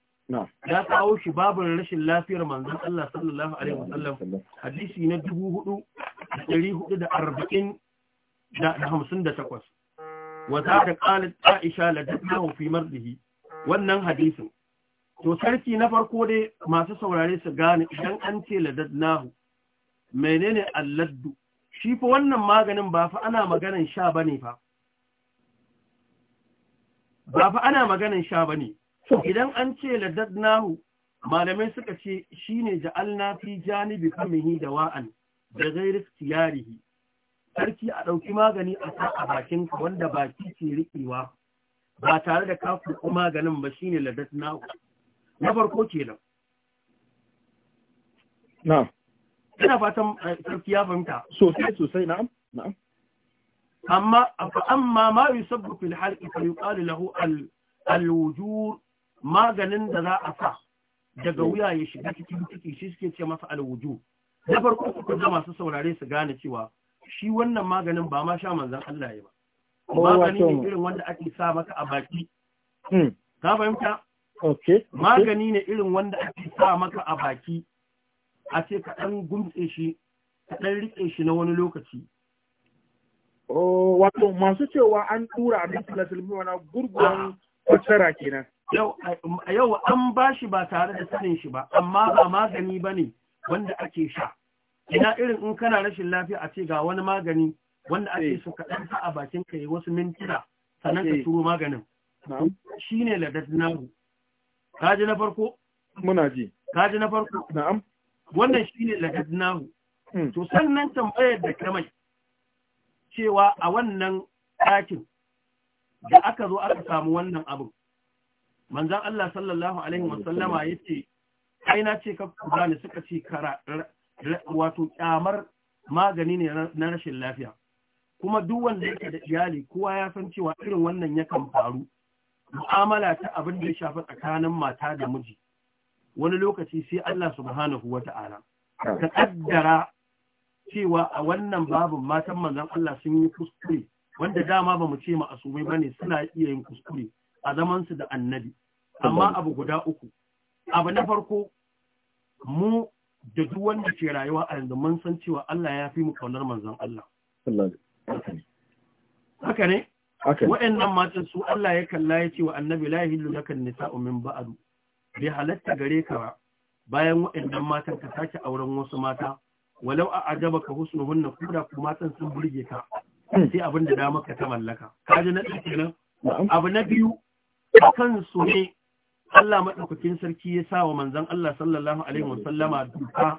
ya kawo shi babu rashin lafiyar manzon Allah sallallahu alaihi wasallam hadisi na 4448 wa da ta qalat Aisha ladnahu fi mardihi wannan hadisin to sarki na farko dai masu saurare su gane idan an ce ladadnahu menene alladdu shi fa wannan maganin ba fa ana maganan sha bane fa ba fa ana maganan sha bane idan an ce ladadnahu malamai suka ce shine ja'alna fi janibi da dawa'an da ghairi ikhtiyarihi sarki a ɗauki magani a sa a bakinka wanda baki ke riƙewa ba tare da ka kuma maganin ba shine ladat na'u na farko kenan na'am ina fatan eh, sarki ya fahimta sosai sosai na'am na'am amma amma ma yusabbu fil halqi fa yuqalu lahu al al-wujur maganin da za a sa daga wuya ya shiga cikin ciki shi suke ce masa al-wujur da farko ku ga masu saurare su gane cewa shi wannan maganin ba ma sha manzan Allah ya ba magani ne irin wanda ake sa maka a baki hmm. ka fahimta magani ne irin wanda ake sa maka a baki a ce ka ɗan gumtse shi ka ɗan riƙe shi na wani lokaci oh, wato masu cewa an tura abin tilasilmi wani gurguwan kwatsara ah. kenan yau an ba shi ba tare da sanin shi ba amma ba magani ba ne wanda ake sha ina irin in kana rashin lafiya a ce ga wani magani wanda ake eh. so ka ɗan a bakin ka yi wasu mintuna sannan ka eh. turo maganin shi ne ladatinahu kaji na farko muna ji kaji na farko na'am wannan shi ne ladatinahu hmm. to sannan tambayar da kamai cewa a wannan ɗakin da aka zo aka samu wannan abin manzan Allah sallallahu alaihi wasallama ya ce aina ce ka kuza ne suka ce wato kyamar magani ne na rashin lafiya kuma duk wanda yake da iyali kowa ya san cewa irin wannan yakan faru mu'amala ta abin da ya shafi tsakanin mata da miji wani lokaci sai Allah subhanahu wata'ala ta kaddara cewa a wannan babin matan manzon Allah sun yi kuskure wanda dama ba mu ce ma asumai bane suna iya yin kuskure a zaman su da annabi amma abu guda uku abu na farko mu da duk wanda ke rayuwa a yanzu mun san cewa Allah ya fi mu kaunar manzon Allah haka ne waɗannan matan su Allah ya kalla ya ce wa annabi la yahillu laka nisa'u min ba'du bai halatta gare ka bayan wa'annan matan ka sake auren wasu mata walau a ajaba ka husnuhunna kuda ku matan sun burge ka sai abinda da dama ka ta mallaka ka ji na kenan abu na biyu kansu su ne Allah maɗaukakin sarki ya sa wa manzon Allah sallallahu alaihi wasallama duka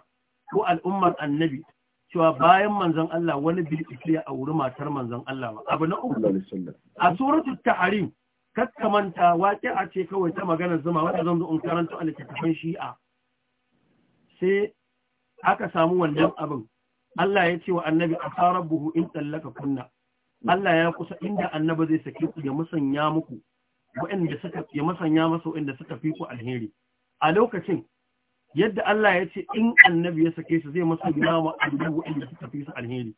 ko al'ummar annabi cewa bayan manzon Allah wani bilkisu ya auri matar manzan Allah ba abu na uku a suratul manta kakkamanta a ce kawai ta magana zuma wata zan in karanta a littattafan shi'a sai aka samu wannan abin Allah ya ce wa annabi a fara buhu in tsallaka kunna mm. Allah ya kusa inda annaba zai sake ku ya musanya muku waɗanda suka ya masanya masa waɗanda suka fi ku alheri a lokacin yadda Allah ya ce in annabi ya sake su zai masanya wa annabi waɗanda suka fi su alheri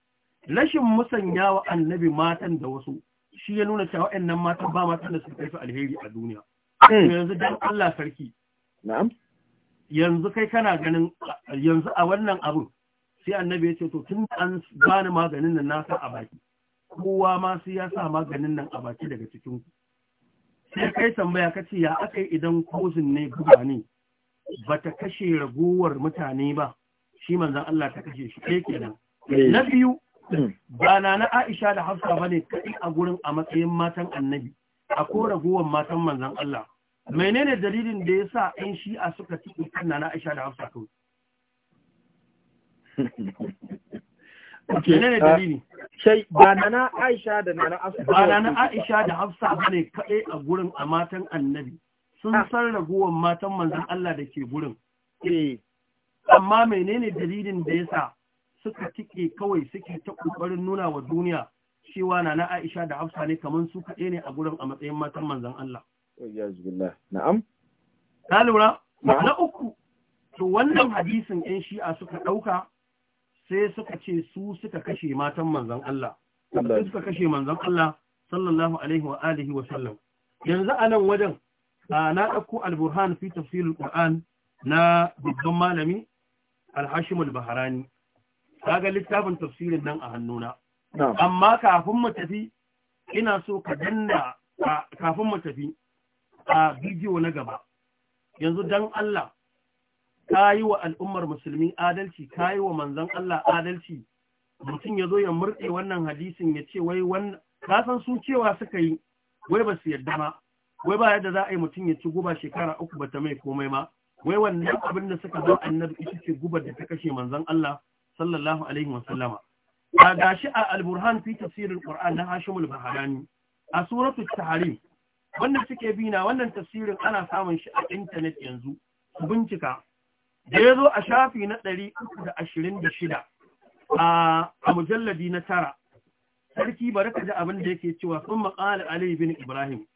rashin musanya wa annabi matan da wasu shi ya nuna cewa waɗannan matan ba matan da suka fi alheri a duniya hmm. yanzu dan Allah sarki na'am yanzu kai kana ganin yanzu a wannan abun sai annabi ya ce to tun an gane maganin nan nasa a baki kowa ma sai ya sa maganin nan a baki daga cikin ku sai kai tambaya ka ce ya aka yi idan kozin ne guba ne ba ta kashe ragowar mutane ba shi manzan Allah ta kashe shi ke kenan eh. na biyu hmm. ba na na Aisha da Hafsa ba ne kai a gurin a matsayin matan annabi a ko ragowar matan manzan Allah menene dalilin da ya sa in shi a suka ci kan na Aisha da Hafsa kawai menene ah, dalili sai ba na Aisha da na Hafsa ba na Aisha da Hafsa bane kaɗai a gurin a matan Annabi sun ah. san raguwan matan manzon Allah da ke gurin eh. amma menene dalilin da yasa suka tike kawai suke ta kokarin nuna wa duniya cewa na na Aisha da Hafsa ne kaman su kaɗai ne a gurin a matsayin matan manzon Allah na'am ka lura na uku to wannan hadisin ɗin shi'a suka ɗauka sai suka ce su suka kashe matan manzon Allah sai suka kashe manzon Allah sallallahu alaihi wa alihi wa sallam yanzu a nan wajen na ɗauko al-burhan fi al qur'an na babban malami al-hashim al-bahrani littafin tafsirin nan a hannuna amma kafin mu tafi ina so ka danna kafin mu tafi a bidiyo na gaba yanzu dan Allah ka yi wa al'ummar musulmi adalci ka yi wa manzon Allah adalci mutum ya zo ya murɗe wannan hadisin ya ce wai wannan ka san su cewa suka yi wai ba su yarda ma wai ba yadda za a yi mutum ya ci guba shekara uku ba ta mai komai ma wai wannan abin da suka zo annabi ita ce gubar da ta kashe manzon Allah sallallahu alaihi sallama. a gashi a al-burhan fi tafsirin qur'an na hashimul baharani a suratul tahrim wannan suke bina wannan tafsirin ana samun shi a intanet yanzu bincika da ya zo a shafi na ɗari uku da ashirin da shida a mujalladi na tara sarki bari ka ji abin da yake cewa sun maƙalar Ali bin Ibrahim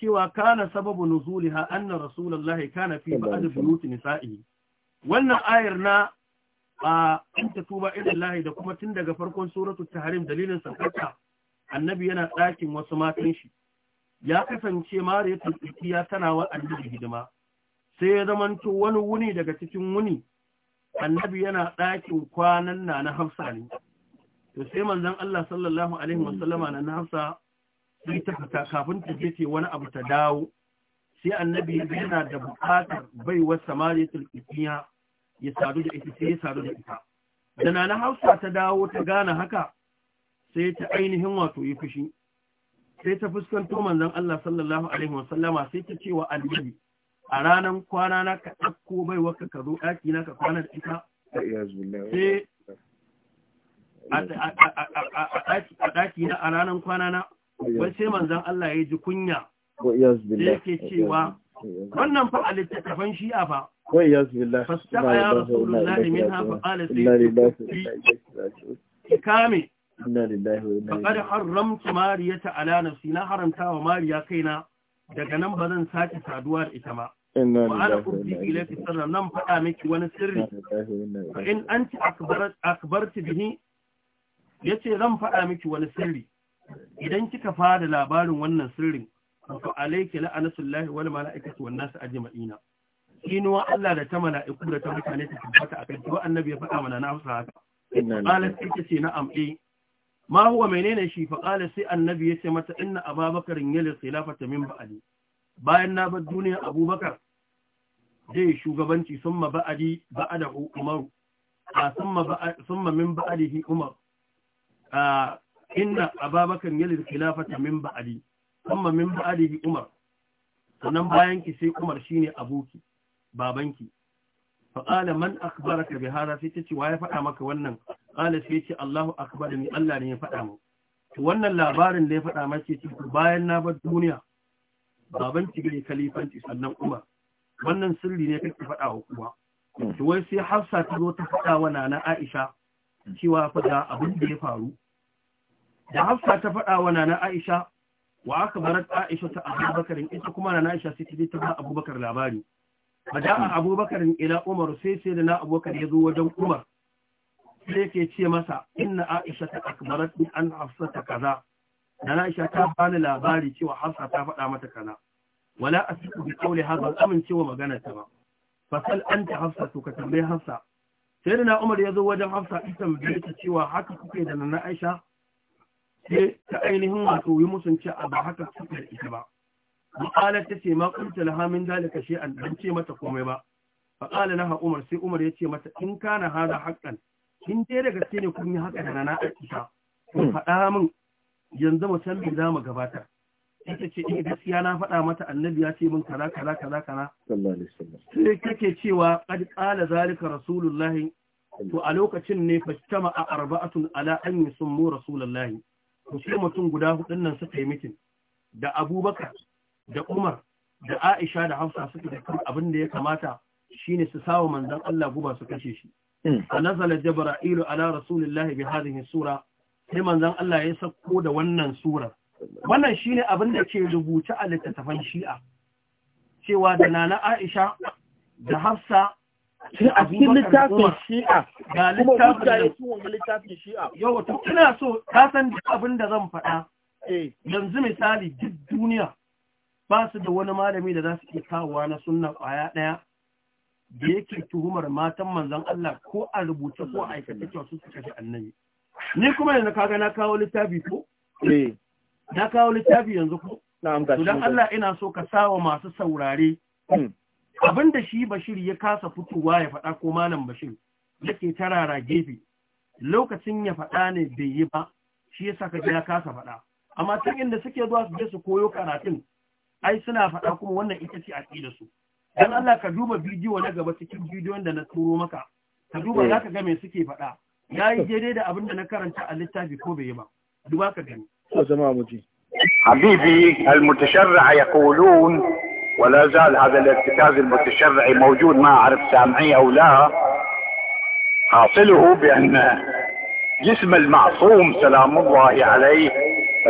cewa kana sababu nuzuliha anna rasulullahi kana fi ba'd buyut nisa'i wannan ayar na a in ta tuba lahi da kuma tun daga farkon suratu tahrim dalilin sankarta annabi yana ɗakin wasu matan shi ya kasance mariyatul ikiya tana wa annabi hidima sai ya zamanto wani wuni daga cikin wuni annabi yana ɗakin kwanan na na hafsa ne to sai manzon Allah sallallahu alaihi wasallama na hafsa sai ta fita kafin ta je wani abu ta dawo sai annabi yana da buƙatar wa samaritul ikiya ya sadu da ita sai ya sadu da ita da na hafsa ta dawo ta gane haka sai ta ainihin wato yi fushi sai ta fuskanto manzon Allah sallallahu alaihi wasallama sai ta ce wa annabi a ranar kwana na ka ɗauko bai waka ka zo ɗaki na ka kwana da ita sai a ɗaki na a ranar kwana na wai sai manzan Allah ya ji kunya da yake cewa wannan fa a littattafan shi'a fa su ya da min hafa ba. sai kame faƙar haramta mariya ta ala nafsi na haramta wa mariya kaina daga nan ba zan sake saduwa da ita ba wa ana ubdi ilayki nan faɗa miki wani sirri fa in anti akbarat akbarti bihi yace zan faɗa miki wani sirri idan kika fara labarin wannan sirrin fa alayki la'anatullahi wal mala'ikati wan nas ajma'ina inuwa Allah da ta mala'iku da ta mutane ta tabbata akan ki wa annabi ya faɗa mana na hausa haka qalat ita ce na eh ma huwa menene shi fa qala sai annabi yace mata inna ababakar yali khilafata min ba'di bayan na bar duniya abubakar zai shugabanci summa ba'di ba'dahu umar a summa summa min ba'dihi umar a inna ababakar yali khilafata min ba'di summa min ba'dihi umar sannan bayan ki sai umar shine abuki babanki fa qala man akhbaraka bi hada sai tace wa ya faɗa maka wannan ƙala sai ce Allahu akbar ni Allah ne ya faɗa mu to wannan labarin da ya faɗa mace ce bayan na bar duniya baban ki ne kalifanci sannan Umar wannan sirri ne kake faɗa wa kuma to wai sai Hafsa ta zo ta faɗa wa nana Aisha cewa faɗa abin da ya faru da Hafsa ta faɗa wa nana Aisha wa aka akbarat Aisha ta Abubakar ita kuma nana Aisha sai ta je ta ba Abubakar labari fada Abubakar ila Umar sai sai da na Abubakar ya zo wajen Umar sai ke ce masa inna aisha ta akbarat an hafsa ta kaza na aisha ta bani labari cewa hafsa ta faɗa mata kaza wala asiku bi qawli hadha amincewa magana ta ba fasal anta hafsa to ka tambaye hafsa sai da umar ya zo wajen hafsa ita tambaye ta cewa haka kuke da na aisha sai ta ainihin wato yi musunci a ba haka kuke da ita ba mu'alar ta ce ma kunta laha min dalika shay'an ban ce mata komai ba faqala laha umar sai umar ya ce mata in kana hada haqqan Kin je da gaske ne kun yi haka da rana a kisa ku faɗa min yanzu mu san za mu gabatar ita ce in eh, gaskiya na faɗa mata annabi ya ce min kaza kaza kaza kaza sai kake cewa qad qala zalika rasulullahi to a lokacin ne fastama a arba'atun ala an yusmu rasulullahi to sai mutum guda hudun nan suka yi mitin da Abubakar da Umar da Aisha da Hafsa suka da abin da ya kamata shine su sawa manzon Allah guba su kashe shi Hmm. فنزل جبرائيل على رسول الله بهذه hadhihi sura sai الله Allah ya sako da wannan surar wannan shine abin da ke rubuce a littattafan Shi'a cewa da littafin Shi'a ga littafin Shi'a yau ina so ka san duk abin da zan faɗa eh. yanzu misali duk duniya ba su da wani malami da za su iya kawowa na sunan ƙwaya ɗaya da yake tuhumar matan manzon Allah ko a rubuce ko a aikata cewa su suka fi annabi ni kuma yanzu kaga na kawo littafi ko eh. na kawo littafi yanzu ko na'am Allah ina so ka sawa masu saurare hmm. abinda shi Bashir ya kasa fitowa ya faɗa ko malam Bashir yake tarara gefe lokacin ya faɗa ne bai yi ba shi yasa ka ya kasa faɗa amma tun inda suke zuwa su je su koyo karatun ai suna faɗa kuma wannan ita ce aƙida su dan Allah ka duba bidiyo na gaba cikin bidiyon da na turo maka ka duba za ka ga me suke faɗa yayi daidai da abin da na karanta a littafi ko bai yi ba duba ka gani to jama'a muji حبيبي المتشرع يقولون ولا زال هذا الارتكاز المتشرعي موجود ما اعرف سامعي او لا حاصله بان جسم المعصوم سلام الله عليه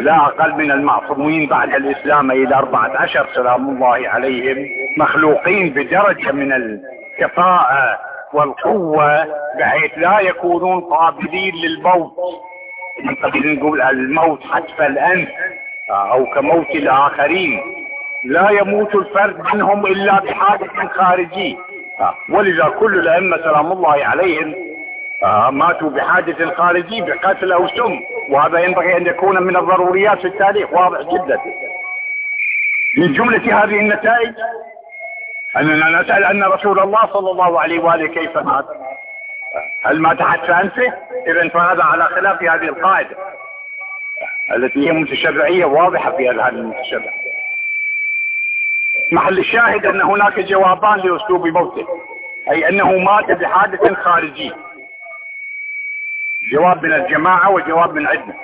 لا اقل من المعصومين بعد الاسلام الى 14 سلام الله عليهم مخلوقين بدرجة من الكفاءة والقوة بحيث لا يكونون قابلين للموت من قبل نقول الموت حتف الأنف أو كموت الآخرين لا يموت الفرد منهم إلا بحادث خارجي ولذا كل الأئمة سلام الله عليهم ماتوا بحادث خارجي بقتل أو سم وهذا ينبغي أن يكون من الضروريات في التاريخ واضح جدا من جملة هذه النتائج أننا نسأل أن رسول الله صلى الله عليه وآله كيف مات هل مات حتى أنفه إذا فهذا على خلاف هذه القاعدة التي هي متشرعية واضحة في هذا المتشرع محل الشاهد أن هناك جوابان لأسلوب موته أي أنه مات بحادث خارجي جواب من الجماعة وجواب من عدنا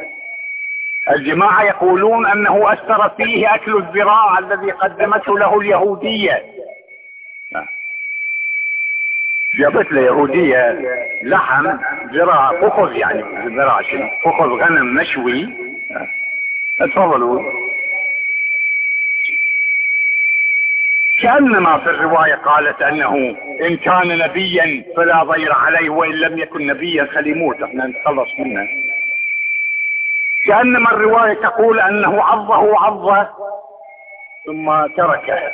الجماعة يقولون أنه أثر فيه أكل الذراع الذي قدمته له اليهودية جابت لي يهودية لحم ذراع فخذ يعني ذراع شنو غنم مشوي اتفضلوا كأنما في الرواية قالت أنه إن كان نبيا فلا ضير عليه وإن لم يكن نبيا خليموت احنا نتخلص منه كأنما الرواية تقول أنه عضه عضه ثم تركه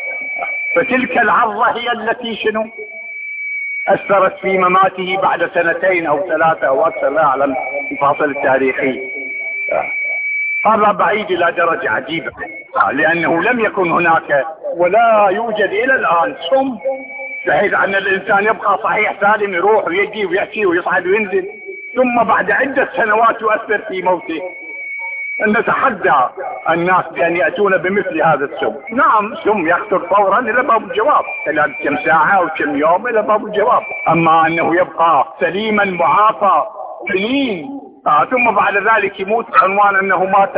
فتلك العضة هي التي شنو أثرت في مماته بعد سنتين أو ثلاثة أو أكثر لا أعلم الفاصل التاريخي هذا بعيد إلى درجة عجيبة لأنه لم يكن هناك ولا يوجد إلى الآن سم بحيث أن الإنسان يبقى صحيح سالم يروح ويجي ويحكي ويصعد وينزل ثم بعد عدة سنوات يؤثر في موته ان نتحدى الناس بأن يأتون بمثل هذا السم نعم سم يخطر فورا إلى باب الجواب خلال كم ساعة أو كم يوم إلى باب الجواب أما أنه يبقى سليما معافى سنين آه ثم بعد ذلك يموت عنوان أنه مات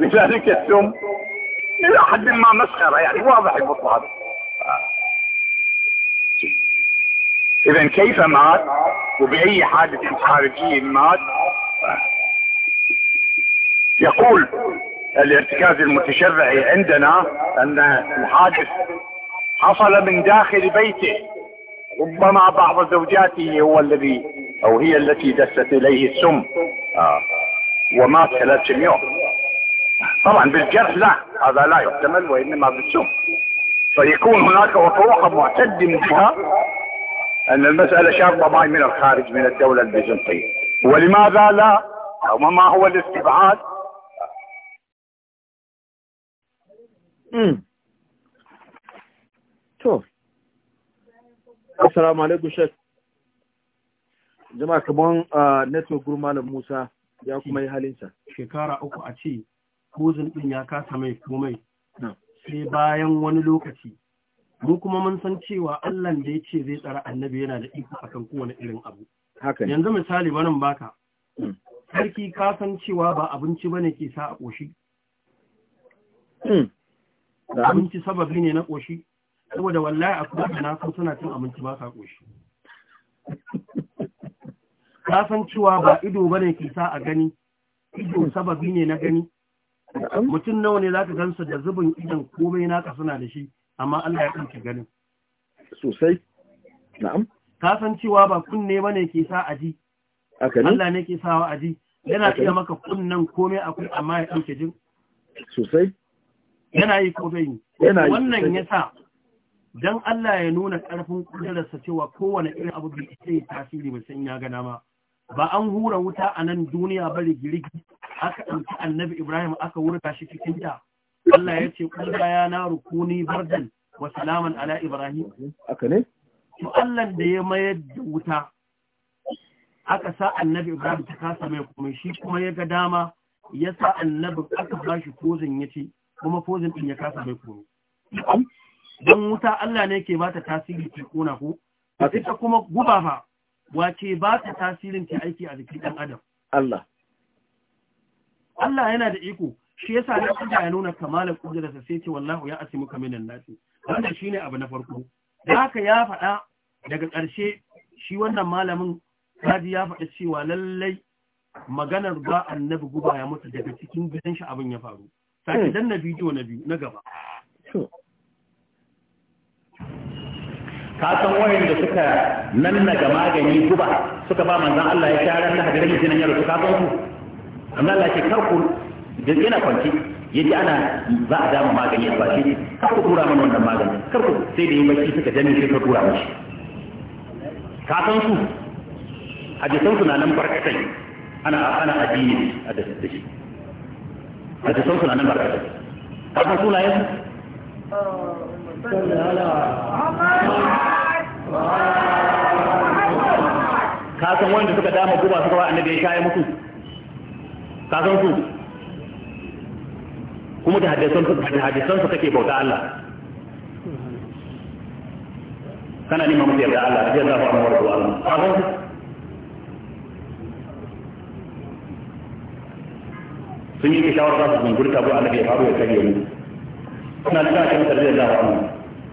بذلك السم إلى حد ما مسخرة يعني واضح هذا. آه. إذا كيف مات وبأي حادث خارجي مات آه. يقول الارتكاز المتشرعي عندنا ان الحادث حصل من داخل بيته ربما بعض زوجاته هو الذي او هي التي دست اليه السم آه. ومات 300 يوم طبعا بالجرح لا هذا لا يحتمل وانما بالسم فيكون هناك اطروحه معتد بها ان المساله شاربه ماي من الخارج من الدوله البيزنطيه ولماذا لا وما هو الاستبعاد Hmm. to assalamu alaikum shek jama'a kaman uh, Neto group malam Musa ya kuma yi halinsa shekara uku a ce kuzin ɗin ya kasa mai komai sai bayan wani lokaci mu kuma mun san cewa allan da ya ce zai tsara annabi yana da iko akan kowane irin abu yanzu misali banan baka hmm. sarki ka cewa ba abinci bane ke sa a ƙoshi. Hmm. da abinci sababi ne na ƙoshi saboda wallahi a kuma da nasan suna cin abinci ba sa ƙoshi ka san cewa ba ido ba ne ke sa a gani ido sababi ne na gani mutum nawa ne za ka gansu da zubin idan komai na ka suna da shi amma Allah ya kanta ganin sosai na'am ka san cewa ba kunne ba ne ke sa a ji Allah ne ke sawa a ji yana iya maka kunnen komai akwai amma ya kanta jin sosai yana yi ko bai yana yi wannan yasa dan Allah ya nuna karfin kudararsa cewa kowane irin abu bai yi tasiri ba san ya ga ma ba an hura wuta a nan duniya ba girgi aka ɗauki annabi Ibrahim aka wurga shi cikin ta Allah ya ce kun ya na rukuni bardan wa salaman ala Ibrahim aka ne to Allah da ya mayar da wuta aka sa annabi Ibrahim ta kasa mai kuma shi kuma ya ga dama ya sa annabi aka bashi shi kozin ya ce kuma fozin din ya kasa mai koyo don wuta Allah ne ke ba ta tasiri ke kona ko ita kuma guba fa wace ba ta tasirin ke aiki a jikin ɗan adam Allah Allah yana da iko shi yasa da Allah ya nuna kamalar kudrarsa sai ce wallahu ya asimuka minan nasi wannan ne abu na farko haka ya faɗa daga ƙarshe shi wannan malamin kaji ya faɗa cewa lallai maganar ba annabi guba ya mutu daga cikin gidan shi abin ya faru sake hmm. danna bidiyo na biyu na gaba ka san wayan da suka nan ga magani guba suka ba manzon Allah ya na ran da jinan yaro suka san su amma Allah ke karku da yana kwanci yaji ana za a dama magani a bashi karku ku tura mana wannan magani karku sai da yi bacci suka jami shi ka tura mashi ka san su hadisan su na nan barkatai ana ana addini a da shi a ta sauka nan barka ka san sunayen ka san wanda suka dama guba suka ba annabi ya musu ka san su kuma da hadisan su da hadisan su kake bauta Allah kana neman mutum ya Allah ya zafa mu wa Allah ka san su sun yi shawar za su zungurta ba annabi ya faru ya kare mu suna da kan tarbiyar da wa'an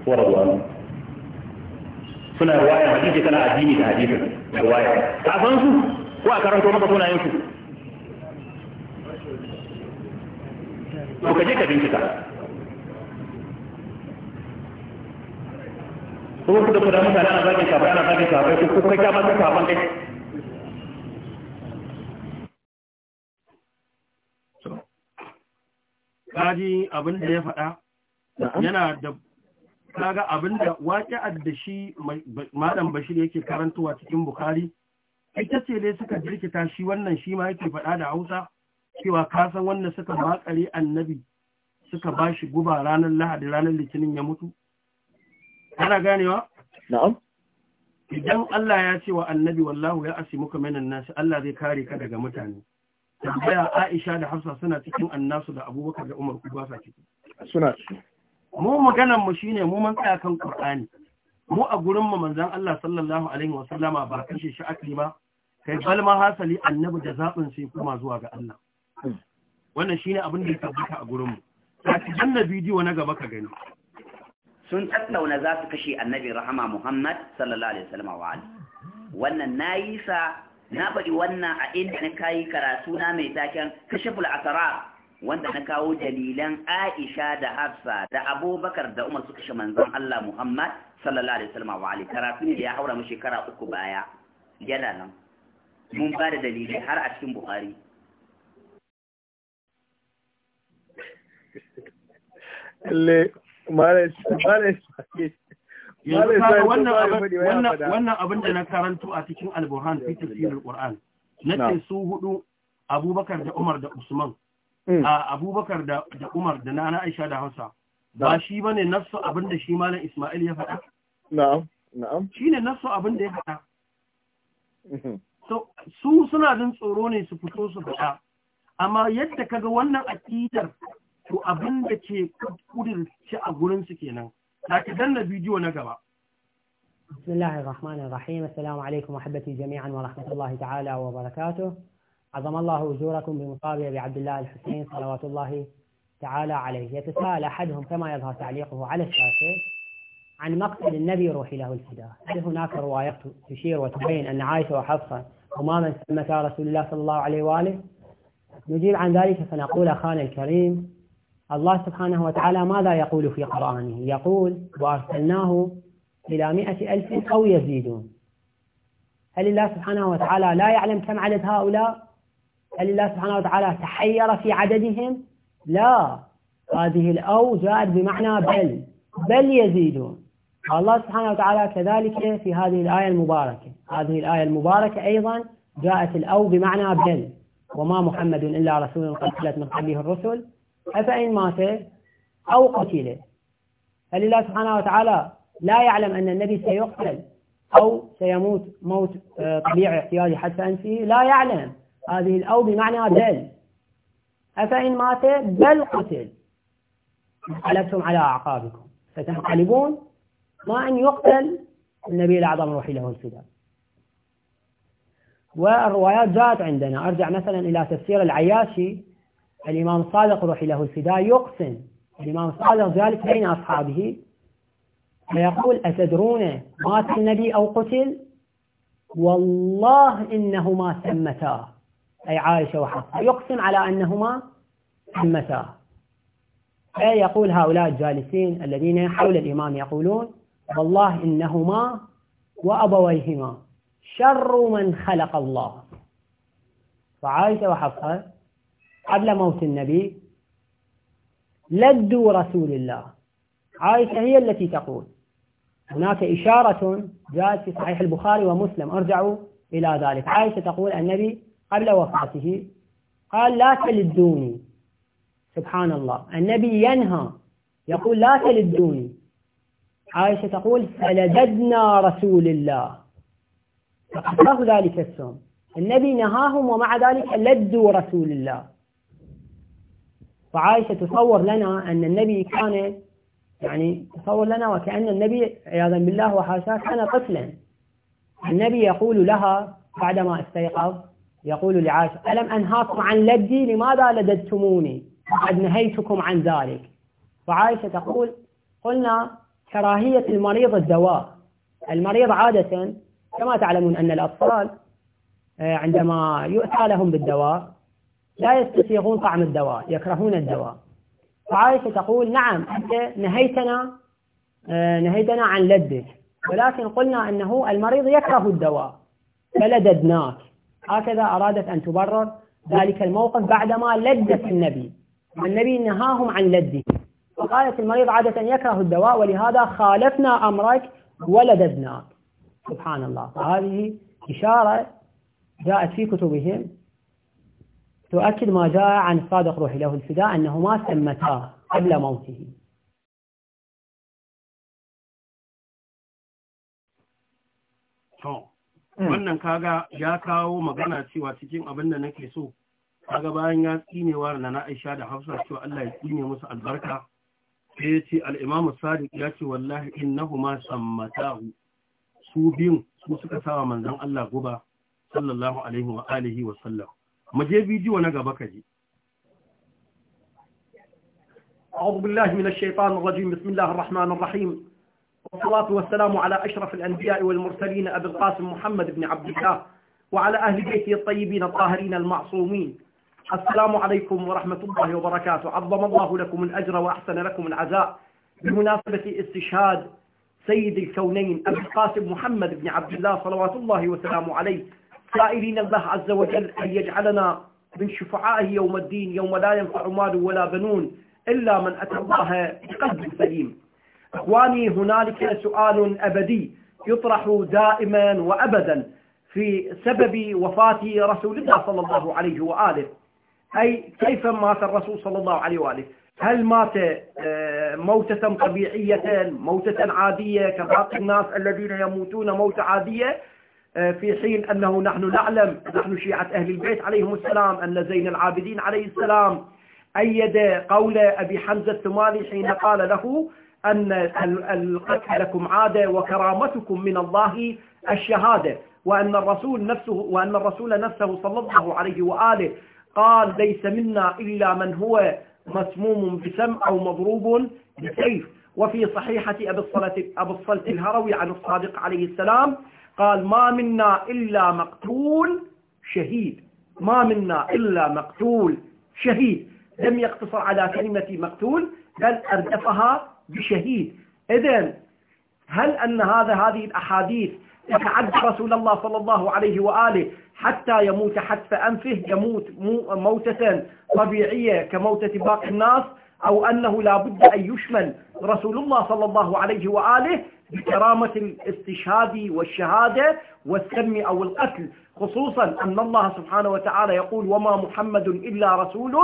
wa radwan suna riwaya hadisi kana addini da da riwaya ka san su ko a karanto maka sunayen su ko ka je ka bincika ko ku da kuda mutane ana zagin sabai ana zagin sabai ko kai ka ka saban kai kaji abin da ya faɗa yana da kaga abin da waƙi'ar da shi malam bashir yake karantowa cikin bukhari ita ce dai suka jirkita shi wannan shi ma yake faɗa da hausa cewa san wanda suka makare annabi suka ba guba ranar lahadi ranar litinin ya mutu kana ganewa na'am idan Allah ya ce wa annabi wallahu ya asimuka minan nasi Allah zai kare ka daga mutane tambaya Aisha da Hafsa suna cikin annasu da Abubakar da Umar ku ba sa ciki suna mu maganar mu shine mu mun tsaya kan Qur'ani mu a gurin mu manzon Allah sallallahu alaihi wa sallama ba kashe shi akli ba kai bal ma hasali annabi da zabin sai kuma zuwa ga Allah wannan shine abin da ya tabbata a gurin mu sai janna bidiyo na gaba ka gani sun tattauna za su kashe annabi rahama Muhammad sallallahu alaihi wa sallama wa wannan na yi sa na faɗi wannan a inda na kayi karatu na mai taken kashiful asara wanda na kawo dalilan Aisha da Hafsa da Abubakar da Umar suka shi manzon Allah Muhammad sallallahu alaihi wasallam wa alihi karatu ne da ya haura mu shekara uku baya yana nan mun ba da har a cikin Bukhari le mare mare yanzu kaga wannan abin da na karanto a cikin alburhan fi tafsirin qur'an nace su hudu abubakar da umar da usman a abubakar da umar da nana aisha da hausa ba shi bane nasu abin da shi malam isma'il ya faɗa na'am na'am shine nassu abin da ya faɗa so su suna jin tsoro ne su fito su faɗa amma yadda kaga wannan akidar to abin da ke kudirce a gurin su kenan da ki danna بسم الله الرحمن الرحيم السلام عليكم أحبتي جميعا ورحمة الله تعالى وبركاته عظم الله أجوركم بمقابل أبي عبد الله الحسين صلوات الله تعالى عليه يتساءل أحدهم كما يظهر تعليقه على الشاشة عن مقتل النبي روحي له الفداء هل هناك روايات تشير وتبين أن عائشة وحفصة هما من سمتا رسول الله صلى الله عليه وآله نجيب عن ذلك فنقول أخانا الكريم الله سبحانه وتعالى ماذا يقول في قرآنه يقول وأرسلناه إلى مئة ألف أو يزيدون هل الله سبحانه وتعالى لا يعلم كم عدد هؤلاء هل الله سبحانه وتعالى تحير في عددهم لا هذه الأو جاءت بمعنى بل بل يزيدون الله سبحانه وتعالى كذلك في هذه الآية المباركة هذه الآية المباركة أيضا جاءت الأو بمعنى بل وما محمد إلا رسول قد خلت من قبله الرسل فإن مات أو قتل هل الله سبحانه وتعالى لا يعلم أن النبي سيقتل أو سيموت موت آه، طبيعي احتياجي حتى أنفه لا يعلم هذه الأو بمعنى بل أفإن مات بل قتل انقلبتم على أعقابكم فتنقلبون ما أن يقتل النبي الأعظم روحي له الفداء والروايات جاءت عندنا أرجع مثلا إلى تفسير العياشي الإمام صادق روحي له الفداء يقسم الإمام صادق ذلك بين أصحابه فيقول أتدرون مات النبي أو قتل والله إنهما سمتا أي عائشة وحفصة يقسم على أنهما سمتا فيقول هؤلاء الجالسين الذين حول الإمام يقولون والله إنهما وأبويهما شر من خلق الله فعائشة وحفصة قبل موت النبي لدوا رسول الله عائشة هي التي تقول هناك إشارة جاءت في صحيح البخاري ومسلم ارجعوا إلى ذلك عائشة تقول النبي قبل وفاته قال لا تلدوني سبحان الله النبي ينهى يقول لا تلدوني عائشة تقول فلددنا رسول الله فقصه ذلك السم النبي نهاهم ومع ذلك لدوا رسول الله فعائشة تصور لنا أن النبي كان يعني تصور لنا وكأن النبي عياذا بالله وحاشاه كان طفلا النبي يقول لها بعدما استيقظ يقول لعائشة ألم أنهاكم عن لدي لماذا لددتموني وقد نهيتكم عن ذلك فعائشة تقول قلنا كراهية المريض الدواء المريض عادة كما تعلمون أن الأطفال آه، عندما يؤتى لهم بالدواء لا يستسيغون طعم الدواء يكرهون الدواء فعائشة تقول نعم أنت نهيتنا آه، نهيتنا عن لدك ولكن قلنا أنه المريض يكره الدواء فلددناك هكذا أرادت أن تبرر ذلك الموقف بعدما لدت النبي والنبي نهاهم عن لدك فقالت المريض عادة يكره الدواء ولهذا خالفنا أمرك ولددناك سبحان الله فهذه إشارة جاءت في كتبهم تؤكد ما جاء عن الصادق روحي له الفداء أنه ما سمتا قبل موته wannan kaga ya kawo magana cewa cikin abin da nake so kaga bayan ya tsinewa da na Aisha da Hafsa cewa Allah ya tsine musu albarka sai ya ce al-Imam Sadiq ya ce wallahi innahuma sammatahu su biyun su suka sawa manzon Allah guba sallallahu alaihi wa alihi wa sallam mu je bidiyo na gaba kaji أعوذ بالله من الشيطان الرجيم بسم الله الرحمن الرحيم والصلاة والسلام على أشرف الأنبياء والمرسلين أبي القاسم محمد بن عبد الله وعلى أهل بيته الطيبين الطاهرين المعصومين السلام عليكم ورحمة الله وبركاته عظم الله لكم الأجر وأحسن لكم العزاء بمناسبة استشهاد سيد الكونين أبي القاسم محمد بن عبد الله صلوات الله وسلامه عليه سائلين الله عز وجل أن يجعلنا من شفعائه يوم الدين يوم لا ينفع مال ولا بنون إلا من أتى الله بقلب سليم أخواني هنالك سؤال أبدي يطرح دائما وأبدا في سبب وفاة رسول الله صلى الله عليه وآله أي كيف مات الرسول صلى الله عليه وآله هل مات آه، موتة طبيعية موتة عادية كباقي الناس الذين يموتون موتة عادية آه، في حين أنه نحن نعلم نحن شيعة أهل البيت عليهم السلام أن زين العابدين عليه السلام أيد قول أبي حمزة الثماني حين قال له أن القتل لكم عادة وكرامتكم من الله الشهادة وأن الرسول نفسه وأن الرسول نفسه صلى الله عليه وآله قال ليس منا إلا من هو مسموم بسم أو مضروب بسيف وفي صحيحة أبي الصلت الهروي عن الصادق عليه السلام قال ما منا إلا مقتول شهيد ما منا إلا مقتول شهيد لم يقتصر على كلمة مقتول بل أردفها بشهيد إذا هل أن هذا هذه الأحاديث تتعدى رسول الله صلى الله عليه وآله حتى يموت حتف أنفه يموت موتة طبيعية كموتة باقي الناس أو أنه لا بد أن يشمل رسول الله صلى الله عليه وآله بكرامة الاستشهاد والشهادة والسم أو القتل خصوصا أن الله سبحانه وتعالى يقول وما محمد إلا رسول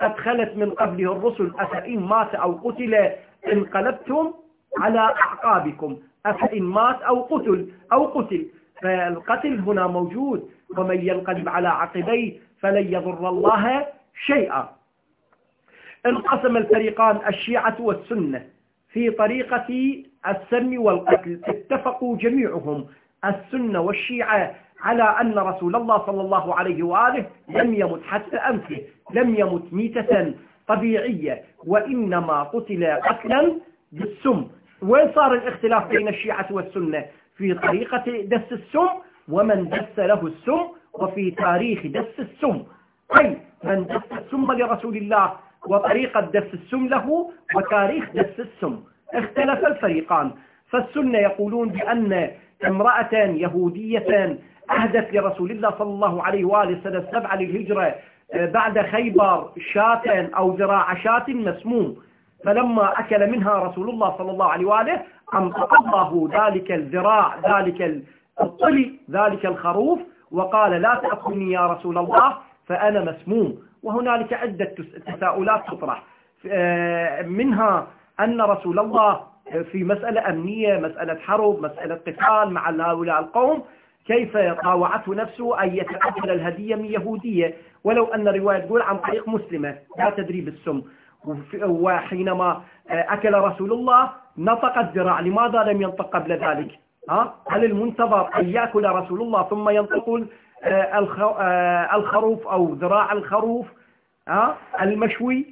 قد خلت من قبله الرسل أفإن مات أو قتل انقلبتم على أعقابكم أفإن مات أو قتل أو قتل فالقتل هنا موجود ومن ينقلب على عقبيه فلن يضر الله شيئا انقسم الفريقان الشيعة والسنة في طريقة السم والقتل اتفقوا جميعهم السنة والشيعة على أن رسول الله صلى الله عليه وآله لم يمت حتى أنفه لم يمت ميتة طبيعية وإنما قتل قتلا بالسم وين صار الاختلاف بين الشيعة والسنة في طريقة دس السم ومن دس له السم وفي تاريخ دس السم أي من دس السم لرسول الله وطريقة دس السم له وتاريخ دس السم اختلف الفريقان فالسنة يقولون بأن امرأة يهودية أهدت لرسول الله صلى الله عليه وآله سنة السبعة للهجرة آه، بعد خيبر شاة أو ذراع شاة مسموم فلما أكل منها رسول الله صلى الله عليه وآله أمطقه ذلك الذراع ذلك الطلي ذلك الخروف وقال لا تأكلني يا رسول الله فأنا مسموم وهنالك عدة تساؤلات تطرح آه، منها أن رسول الله في مسألة أمنية مسألة حرب مسألة قتال مع هؤلاء القوم كيف طاوعته نفسه أن يتقبل الهدية من يهودية ولو أن الرواية تقول عن طريق مسلمة لا تدري بالسم وحينما آه، أكل رسول الله نطق الذراع لماذا لم ينطق قبل ذلك ها؟ هل المنتظر أن يأكل رسول الله ثم ينطق آه، آه، الخروف أو ذراع الخروف ها؟ المشوي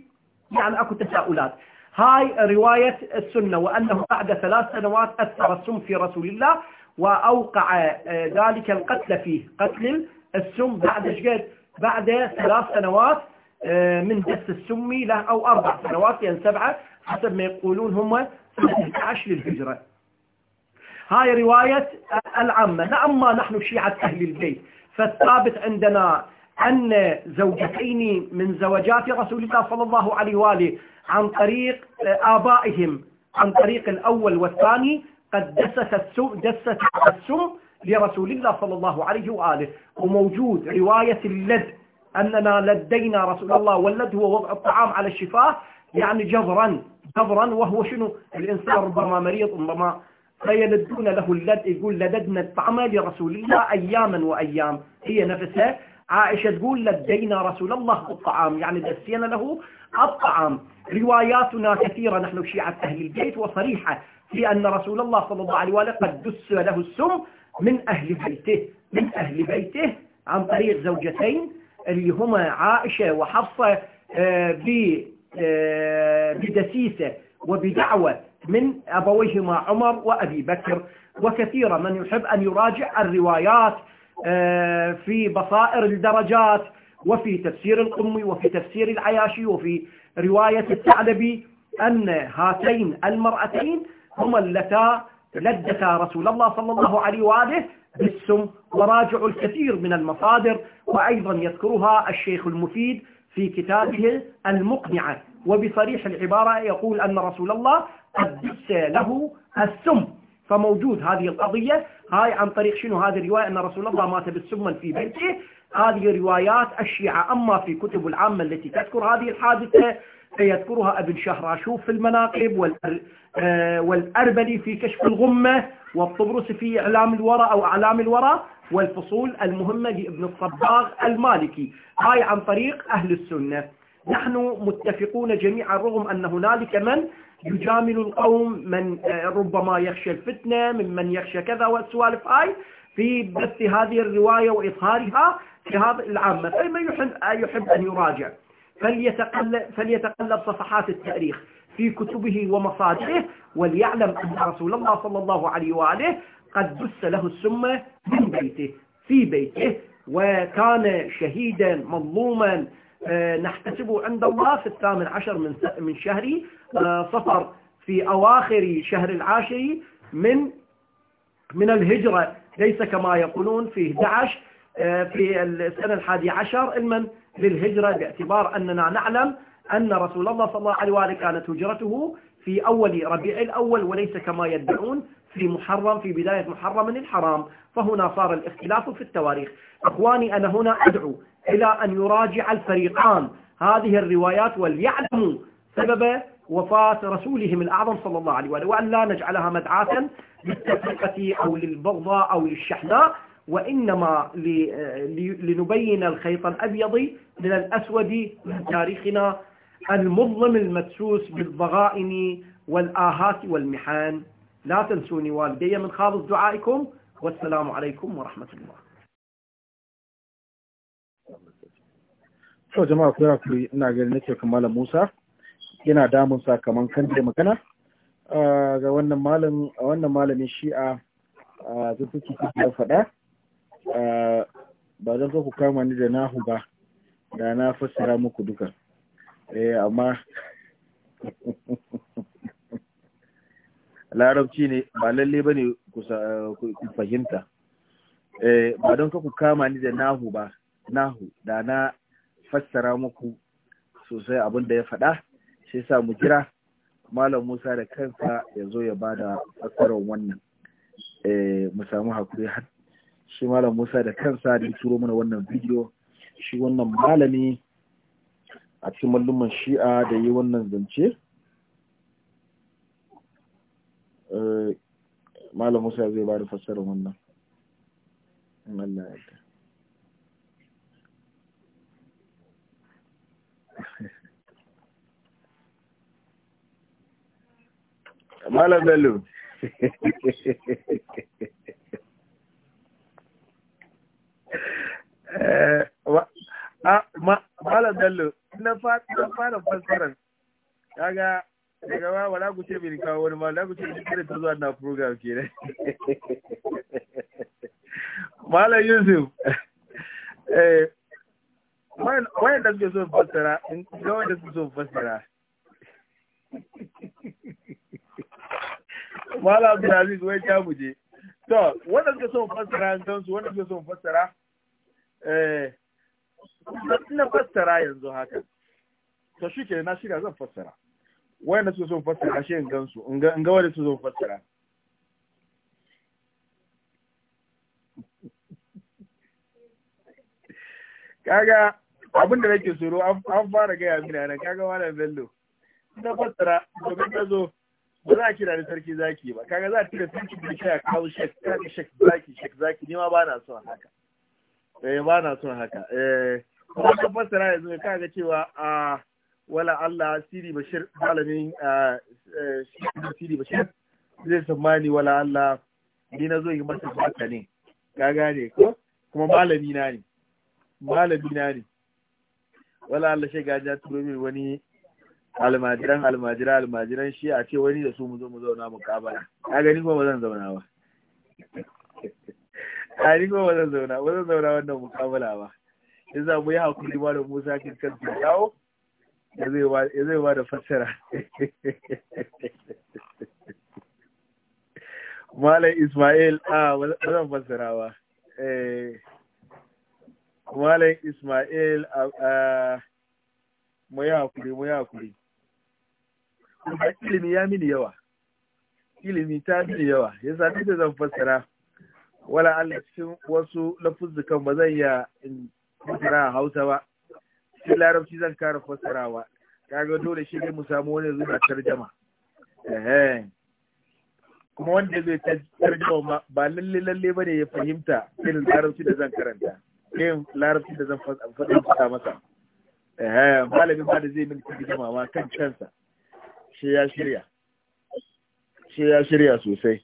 يعني أكو تساؤلات هاي رواية السنة وأنه بعد ثلاث سنوات أثر السم في رسول الله وأوقع آه، ذلك القتل فيه قتل السم بعد شقد بعد ثلاث سنوات آه، من دس السمي له أو أربع سنوات يعني سبعة حسب ما يقولون هم سنة 11 للهجرة هاي رواية العامة ما نحن شيعة أهل البيت فالثابت عندنا أن زوجتين من زوجات رسول الله صلى الله عليه وآله عن طريق آه، آبائهم عن طريق الأول والثاني قد دسس السم دسس السم لرسول الله صلى الله عليه وآله وموجود رواية اللد أننا لدينا رسول الله واللد هو وضع الطعام على الشفاه يعني جبرا جبرا وهو شنو الإنسان ربما مريض ربما فيلدون له اللد يقول لددنا الطعام لرسول الله أياما وأيام هي نفسها عائشة تقول لدينا رسول الله الطعام يعني دسينا له الطعام رواياتنا كثيرة نحن شيعة أهل البيت وصريحة في أن رسول الله صلى الله عليه وآله قد دس له السم من أهل بيته من أهل بيته عن طريق زوجتين اللي هما عائشة وحفصة آه، آه، بدسيسة وبدعوة من أبويهما عمر وأبي بكر وكثيرا من يحب أن يراجع الروايات آه، في بصائر الدرجات وفي تفسير القمي وفي تفسير العياشي وفي رواية الثعلبي أن هاتين المرأتين هما اللتا لدتا رسول الله صلى الله عليه وآله بالسم وراجع الكثير من المصادر وأيضا يذكرها الشيخ المفيد في كتابه المقنعة وبصريح العبارة يقول أن رسول الله قد دس له السم فموجود هذه القضية هاي عن طريق شنو هذه الرواية أن رسول الله مات بالسم في بيته هذه روايات الشيعة أما في كتب العامة التي تذكر هذه الحادثة فيذكرها ابن شهراشوف في المناقب آه، والأربلي في كشف الغمة والطبرس في إعلام الورى أو أعلام الورى والفصول المهمة لابن الصباغ المالكي هاي عن طريق أهل السنة نحن متفقون جميعا رغم أن هنالك من يجامل القوم من آه، ربما يخشى الفتنة ممن يخشى كذا والسوالف هاي في بث هذه الرواية وإظهارها في هذا العامة ما يحب, يحب أن يراجع فليتقلب, فليتقلب صفحات التاريخ في كتبه ومصادره وليعلم أن رسول الله صلى الله عليه وآله قد بث له السمة من بيته في بيته وكان شهيدا مظلوما آه، نحتسبه عند الله في الثامن عشر من من شهر آه، صفر في أواخر شهر العاشر من من الهجرة ليس كما يقولون في 11 آه، في السنة الحادي عشر علما للهجرة باعتبار أننا نعلم أن رسول الله صلى الله عليه وآله كانت هجرته في أول ربيع الأول وليس كما يدعون في محرم في بداية محرم الحرام فهنا صار الاختلاف في التواريخ أخواني أنا هنا أدعو إلى أن يراجع الفريقان هذه الروايات وليعلموا سبب وفاة رسولهم الأعظم صلى الله عليه وآله وأن لا نجعلها مدعاة للتفرقة أو للبغضاء أو للشحناء وإنما لنبين الخيط الأبيض من الأسود من تاريخنا المظلم المدسوس بالضغائن والآهات والمحان لا تنسوني والدي من خالص دعائكم والسلام عليكم ورحمة الله شو جماعة ku yafi ina ganin nake yana damun sakamakon kan da magana ga wannan malamin a wannan malamin shi'a a zuzuki ya faɗa ba zan ku kama ni da nahu ba da na fassara muku duka eh amma larabci ne ba lalle ba ne ku fahimta eh, ba don ku kama ni da nahu ba nahu da na fassara muku sosai abin da ya faɗa shi sa mu kira malam Musa da kansa ya zo ya bada tsaron wannan eh, mu samu hakuri har shi malam Musa da kansa da turo mana wannan video shi wannan malami a cikin malluman shi'a da yi wannan zance eh, malam Musa zai bada fassarar wannan Allah ya malam bello eh, ah, malam bello na fara fassarar kaga daga ba wala ku ce bin kawo wani malam ku ce bin kare ta zuwa na program ke ne malam yusuf eh, wayan da suke so fasara, in ga wanda suke so fasara. Malam Abdulaziz wai ta muje. To, wanda suka son fassara yanzu, wanda suka son fassara, eh, na fassara yanzu haka. To shi ke na shiga zan fassara. Wanda suka son fassara shi in gansu, in ga wanda suka son fassara. Kaga abinda nake tsoro an fara gaya mina nan kaga malam Bello. Na fassara, domin ka zo ba za a kira ni sarki zaki ba kaga za a tura sarki da shi a kawo shek kaga shek zaki shek zaki ni ma ba na son haka eh ba na son haka eh kuma ka fassara yanzu kaga cewa a wala Allah siri bashir malamin eh, siri bashir zai tsammani wala Allah ni na zo yi masa baka ne ka gane ko kuma malami na ne malami na ne wala Allah shi gaja turo min wani almajiran almajiran almajiran shi a ce wani da su mu zo mu zauna mu kabala a gani ko ba zan zauna ba a ni ko ba zan zauna ba zan zauna wannan kabala ba in za mu yi hakuri ba da musa kin kan su dawo ya zai ba da fassara malam ismail a ba zan fassara ba eh, malam ismail a mu yi hakuri mu yi hakuri ilimi ya mini yawa ilimi ta mini yawa ya sami da zan fassara wala Allah cikin wasu lafuzzukan ba zan iya in fassara a Hausa ba cikin larabci zan kara fassarawa kaga dole shi ne mu samu wani zuwa tarjama kuma wanda zai tarjama ba lalle lalle bane ya fahimta irin larabci da zan karanta irin larabci da zan fassara masa eh malamin ba da zai min tarjama ma kan kansa shi ya shirya sai ya shirya sosai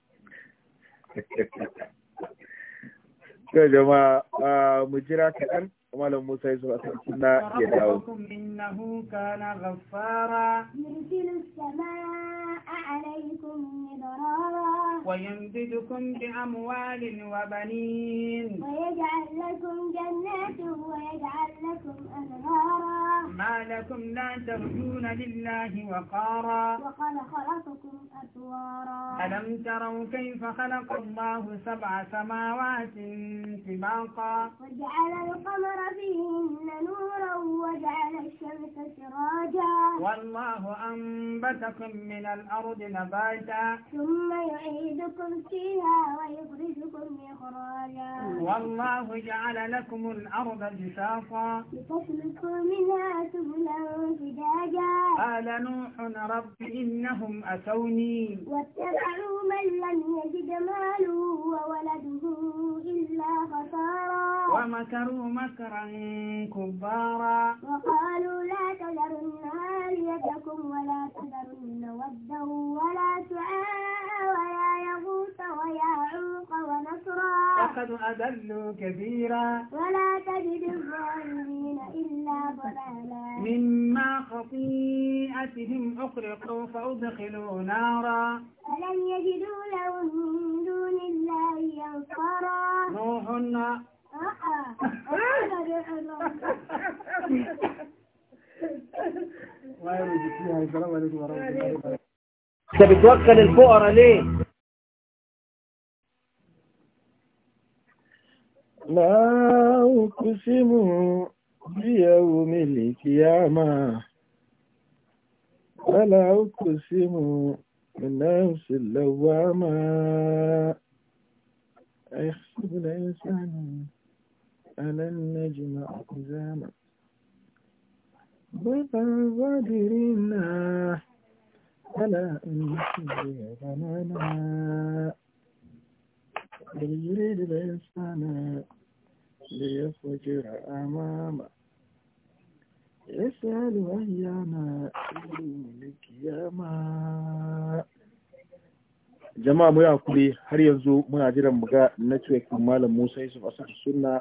to jama'a ah, mu jira kaɗan malam Musa ya zuwa sunna ya dawo innahu kana ghaffara yursilu samaa alaykum midrara wa yamdidukum bi amwalin wa banin wa yaj'al lakum jannatin wa yaj'al lakum anhara ma lakum la tarjuna lillahi waqara wa qad khalaqakum atwara alam taraw kayfa khalaqa Allahu sab'a samawati tibaqa wa ja'ala al-qamara وأبصر فيهن نورا وجعل الشمس سراجا والله أنبتكم من الأرض نباتا ثم يعيدكم فيها ويخرجكم إخراجا والله جعل لكم الأرض بساطا لتسلكوا منها سبلا فجاجا قال نوح رب إنهم أتوني واتبعوا من لم يجد ماله وولده إلا خسارا ومكروا مكرا كفرا كبارا وقالوا لا تذرن آليتكم ولا تذرن ودا ولا سعاء ولا يغوث ويعوق ونصرا لقد أذلوا كثيرا ولا تجد الظالمين إلا ضلالا مما خطيئتهم أخرقوا فأدخلوا نارا فلم يجدوا لهم من دون الله أنصارا نوح انت آه. بتوكل الفقراء ليه لا أقسم بيوم القيامة ولا أقسم بالنفس اللوامة أيحسب الإنسان ألن نجمع قزاما ضيفا غادرنا ألا أن إن غنانا يريد لسانا ليفجر أماما يسأل أيانا يا ما jama'a mu yi hakuri har yanzu muna jiran muga network malam Musa Yusuf Asad Sunna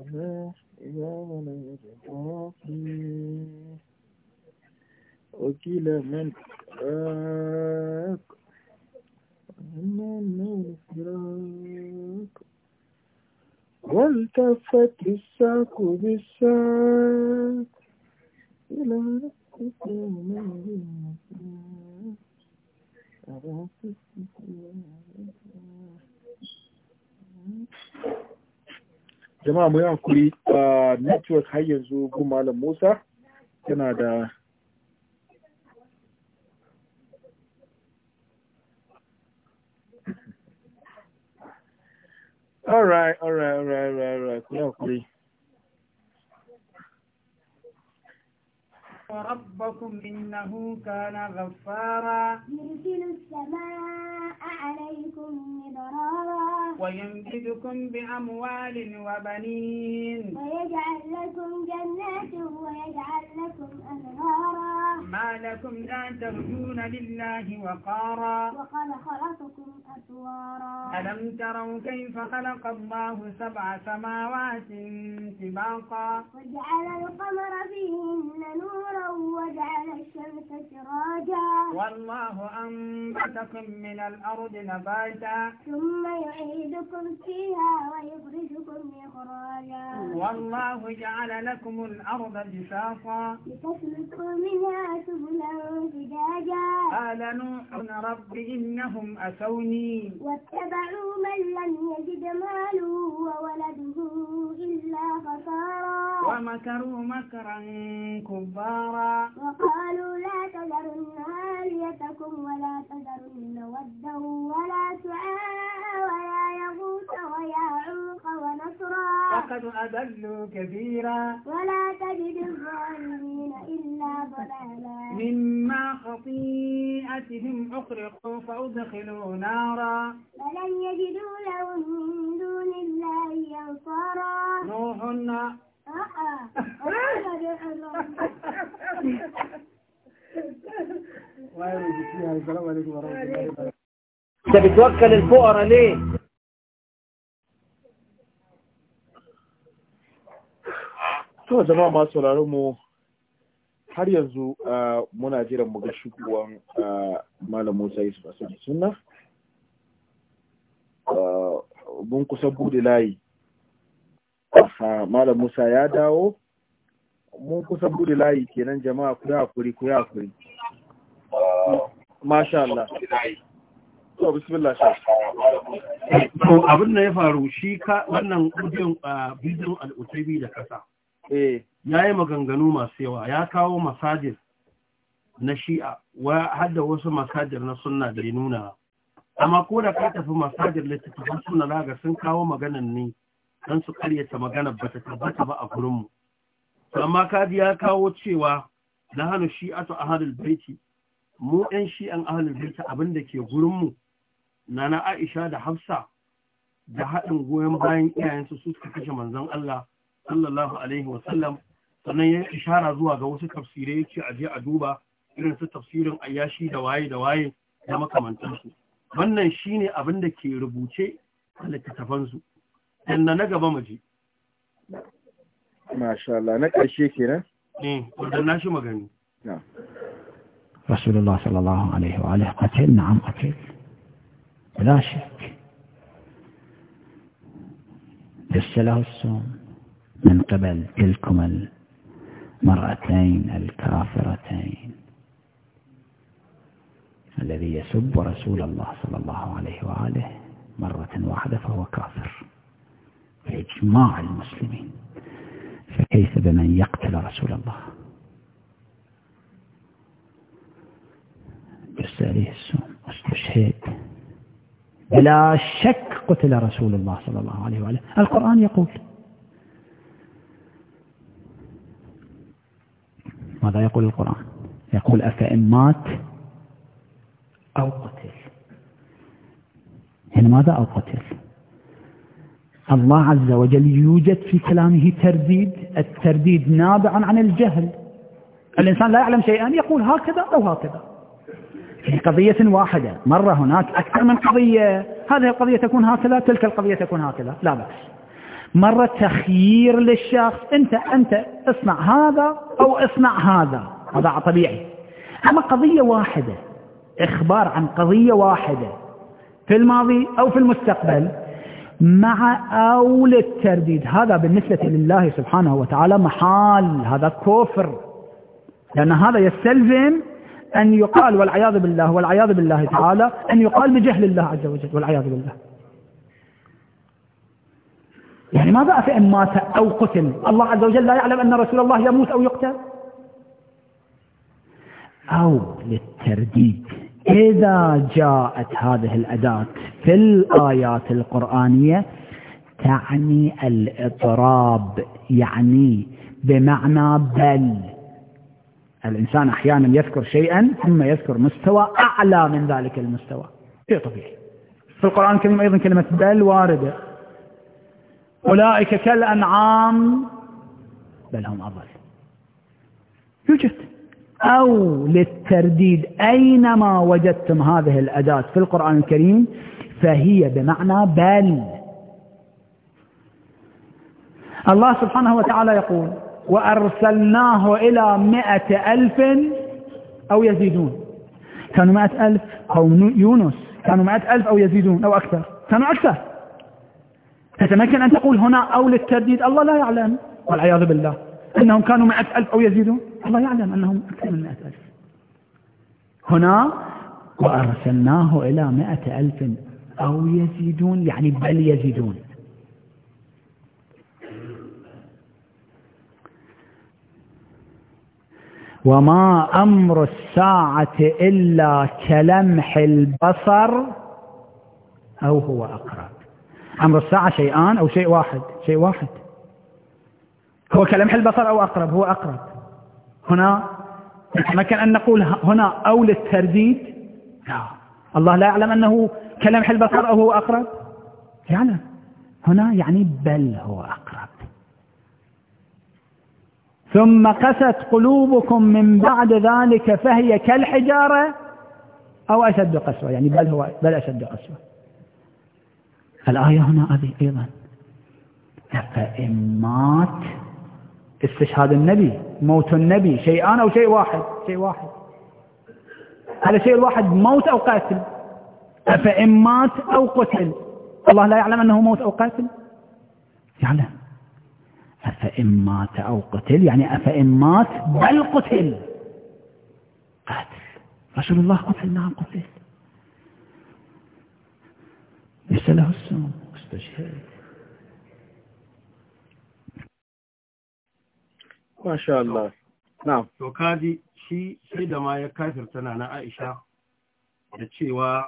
وكيل من راك من فراق والتفت الساق بالساق إلى ربك من Thank you. jama'a mu yi hankuri a network har yanzu gun musa yana da all right all right all right all right ku yi hankuri ربكم إنه كان غفارا يرسل السماء عليكم مدرارا ويمددكم بأموال وبنين ويجعل لكم جنات ويجعل لكم أنهارا ما لكم لا ترجون لله وقارا وقد خلقكم أسوارا ألم تروا كيف خلق الله سبع سماوات سباقا وجعل القمر فيهن نورا وجعل الشمس سراجا والله أنبتكم من الأرض نباتا ثم يعيدكم فيها ويخرجكم إخراجا والله جعل لكم الأرض بساطا لتسلكوا منها سبلا فجاجا قال نوح رب إنهم أتوني واتبعوا من لم يجد ماله وولده إلا خسارا ومكروا مكرا كبارا نارا وقالوا لا تذرن آليتكم ولا تذرن ودا ولا سعاء ولا يغوث ويعوق ونصرا فقد أضلوا كثيرا ولا تجد الظالمين إلا ضلالا مما خطيئتهم أخرقوا فأدخلوا نارا فلن يجدوا لهم من دون الله أنصارا نوح انت بتوكل الفقراء ليه to jama'a masu sauraron mu har yanzu muna jiran mu ga shukuwan malam Musa Yusuf Asadi sunna mun kusa bude layi ha malam musa ya dawo mun kusa bude layi kenan jama'a ku hakuri ku hakuri masha Allah to bismillah sha to abin da ya faru shi ka wannan bidiyon bidiyon al'utaibi da kasa eh yayi maganganu masu yawa ya kawo masajid na shi'a wa hadda wasu masajir na sunna da ya nuna amma ko da ka tafi masajir littattafan sunna zaga sun kawo maganan ne don su karyata magana ba ta tabbata ba a gurinmu amma kadi ya kawo cewa na hannu shi'atu ahlul baiti mu ɗan shi'an ahlul baiti abin da ke gurinmu na na Aisha da Hafsa da haɗin goyon bayan iyayensu su suka kashe manzon Allah sallallahu alaihi wa sallam sannan ya ishara zuwa ga wasu tafsirai ce a je a duba irin su tafsirin ayyashi da waye da waye da makamantansu wannan shine abin da ke rubuce a littattafansu ان نجا بمجي ما شاء الله نك اشي كنا ايه قلنا شو مغني نعم رسول الله صلى الله عليه وآله قتل نعم قتل لا شك جس له الصوم من قبل تلكم المرأتين الكافرتين الذي يسب رسول الله صلى الله عليه وآله مرة واحدة فهو كافر بإجماع المسلمين فكيف بمن يقتل رسول الله جس عليه السوم استشهد بلا شك قتل رسول الله صلى الله عليه وآله القرآن يقول ماذا يقول القرآن يقول أفإن مات أو قتل هنا يعني ماذا أو قتل الله عز وجل يوجد في كلامه ترديد الترديد نابع عن الجهل الإنسان لا يعلم شيئا يقول هكذا أو هكذا في قضية واحدة مرة هناك أكثر من قضية هذه القضية تكون هكذا تلك القضية تكون هكذا لا بأس مرة تخيير للشخص أنت أنت اصنع هذا أو اصنع هذا هذا طبيعي أما قضية واحدة إخبار عن قضية واحدة في الماضي أو في المستقبل مع أول الترديد هذا بالنسبة لله سبحانه وتعالى محال هذا كفر لأن هذا يستلزم أن يقال والعياذ بالله والعياذ بالله تعالى أن يقال بجهل الله عز وجل والعياذ بالله يعني ماذا أن مات أو قتل الله عز وجل لا يعلم أن رسول الله يموت أو يقتل أو للترديد إذا جاءت هذه الأداة في الآيات القرآنية تعني الإطراب يعني بمعنى بل الإنسان أحيانا يذكر شيئا ثم يذكر مستوى أعلى من ذلك المستوى شيء طبيعي في القرآن الكريم أيضا كلمة بل واردة أولئك كالأنعام بل هم أضل يوجد أو للترديد أينما وجدتم هذه الأداة في القرآن الكريم فهي بمعنى بل الله سبحانه وتعالى يقول وأرسلناه إلى مئة ألف أو يزيدون كانوا مئة ألف أو يونس كانوا مئة ألف أو يزيدون أو أكثر كانوا أكثر تتمكن أن تقول هنا أو للترديد الله لا يعلم والعياذ بالله أنهم كانوا مئة ألف أو يزيدون الله يعلم أنهم أكثر من مئة ألف هنا وأرسلناه إلى مئة ألف أو يزيدون يعني بل يزيدون وما أمر الساعة إلا كلمح البصر أو هو أقرب أمر الساعة شيئان أو شيء واحد شيء واحد هو كلمح البصر أو أقرب هو أقرب هنا نتمكن أن نقول هنا أو للترديد لا الله لا يعلم أنه كلمح البصر أو هو أقرب يعلم هنا يعني بل هو أقرب ثم قست قلوبكم من بعد ذلك فهي كالحجارة أو أشد قسوة يعني بل هو بل أشد قسوة الآية هنا أيضا فإن مات استشهاد النبي موت النبي شيئان أو شيء واحد شيء واحد هذا شيء واحد موت أو قاتل أفإن مات أو قتل الله لا يعلم أنه موت أو قاتل يعلم أفإن مات أو قتل يعني أفإن مات بل قتل قاتل رسول الله قتل نعم قتل يسأله السم استشهد Masha Allah. Na'am. To kaji shi sai da ma ya kafirta na Aisha da cewa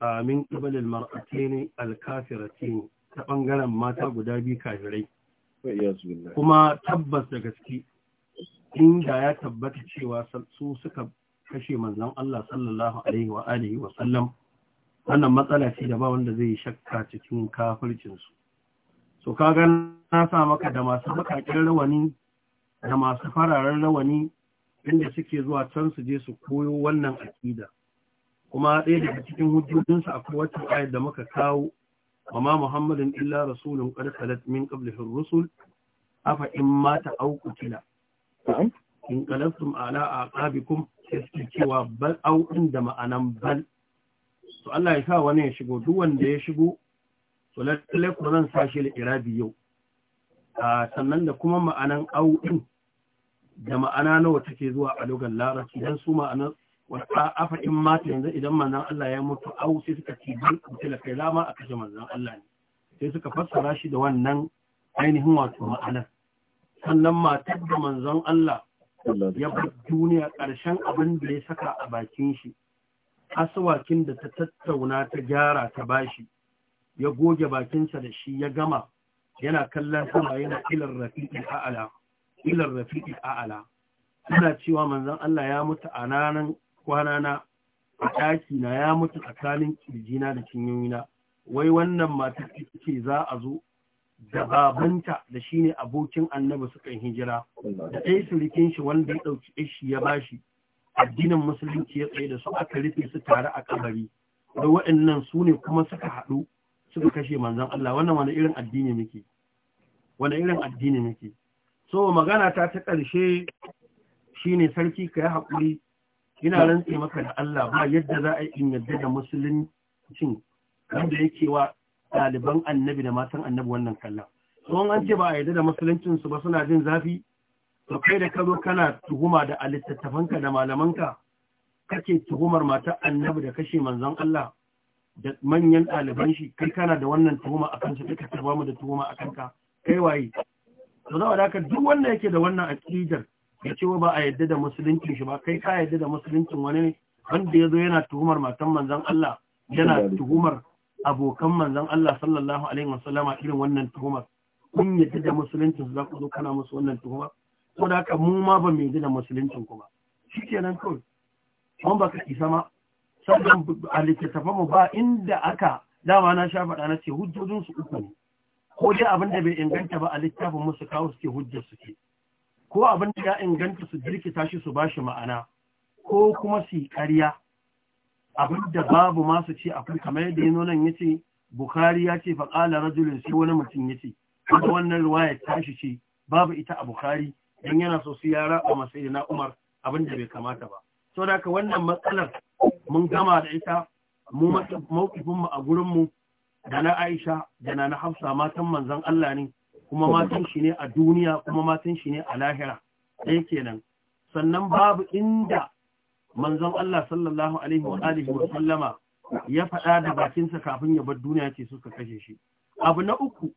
amin qibalil mar'atayn al-kafiratayn ta bangaren mata guda biyu kafirai. Kuma tabbas da gaske inda ya tabbata cewa su suka kashe manzon Allah sallallahu alaihi wa alihi wa sallam wannan matsala ce da ba wanda zai shakka cikin kafircinsu. So kaga na sa maka da masu bakakin rawani da masu fararen rawani inda suke zuwa can su je su koyo wannan aƙida kuma ɗaya daga cikin hujjojinsu akwai wata ayar da muka kawo amma muhammadin illa rasulun qad khalat min qablihi rusul afa in mata aw qutila in qalaftum ala aqabikum sai cewa bal aw da ma'anan bal to Allah ya sa wani ya shigo duk wanda ya shigo to lalle ku zan sa shi irabi yau ah, sannan da kuma ma'anan au da ma'ana nawa take zuwa a lugar larabci dan su ma'ana wata afa'in mata yanzu idan manzon Allah ya mutu au sai suka ci bil kutila kai lama a kashe manzon Allah ne sai suka fassara shi da wannan ainihin wato ma'anar sannan matar da manzon Allah ya bar duniya ƙarshen abin da ya saka a bakin shi aswakin da ta tattauna ta gyara ta bashi ya goge bakinsa da shi ya gama yana kallon sama yana ilar rafi'in a'ala ilar a a'ala suna cewa manzon Allah ya mutu a ranan kwana na a ɗaki na ya mutu tsakanin kirjina da cinyoyina wai wannan matar ce za a zo da babanta da shi ne abokin annabi sukan hijira da ɗaya surikin shi wanda ya ɗauki shi ya bashi addinin musulunci ya tsaye da su aka rufe su tare a kabari da waɗannan su ne kuma suka haɗu suka kashe manzon Allah wannan wani irin addini muke wani irin addini muke so magana ta ta ƙarshe shine sarki ka yi haƙuri ina rantse maka da Allah ba yadda za a yi yadda da musuluncin wanda yake wa ɗaliban annabi da matan annabi wannan kallon tsohon an ce ba a yadda da musuluncinsu ba suna jin zafi to kai da ka zo kana tuhuma da alittattafanka da malamanka kake tuhumar matan annabi da kashe manzon Allah da manyan ɗaliban shi kai kana da wannan tuhuma a kansu kai ka ba mu da tuhuma a kanka kai waye to za da duk wanda yake da wannan aqidar ya ce ba a yadda da musuluncin shi ba kai ka yadda da musuluncin wani ne wanda ya zo yana tuhumar matan manzon Allah yana tuhumar abokan manzon Allah sallallahu alaihi wasallama irin wannan tuhumar kun yadda da musuluncin za ku zo kana musu wannan tuhumar ko da ka mu ma ba mu yadda da musuluncin ku ba shikenan kawai mun baka isa ma sabon a littattafa mu ba inda aka dama na sha faɗa na ce hujjojinsu uku ne ko dai abin da bai inganta ba a littafin musu kawo suke hujjar suke ko abin da ya inganta su jirkita shi su bashi ma'ana ko kuma su ƙarya abin da babu masu ce kuma kamar yadda ya nuna ya ce bukari ya ce faƙala rajulun sai wani mutum ya ce wata wannan ruwaya tashi ce babu ita a bukari don yana so su yara a masai na umar abin da bai kamata ba sau da wannan matsalar mun gama da ita mu mawukifinmu a gurinmu da na Aisha da na Hafsa matan manzon Allah ne kuma matan shi ne a duniya kuma matan shi ne a lahira ɗaya kenan sannan babu inda manzon Allah sallallahu alaihi wa alihi wa sallama ya faɗa da bakinsa kafin ya bar duniya ce suka kashe shi abu na uku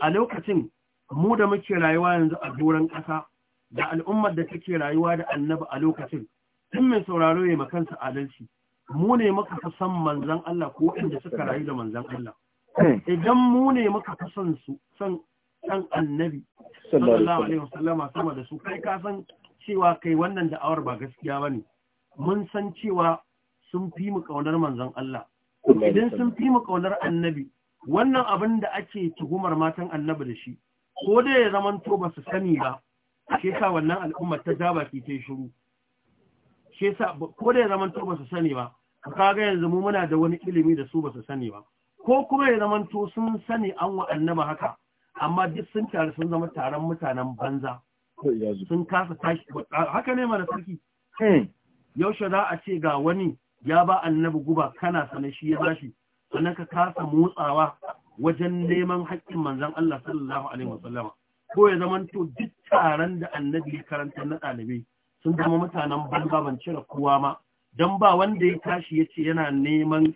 a lokacin mu da muke rayuwa yanzu a doron ƙasa da al'ummar da take rayuwa da annabi a lokacin tun mai sauraro ya makansa adalci mu ne muka fi manzan Allah ko inda suka rayu da manzan Allah hmm. idan mu ne muka fi son su san dan annabi sallallahu alaihi wasallama sama da su kai ka san cewa kai wannan da'awar ba gaskiya bane mun san cewa sun fi mu kaunar manzan Allah idan sun fi mu kaunar annabi wannan abin da ake tuhumar matan annabi da shi ko da ya zaman to ba su sani ba ke sa wannan al'umma ta jaba ki ta shiru ke sa ko da ya zaman to ba su sani ba kaga yanzu mu muna da wani ilimi da su ba su sani ba ko kuma ya to sun sani an wa annaba haka amma duk sun taru sun zama taron mutanen banza sun kasa tashi haka ne mana sarki hmm. yaushe za a ce ga wani ya ba annabi guba kana sane shi ya bashi sannan ka kasa motsawa wajen neman haƙƙin manzon Allah sallallahu alaihi wasallam ko ya zamanto duk taron da annabi karanta na ɗalibai sun zama mutanen banza ban cire kowa ma don ba wanda ya tashi ya ce yana neman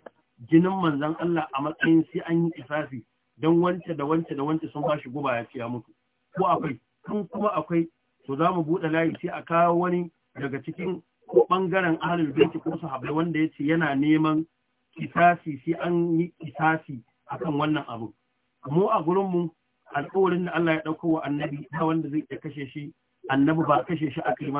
jinin manzan Allah a matsayin sai an yi isafi don wance da wance da wance sun bashi guba ya ce ya mutu ko akwai kun kuma akwai to za mu buɗe layi sai a kawo wani daga cikin ko ɓangaren ahalin baiti ko sahabbai wanda ya ce yana neman kisasi sai an yi kisasi akan wannan abu mu a gurin mu alƙawarin da Allah ya ɗauko wa annabi ta wanda zai iya kashe shi annabi ba kashe shi a kai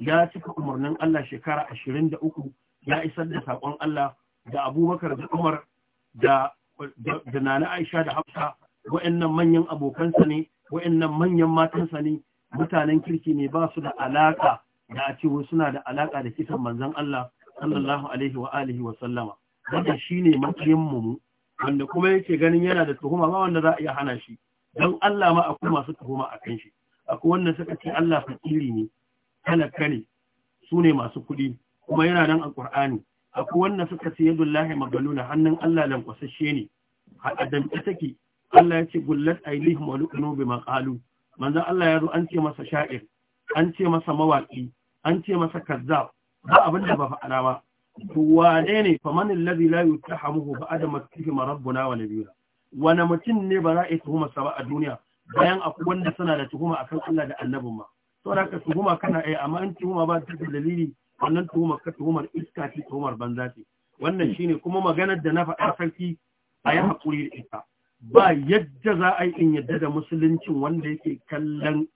ya cika umarnin Allah shekara ashirin da uku ya isar da saƙon Allah da abubakar da umar da nana aisha da hafsa wa'annan manyan abokansa ne wa'annan manyan matansa ne mutanen kirki ne ba su da alaƙa da a cewa suna da alaƙa da kisan manzon Allah sallallahu alaihi wa alihi wa sallama wanda shine matsayin mu wanda kuma yake ganin yana da tuhuma ba wanda za a iya hana shi don Allah ma akwai masu tuhuma a kan shi akwai wanda suka ce Allah fakiri ne talaka ne su ne masu kuɗi kuma yana nan a ƙur'ani akwai wanda suka ce yadullahi magaluna hannun Allah lankwasashe ne a damƙe take Allah ya ce gullat ailihim wa lu'nu bima qalu Allah ya zo an ce masa sha'ir an ce masa mawaki an ce masa kazzab ba abin da ba faɗa ba to wane ne fa man alladhi la yutahamuhu ba adama kifi rabbuna wa nabiyuna wani mutum ne ba za a yi tuhuma sa ba a duniya bayan akwai wanda suna da tuhuma akan Allah da annabin ma da ka tuhuma kana ai eh, amma an tuhuma ba ta dalili wannan tuhumar ka tuhumar iska ce tuhumar banza ce wannan hmm. shine kuma maganar da na faɗa sarki a yi haƙuri da ita ba yadda za a yi in yadda da musuluncin wanda yake kallon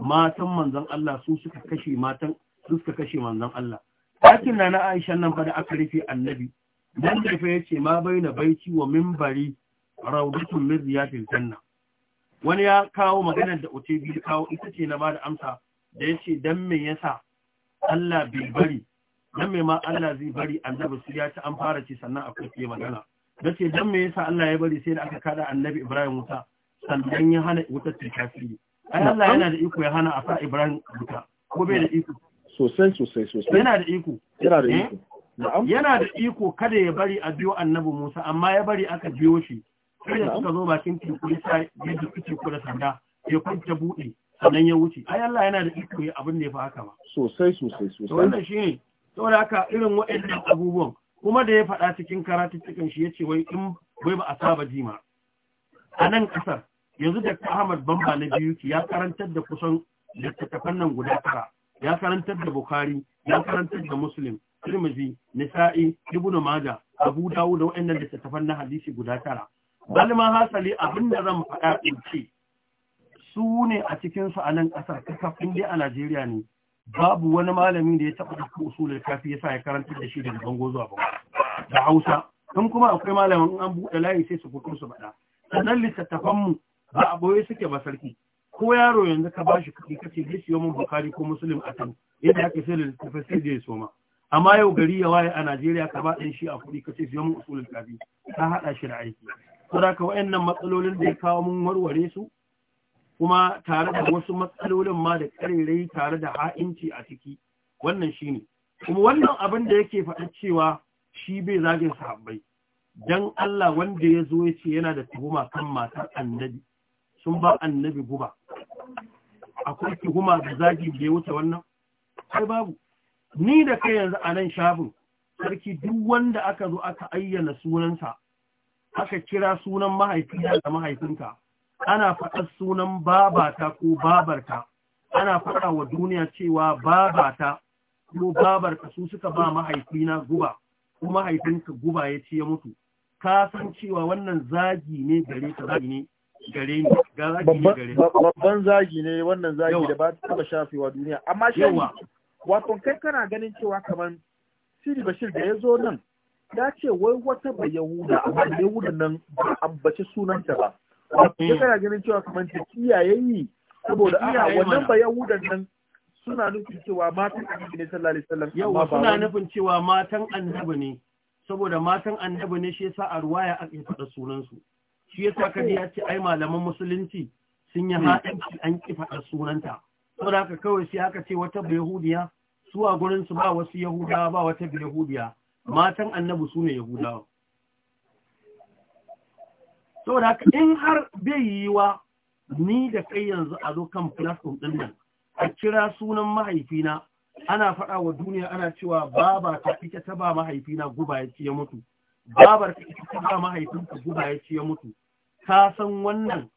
matan manzon Allah su suka kashe matan su suka kashe manzon Allah ɗakin na na Aisha nan fa da aka rufe annabi dan da fa yace ma baina baiti wa minbari raudatun min riyatil janna wani ya kawo maganar da otebi kawo ita ce na ba da amsa da ya ce don me yasa Allah bai bari don me ma Allah zai bari annabi su ya ci an fara ci sannan akwai ke magana da ce don me yasa Allah ya bari sai da aka kada annabi Ibrahim wuta sannan ya hana wutar ta tasiri ai Allah yana da iko ya hana a sa Ibrahim wuta ko bai da iko sosai sosai sosai yana da iko yana da eh? iko yana da iko kada ya bari a biyo annabi Musa amma ya bari aka biyo shi sai da suka zo bakin teku ya sa yadda kuke kula sanda ya kwanta buɗe sannan ya wuce ai Allah yana da iko ya abin da ya fi haka ba sosai sosai sosai wannan shine saboda haka irin waɗannan abubuwan kuma da ya faɗa cikin cikin shi yace wai in bai ba a saba jima a nan kasar yanzu da Ahmad Bamba na biyu ya karantar da kusan littattafan nan guda tara ya karantar da Bukhari ya karantar da Muslim Tirmidhi Nisa'i Ibn Majah Abu Dawud da waɗannan littattafan na hadisi guda tara Balma hasali abin da zan faɗa in ce su ne a cikinsu a nan ƙasar kafin dai a Najeriya ne babu wani malami da ya taɓa da usulul kafi yasa ya karanta da shi daga bango zuwa bango da Hausa in kuma akwai malamin an buɗe layi sai su fito su faɗa sannan littattafan mu ba a boye suke ba sarki ko yaro yanzu ka bashi kuɗi kace zai siyo min bukari ko Muslim a kan yadda ake sai da littattafai sai soma amma yau gari ya waye a Najeriya ka ba ɗan shi a kuɗi kace siyo min usulul kafi ka haɗa shi da aiki saboda ka wayannan matsalolin da ya kawo mun warware su kuma tare da wasu matsalolin ma da karerai tare da ha'inci a ciki wannan shi ne. kuma wannan abin da yake faɗa cewa shi bai zagin sahabbai dan Allah wanda ya zo ya ce yana da tuhuma kan matar annabi sun ba annabi guba akwai tuhuma da zagi da ya wuce wannan sai babu ni da kai yanzu a nan shafin sarki duk wanda aka zo aka ayyana sunansa aka kira sunan mahaifina da mahaifinka ana faɗar sunan babata ko babarka ana faɗa wa duniya cewa babata ko babarka su suka ba mahaifina guba ko mahaifinka guba ya ce ya mutu ka san cewa wannan zagi ne gare ka zagi ne gare ni ne babban zagi ne wannan zagi da ba ta taba shafewa duniya amma shi wato kai kana ganin cewa kamar Siri Bashir da ya zo nan ya ce wai wata ba Yahuda amma Yahuda nan ba bace sunanta ba sai hmm. kana ganin cewa kamar ta kiyaye yi saboda a wannan ba yahudan nan suna nufin cewa matan annabi ne sallallahu alaihi wasallam yau suna nufin cewa matan annabi ne saboda matan annabi ne shi yasa a ruwaya aka faɗa sunan su shi yasa kaji ya ce ai malaman musulunci sun yi hmm. haɗinci an ki faɗa sunanta saboda haka kawai sai aka ce wata yahudiya su a gurin su ba wasu yahudawa ba wata yahudiya matan annabi su ne yahudawa saboda haka in har bai yi wa ni da kai yanzu a zo kan platform ɗin nan a kira sunan mahaifina ana faɗa wa duniya ana cewa baba ta ita ta ba mahaifina guba ya ci ya mutu babar ta ita ta ba mahaifinka guba ya ci ya mutu ka san wannan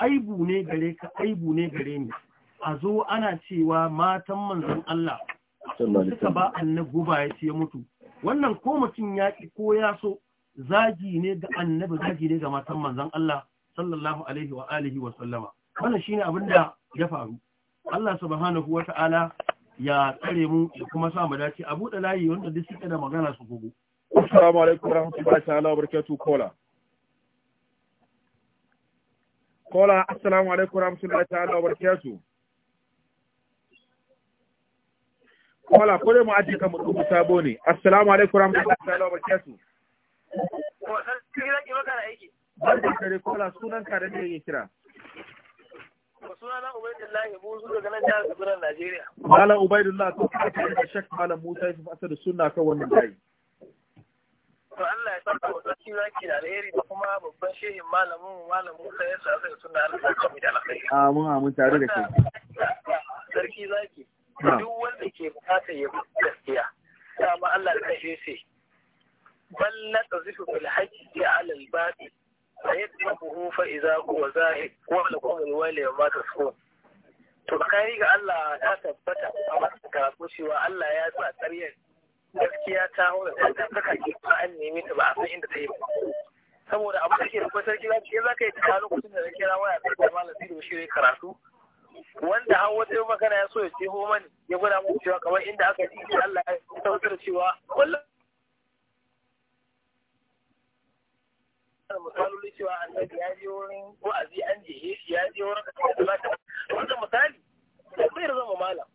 aibu ne gare ka aibu ne gare ni a zo ana cewa matan manzon Allah suka ba annabi guba ya ci ya mutu wannan ko mutum ya ki ko ya so zagi ne ga annabi zagi ne ga matan manzon Allah sallallahu alaihi wa alihi wa sallama wannan shine abin da ya faru Allah subhanahu wa ta'ala ya tsare mu ya kuma sa mu dace a buɗe layi wanda duk suke da magana su gugu assalamu alaikum warahmatullahi ta'ala wabarakatuh kola kola assalamu alaikum warahmatullahi ta'ala wabarakatuh kola kore mu ajiye kamar sabo ne assalamu alaikum warahmatullahi ta'ala wabarakatuh Barka kare kola sunan kare da yake kira. Sunana Ubaidullahi Buzu daga nan jihar Kaduna Najeriya. Malam Ubaidullah to ka kare da Sheikh Malam Musa Yusuf Asadu sunna kan wannan dai. To Allah ya saka wa sarki zaki da alheri da kuma babban shehin malamin Malam Musa Yusuf Asadu suna Allah ya saka mu da alheri. Amin amin tare da kai. Sarki zaki. Duk wanda ke bukatar ya gaskiya. Ya ma Allah ya kashe shi. بل نقذف بالحج على الباطل فيكتبه فإذا هو زاهد ولكم الويل وما تسكون to tsakani ga Allah ta tabbata a matsayin karatu cewa Allah ya sa ƙaryar gaskiya ta hau da ta saka ke ba an nemi ta ba a san inda ta yi ba saboda abu da ke da kwasar kira ce za ka yi ta lokacin da na kira waya ta da malam sai da shi karatu wanda har wata yau magana ya so ya ce ho ya gwada mu cewa kamar inda aka ji Allah ya tabbatar cewa wallahi misaloli cewa annabi ya je wurin wa'azi an je shi ya je wurin kasar talaka wannan misali da bai zama malam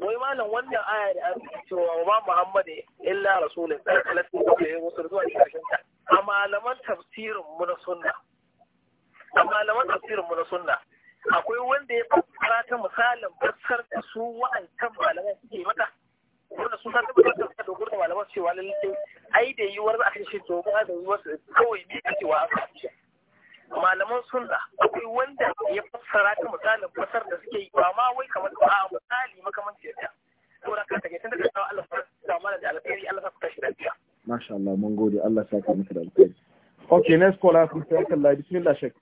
wai malam wannan aya da an cewa wa ma muhammad illa rasulun ɗan talatin da ya wasu zuwa shashin ta a malaman tafsirin mu na sunna a malaman tafsirin mu na sunna akwai wanda ya fara ta misalin fassar da su wa'ancan malaman suke mata wanda sun san tabbatar da suka dogara da malaman cewa lallai ai da yiwuwar za a kashe to kuma da yiwuwar kawai bi a cewa a kashe malaman sunna akwai wanda ya fassara ta misalin fasar da suke yi ba ma wai kamar ba a misali makamanci da saboda ka take tun da kawo Allah ta mana da alkhairi Allah ta tashi lafiya masha Allah mun gode Allah saka maka da alkhairi okay next caller please thank Allah bismillah shek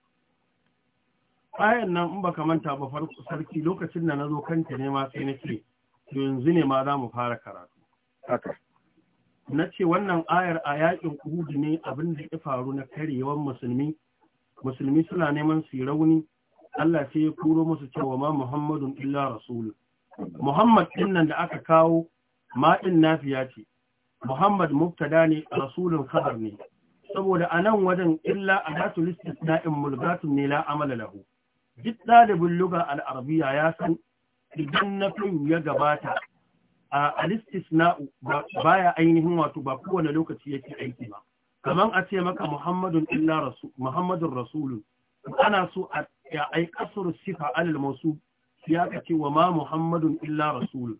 Bayan nan in baka manta ba farko sarki lokacin da nazo kanta ne ma sai nake yanzu ne ma za mu fara karatu na ce wannan ayar a yakin kudu ne abin da ya faru na karyewan musulmi musulmi suna neman su rauni Allah sai ya kuro musu cewa ma Muhammadun illa rasul Muhammad din nan da aka kawo maɗin nafiya ce Muhammad muftada ne rasulun kabar ne saboda a nan wajen illa a istisna'in mulgatun ne la amala lahu duk ɗalibin luga al-arabiya ya san idan na ya gabata a ba baya ainihin wato ba kowane lokaci yake aiki ba kamar a ce maka muhammadun illa rasu muhammadun rasulun ana so a ai kasar sifa alal masu ya ce wa ma muhammadun illa rasulun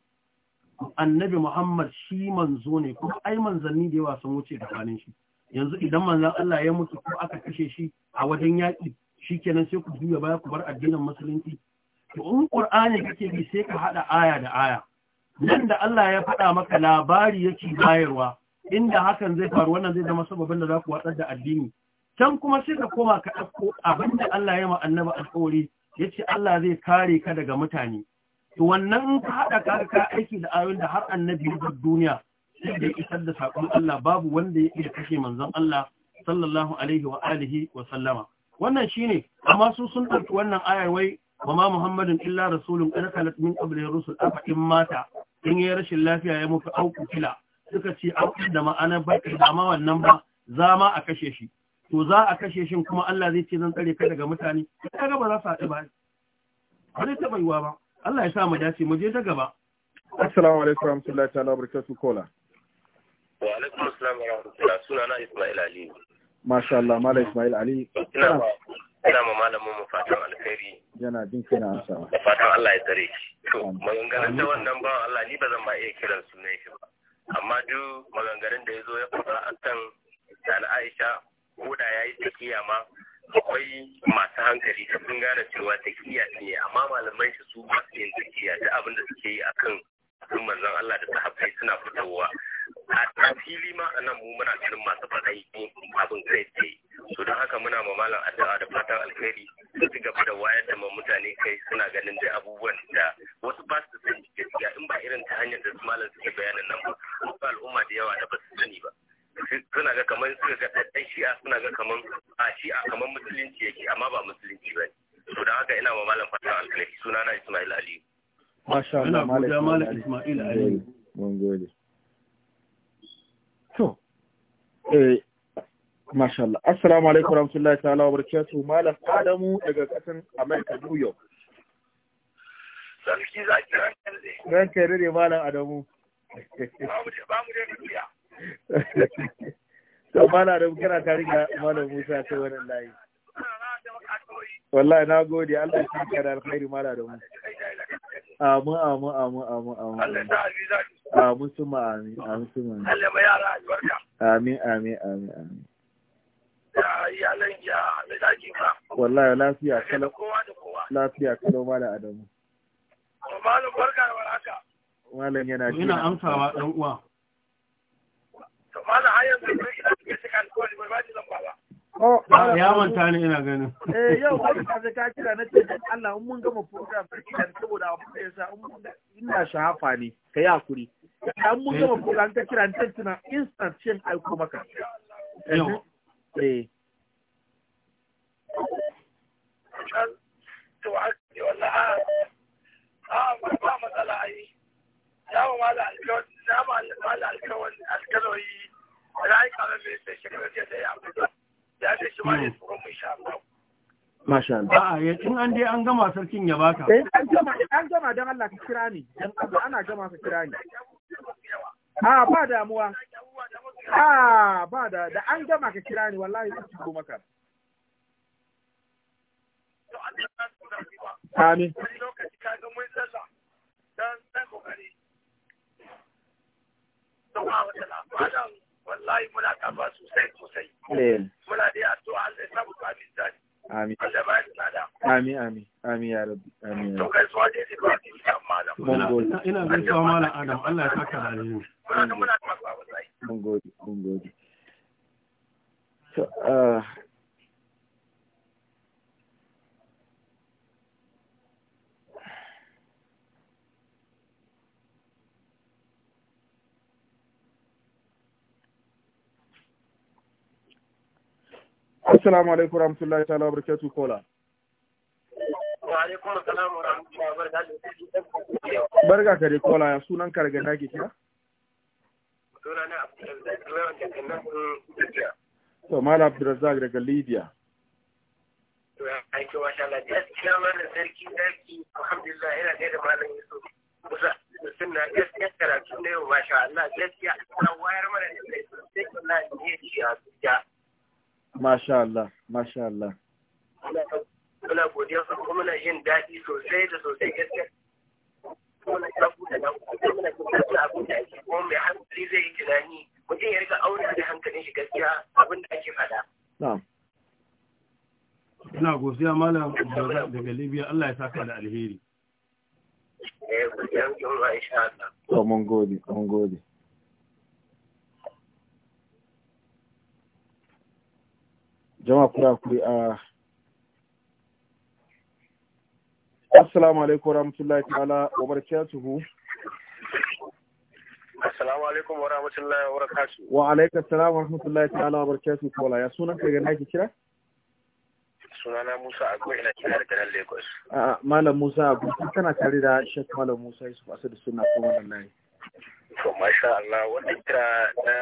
annabi muhammad shi manzo ne kuma ai manzanni da yawa sun wuce gabanin shi yanzu idan manzan Allah ya mutu ko aka kashe shi a wajen yaƙi shikenan sai ku juya baya ku bar addinin musulunci to in qur'ani kake bi sai ka haɗa aya da aya nan da Allah ya faɗa maka labari yake bayarwa inda hakan zai faru wannan zai zama sababin da za ku watsar da addini can kuma sai ka koma ka ɗauko abin da Allah ya ma annabi alƙawari ya ce Allah zai kare ka daga mutane to wannan in ka haɗa ka ka aiki da ayoyin da har annabi ya duniya sai da isar da saƙon Allah babu wanda ya iya kashe manzon Allah sallallahu alaihi wa alihi wa sallama wannan shine amma su sun ɗauki wannan ayar wai وما محمد إلا رسول قد خلت من قبل الرسل أفإن مات إن rashin lafiya ya mutu auku kila. suka ce an da ma'ana ba dama wannan ba za ma a kashe shi to za a kashe shi kuma Allah zai ce zan tsare ka daga mutane kaga ba za su haɗu ba ba zai taɓa yiwa ba Allah ya sa mu dace mu je ta gaba assalamu alaikum warahmatullahi ta'ala barakatuh kola wa alaikum assalam wa rahmatullah sunana Ismail Ali masha Allah mala Ismail Ali ina ina ma malamin mu fatan alkhairi yana jin kina da fatan Allah ya tsare shi to maganganun da wannan bawan Allah ni ba zan ba iya kiran sunan shi ba amma duk maganganun da ya zo ya faɗa a kan da Aisha ko da ya yi takiya ma akwai masu hankali sun gane cewa takiya ne amma malaman shi su ba yin takiya da abin da suke yi akan abin manzon Allah da sahabbai suna fitowa a fili ma a nan mu muna cikin masu faɗai abin kai ce to don haka muna ma malam addu'a da fatan alkhairi su ci gaba da wayar da mutane kai suna ganin da abubuwan da wasu ba su sani gaskiya in ba irin ta hanyar da su malam suke bayanin nan ba al'umma da yawa da ba su sani ba suna ga kamar suka ga ɗaɗɗan shi'a suna ga kamar a shi'a kamar musulunci yake amma ba musulunci ba ne to don haka ina ma malam fatan alkhairi sunana Ismail Aliyu Masha Allah Malik Ismail Ali. Mun gode. To, eh, Masha Allah. Assalamu alaikum warahmatullahi ta'ala wabarakatuh. Malam Adamu daga ƙasan America New York. Sarki zaki ranka ne. Ranka Malam Adamu. Ba mu da duniya. To Malam Adamu kana tare da Malam Musa ta wannan layi. Wallahi na gode Allah ya saka da alkhairi Malam Adamu. Amin amin amin amin amin. Allah ta abi za ki. Amin su ma amin amin su ma. Allah ba yara albarka. Amin amin amin amin. Ya iyalan ya mai daki ba. Wallahi lafiya kala. Kowa da kowa. Lafiya kalau da Adamu. Malam barka da warhaka. Malam yana jiya. Ina amsawa dan uwa. To malam har yanzu ina cikin alkawari bai ba ji zan ba. Oh, ya manta ni ina ganin eh yau ba ka ka kira na ce Allah in mun gama program ka kira saboda abu da yasa in mun ina shafa ne kai hakuri in mun gama eh. program ka kira ni tuna instant cin aiko maka eh to eh. a wallahi a ba matsala ai yawo ma da alkawari na ma da alkawari alkawari rai kamar me sai shekaru da ya abu ya shi ma ne hmm. tsoron Masha Allah. A'a, in an dai an gama sarkin ya baka. Eh, an gama, don Allah ka kira ni. ana gama ka kira ni. A ba damuwa. A ba da da an gama ka kira ni wallahi zan shigo Amin. wallahi muna kafa sosai sosai muna da addu'a Allah ya samu kamin zani amin Allah ba ya da amin amin amin ya rabbi amin to kai suwa da shi ba ki malam mun gode ina gaisuwa malam Adam Allah ya saka da ni. muna da muna kafa wallahi mun gode mun gode to uh, Assalamu alaikum warahmatullahi ta'ala kola. Wa alaikum assalam warahmatullahi wabarakatuh. ka kola ya sunan ka daga nake kira? Sunana Abdulrazak daga nan Libya. To daga Libya. To ya aiki wa sha Allah gaskiya malam sarki zaki alhamdulillah ina da malam Yusuf. Musa sunna gaskiya karatu ne masha Allah gaskiya wayar mana da kai sai kullum ne ya a Masha Allah, Masha Allah. Muna godiya kuma muna yin daɗi sosai da sosai gaskiya. Muna ta buɗe na kuma muna kuma da ake kuma mai hankali zai yi tunani mutum ya rika aure da hankalin shi gaskiya abin da ake faɗa. Ina godiya malam daga Libya Allah ya saka da alheri. Eh, godiya ga Allah insha Allah. To mun gode, mun gode. jama'a kura kuri a assalamu alaikum warahmatullahi ta'ala wa barakatuhu assalamu alaikum wa rahmatullahi wa wa alaika assalamu warahmatullahi ta'ala wa barakatuh kola ya sunan kai-kai gana ki kira sunana Musa Ago ina kira da nan Lagos a malam Musa Ago kana tare da shek malam Musa Yusuf Asad sunna ko wannan nayi to masha Allah wannan kira na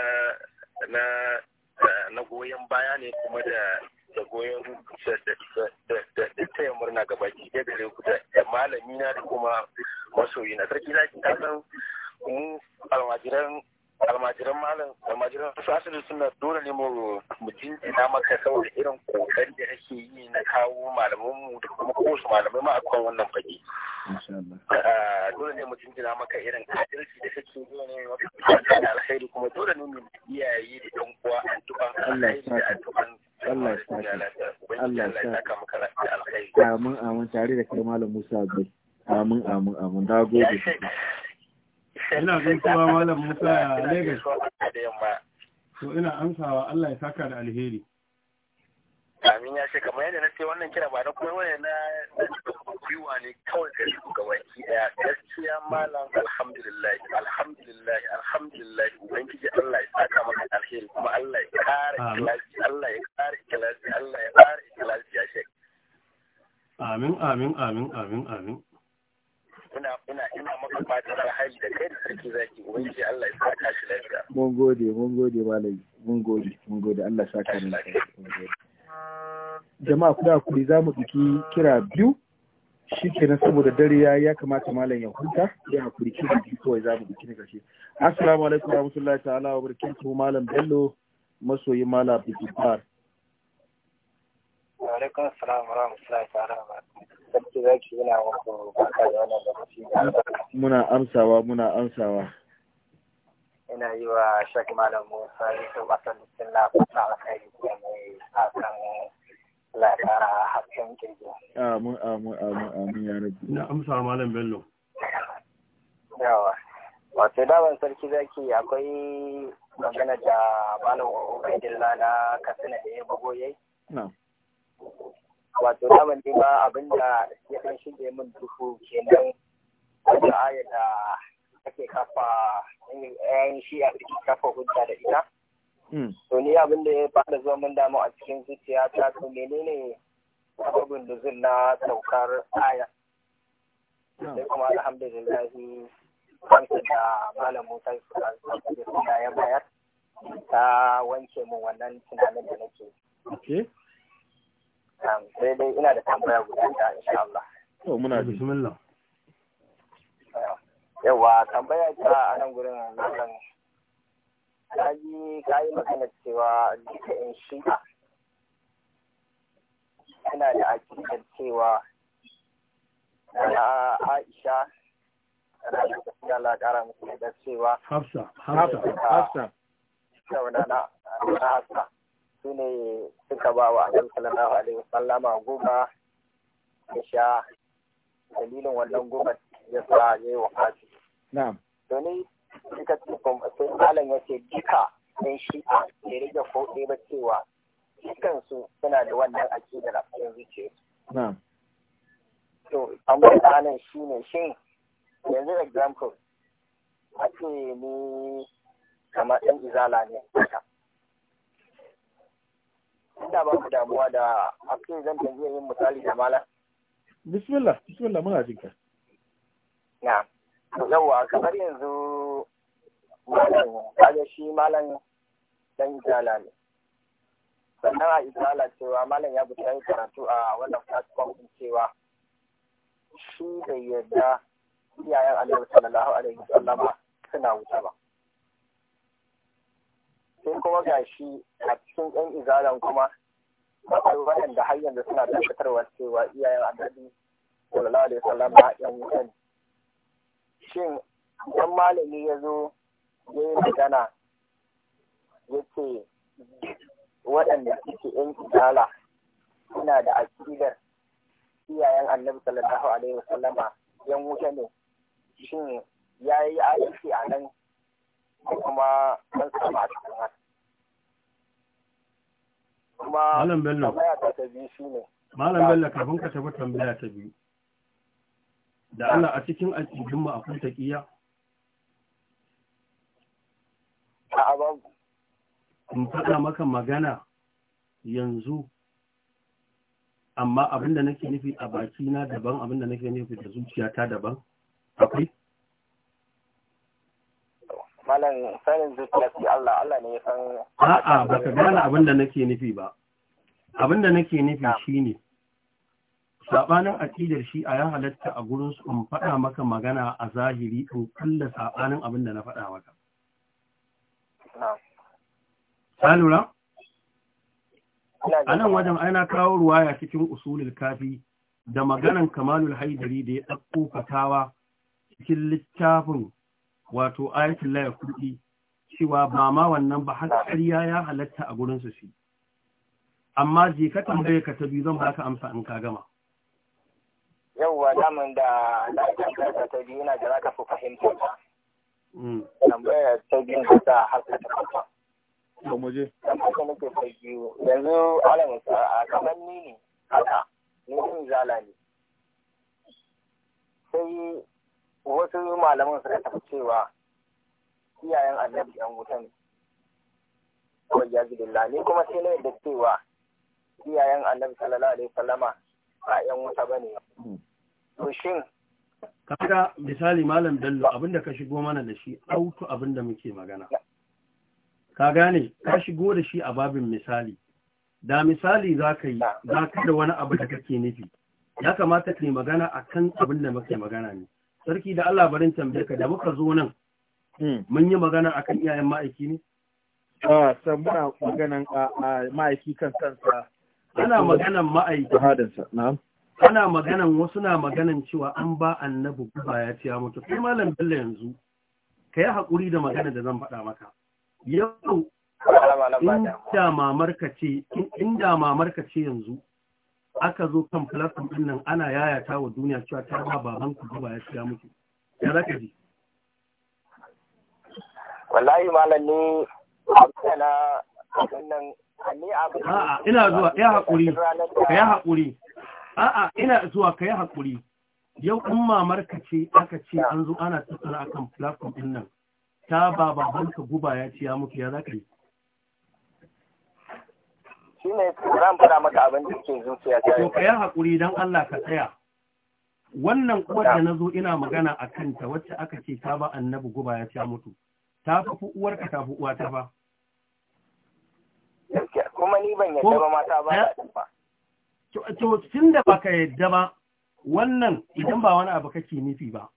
na na goyon baya ne kuma da da goyon da taya murna ga baki ɗaya gare ku da malami na da kuma masoyi na sarki zaki ta san mu almajiran almajiran malam almajiran su asali suna dole ne mu jinjina maka saboda irin kokarin da ake yi na kawo malamanmu da kuma kowace malamai ma akwai wannan fage ah, dole ne mu jinjina maka irin kadirci da kake yi ne wata da alheri kuma dole ne mu iyaye da yan uwa addu'an alkhairi da addu'an Allah ya saka Allah ya saka maka alkhairi amin amin tare da kai malam Musa Abdul amin amin amin da gode ina gaisuwa malam musa a lagos to ina amsawa allah ya saka da alheri amin ya ce kamar yadda na ce wannan kira ba na kuma wani na gwiwa ne kawai ka shigo ga baki daya gaskiya malam alhamdulillah alhamdulillah alhamdulillah ubangiji allah ya saka maka alheri kuma allah ya kara ikilasi allah ya kara ikilasi allah ya kara ikilasi ya shek amin amin amin amin amin ina ina ina maka fatan alhaji da kai da sarki zaki ubangiji Allah ya saka shi lafiya mun gode mun gode malami mun gode mun gode Allah ya saka mu lafiya jama'a kuna kuri za mu ɗauki kira biyu shi kenan saboda dare ya ya kamata malam ya huta ya hakuri kira biyu kawai za mu ɗauki na ƙarshe assalamu alaikum warahmatullahi ta'ala wa barakatuhu malam bello masoyin malam abdul Walaikun salam wa rahmatullahi ta'ala wa Sarki zaki yana muku barka da wannan lokaci da albarka. Muna amsawa muna amsawa. Ina yi wa Sheikh Malam Musa Yusuf Asan Bismillah fata alkhairi da mai akan lakara hakkin kirji. Amin amin amin amin ya rabbi. Ina amsa Malam Bello. Yawa. Wato daban sarki zaki akwai magana da Malam Ubaidillah na Katsina da ya bugo yayi. Na'am. wato na ban ba abin da ya kan shige min duhu kenan wata aya da ake kafa yayin shi a cikin kafa hujja da ita hmm. to ni abin da ya fara zuwa mun damu a cikin zuciya ta to menene sababin nuzul na saukar aya hmm. sai kuma alhamdulillah kansa da malam Musa da ya bayar ta wanke mu wannan tunanin da nake. sai dai ina da tambaya guda ta insha Allah yawa tambaya ta a nan gurin nan ka yi ka yi magana cewa duka in shi'a ina da akidar cewa na Aisha da Allah ƙara musu da cewa Hafsa Hafsa na Hafsa su ne suka ba wa annabi sallallahu alaihi wasallama goma ya sha dalilin wannan goma ya sa ne yi wafati na'am to ne suka ce sai malam ya ce duka sai shi a ya rage ko dai ba cewa dukansu suna da wannan aƙidar a cikin zuciyarsu na'am to amma tsanin shi ne shin yanzu example a ce ni kamar ɗan izala ne inda ba ku damuwa da akwai zan tanzu yin misali da malam bismillah bismillah muna jinka na yawa kamar yanzu malam kaga shi malam dan izala ne sannan a izala cewa malam ya buta yi karatu a wannan platform cewa shi da yadda iyayen annabi sallallahu alaihi wasallama suna wuta ba sai kuma gashi a cikin yan izalan kuma akwai waɗanda har yanzu suna tabbatarwa cewa iyayen annabi sallallahu alaihi wasallam ba yan wutan shin idan malami ya zo ya yi magana ya ce waɗanda suke yan izala suna da aƙidar iyayen annabi sallallahu alaihi wasallama yan wuta ne shin ya yi aiki a nan ko kuma an samu cikin haka kuma tambaya ta ta biyu shi ne malam bello kafin ka tafi tambaya ta biyu da Allah a cikin alƙidun mu akwai taqiya a babu in faɗa maka magana yanzu amma abinda nake nufi a baki na daban abinda nake nufi da zuciya ta daban akwai sanin a'a baka gane abin da nake nufi ba abin da nake nufi shine sabanin aƙidar shi a ya halatta a gurin su in faɗa maka magana a zahiri in kalla sabanin abin da na faɗa maka ta lura a nan wajen aina kawo ruwaya cikin usulul kafi da maganan kamalul haidari da ya ɗauko fatawa cikin littafin wato ayatul laya yakudi cewa ba ma wannan ba har ƙarya ya halatta a gurin su shi amma je ka tambaye ka ta biyu zan baka amsa in ka gama yawwa daman da na tambayar ta biyu na da ka fi fahimta ta mm. Tambaya ta biyu da ta har ta kafa to mu je nake ta biyu yanzu a kamar ni ne haka ni sun zala ne sai wasu malaman suka tafi cewa iyayen annabi yan wuta ne ya billah ne kuma sai na yadda cewa iyayen annabi sallallahu alaihi wasallama ba yan wuta bane to shin kafira misali malam dallo abinda ka shigo mana da shi auto abinda muke magana ka gane ka shigo da shi a babin misali da misali za ka yi za ka da wani abu da kake nufi ya kamata ka yi magana kan abin da muke magana ne sarki da Allah barin tambaye ka da muka zo nan hmm. mun yi magana akan iyayen ma'aiki ne a ah, san muna maganan ah, ah, ma'aiki kan kansa ana maganan ma'aiki shahadansa na'am ana maganan wasu na maganan cewa an ba annabi guba ya ciya mutu kai malam bello yanzu ka yi hakuri da magana da zan faɗa maka yau inda mamarka ce yanzu aka zo kan platform din nan ana yayata wa duniya cewa ta ba baban ku ba ya shiga muku ya zaka ji wallahi malam ni na wannan a'a ina zuwa ya hakuri ka ya hakuri a'a ina zuwa ka ya hakuri yau in mamarka ce aka ce an zo ana tattara akan platform din nan ta ba baban ka guba ya ciya muku ya zaka yi shine zan fara maka abin da ke zuciya ta to kai hakuri dan Allah ka tsaya wannan uwar da nazo ina magana a kanta wacce aka ce ta ba annabi guba ya sha mutu ta fi uwar ka ta fi uwa ta ba kuma ni ban yadda ba mata ba ba to tun da baka yadda ba wannan idan ba wani abu kake nufi ba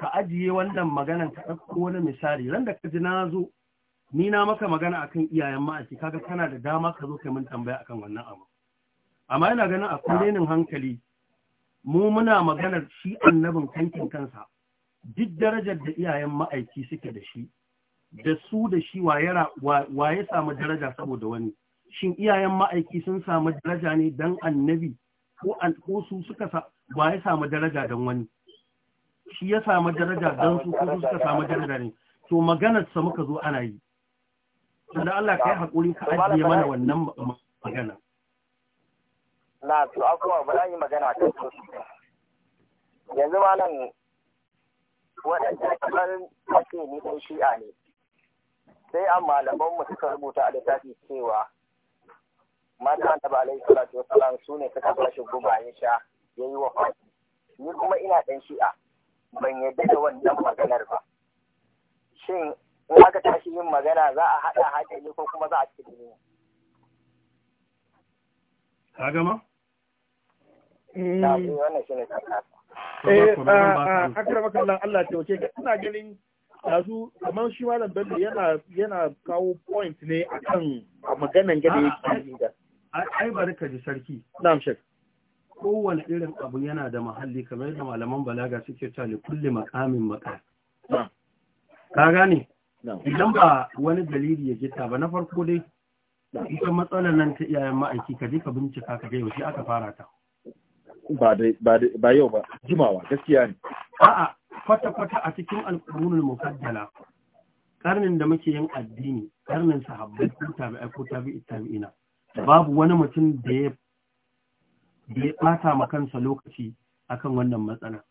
ka ajiye wannan maganan ka ɗauko wani misali ran da ka ji na zo ni na maka magana akan iyayen ma'aiki kaga kana da dama ka zo kai mun tambaya akan wannan abu amma yana ganin a kurenin hankali mu muna maganar shi annabin kankin kansa duk darajar da iyayen ma'aiki suke da shi da su da shi waye samu daraja saboda wani shin iyayen ma'aiki sun samu daraja ne don annabi ko su suka waye samu daraja don wani shi ya samu daraja dan su ko su suka samu daraja ne to maganarsa muka zo ana yi da Allah ka yi haƙuri ka ajiye mana wannan magana. Na to akwai ba za yi magana ta sosai. Yanzu ma nan waɗanda kamar ake ni ɗan shi'a ne. Sai an malaman mu suka rubuta a littafi cewa mata da ba alaihi salatu wasalam su ne suka fashe guba ya sha ya yi wa Ni kuma ina ɗan shi'a ban yarda da wannan maganar ba. Shin in aka tashi yin magana za a haɗa haɗari ko kuma za a ci duniya. Ka gama? Eh, eh ah, ah, akramakallan Allah tauke ga ina ganin yanzu kamar shi malam bello yana yana kawo point ne akan maganan gada yake yi da ai bari ka ji sarki na'am shek kowane irin abu yana da mahalli kamar yadda malaman balaga suke ta ne kulle maqamin maqam ka gane idan ba wani dalili ya gita ba na farko dai ita matsalar nan ta iyayen ma'aiki ka je ka bincika ka ga yaushe aka fara ta ba yau ba jimawa gaskiya ne a'a kwata kwata a cikin alqurunul mufaddala karnin da muke yin addini karnin sahabbai ko tabi'ai ko tabi'i tabi'ina babu wani mutum da ya da ya bata ma kansa lokaci akan wannan matsala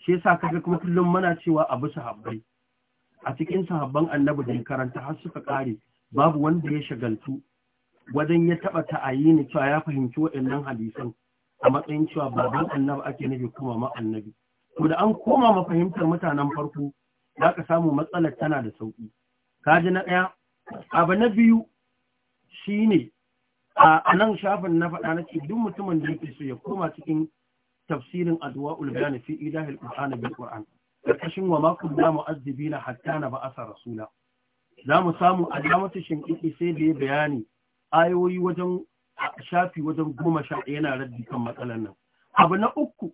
shi yasa kaga kuma kullum muna cewa abu sahabbai a cikin sahabban annabi da karanta har suka kare babu wanda ya shagaltu wajen ya taba ta'ayini cewa ya fahimci waɗannan hadisan a matsayin cewa baban annabi ake nufi kuma ma annabi to da an koma ma fahimtar mutanen farko za ka samu matsalar tana da sauki kaji na ɗaya abu na biyu shine a nan shafin na faɗa na ce duk mutumin da yake so ya koma cikin tafsirin adwa'ul bayan fi ilahil qur'ani bil qurani ƙarƙashin wa makon da mu'azzibi na hatta na ba'asa rasula za mu samu alamatu shinkiki sai da ya bayani ayoyi wajen shafi wajen goma sha yana raddi kan matsalar nan abu na uku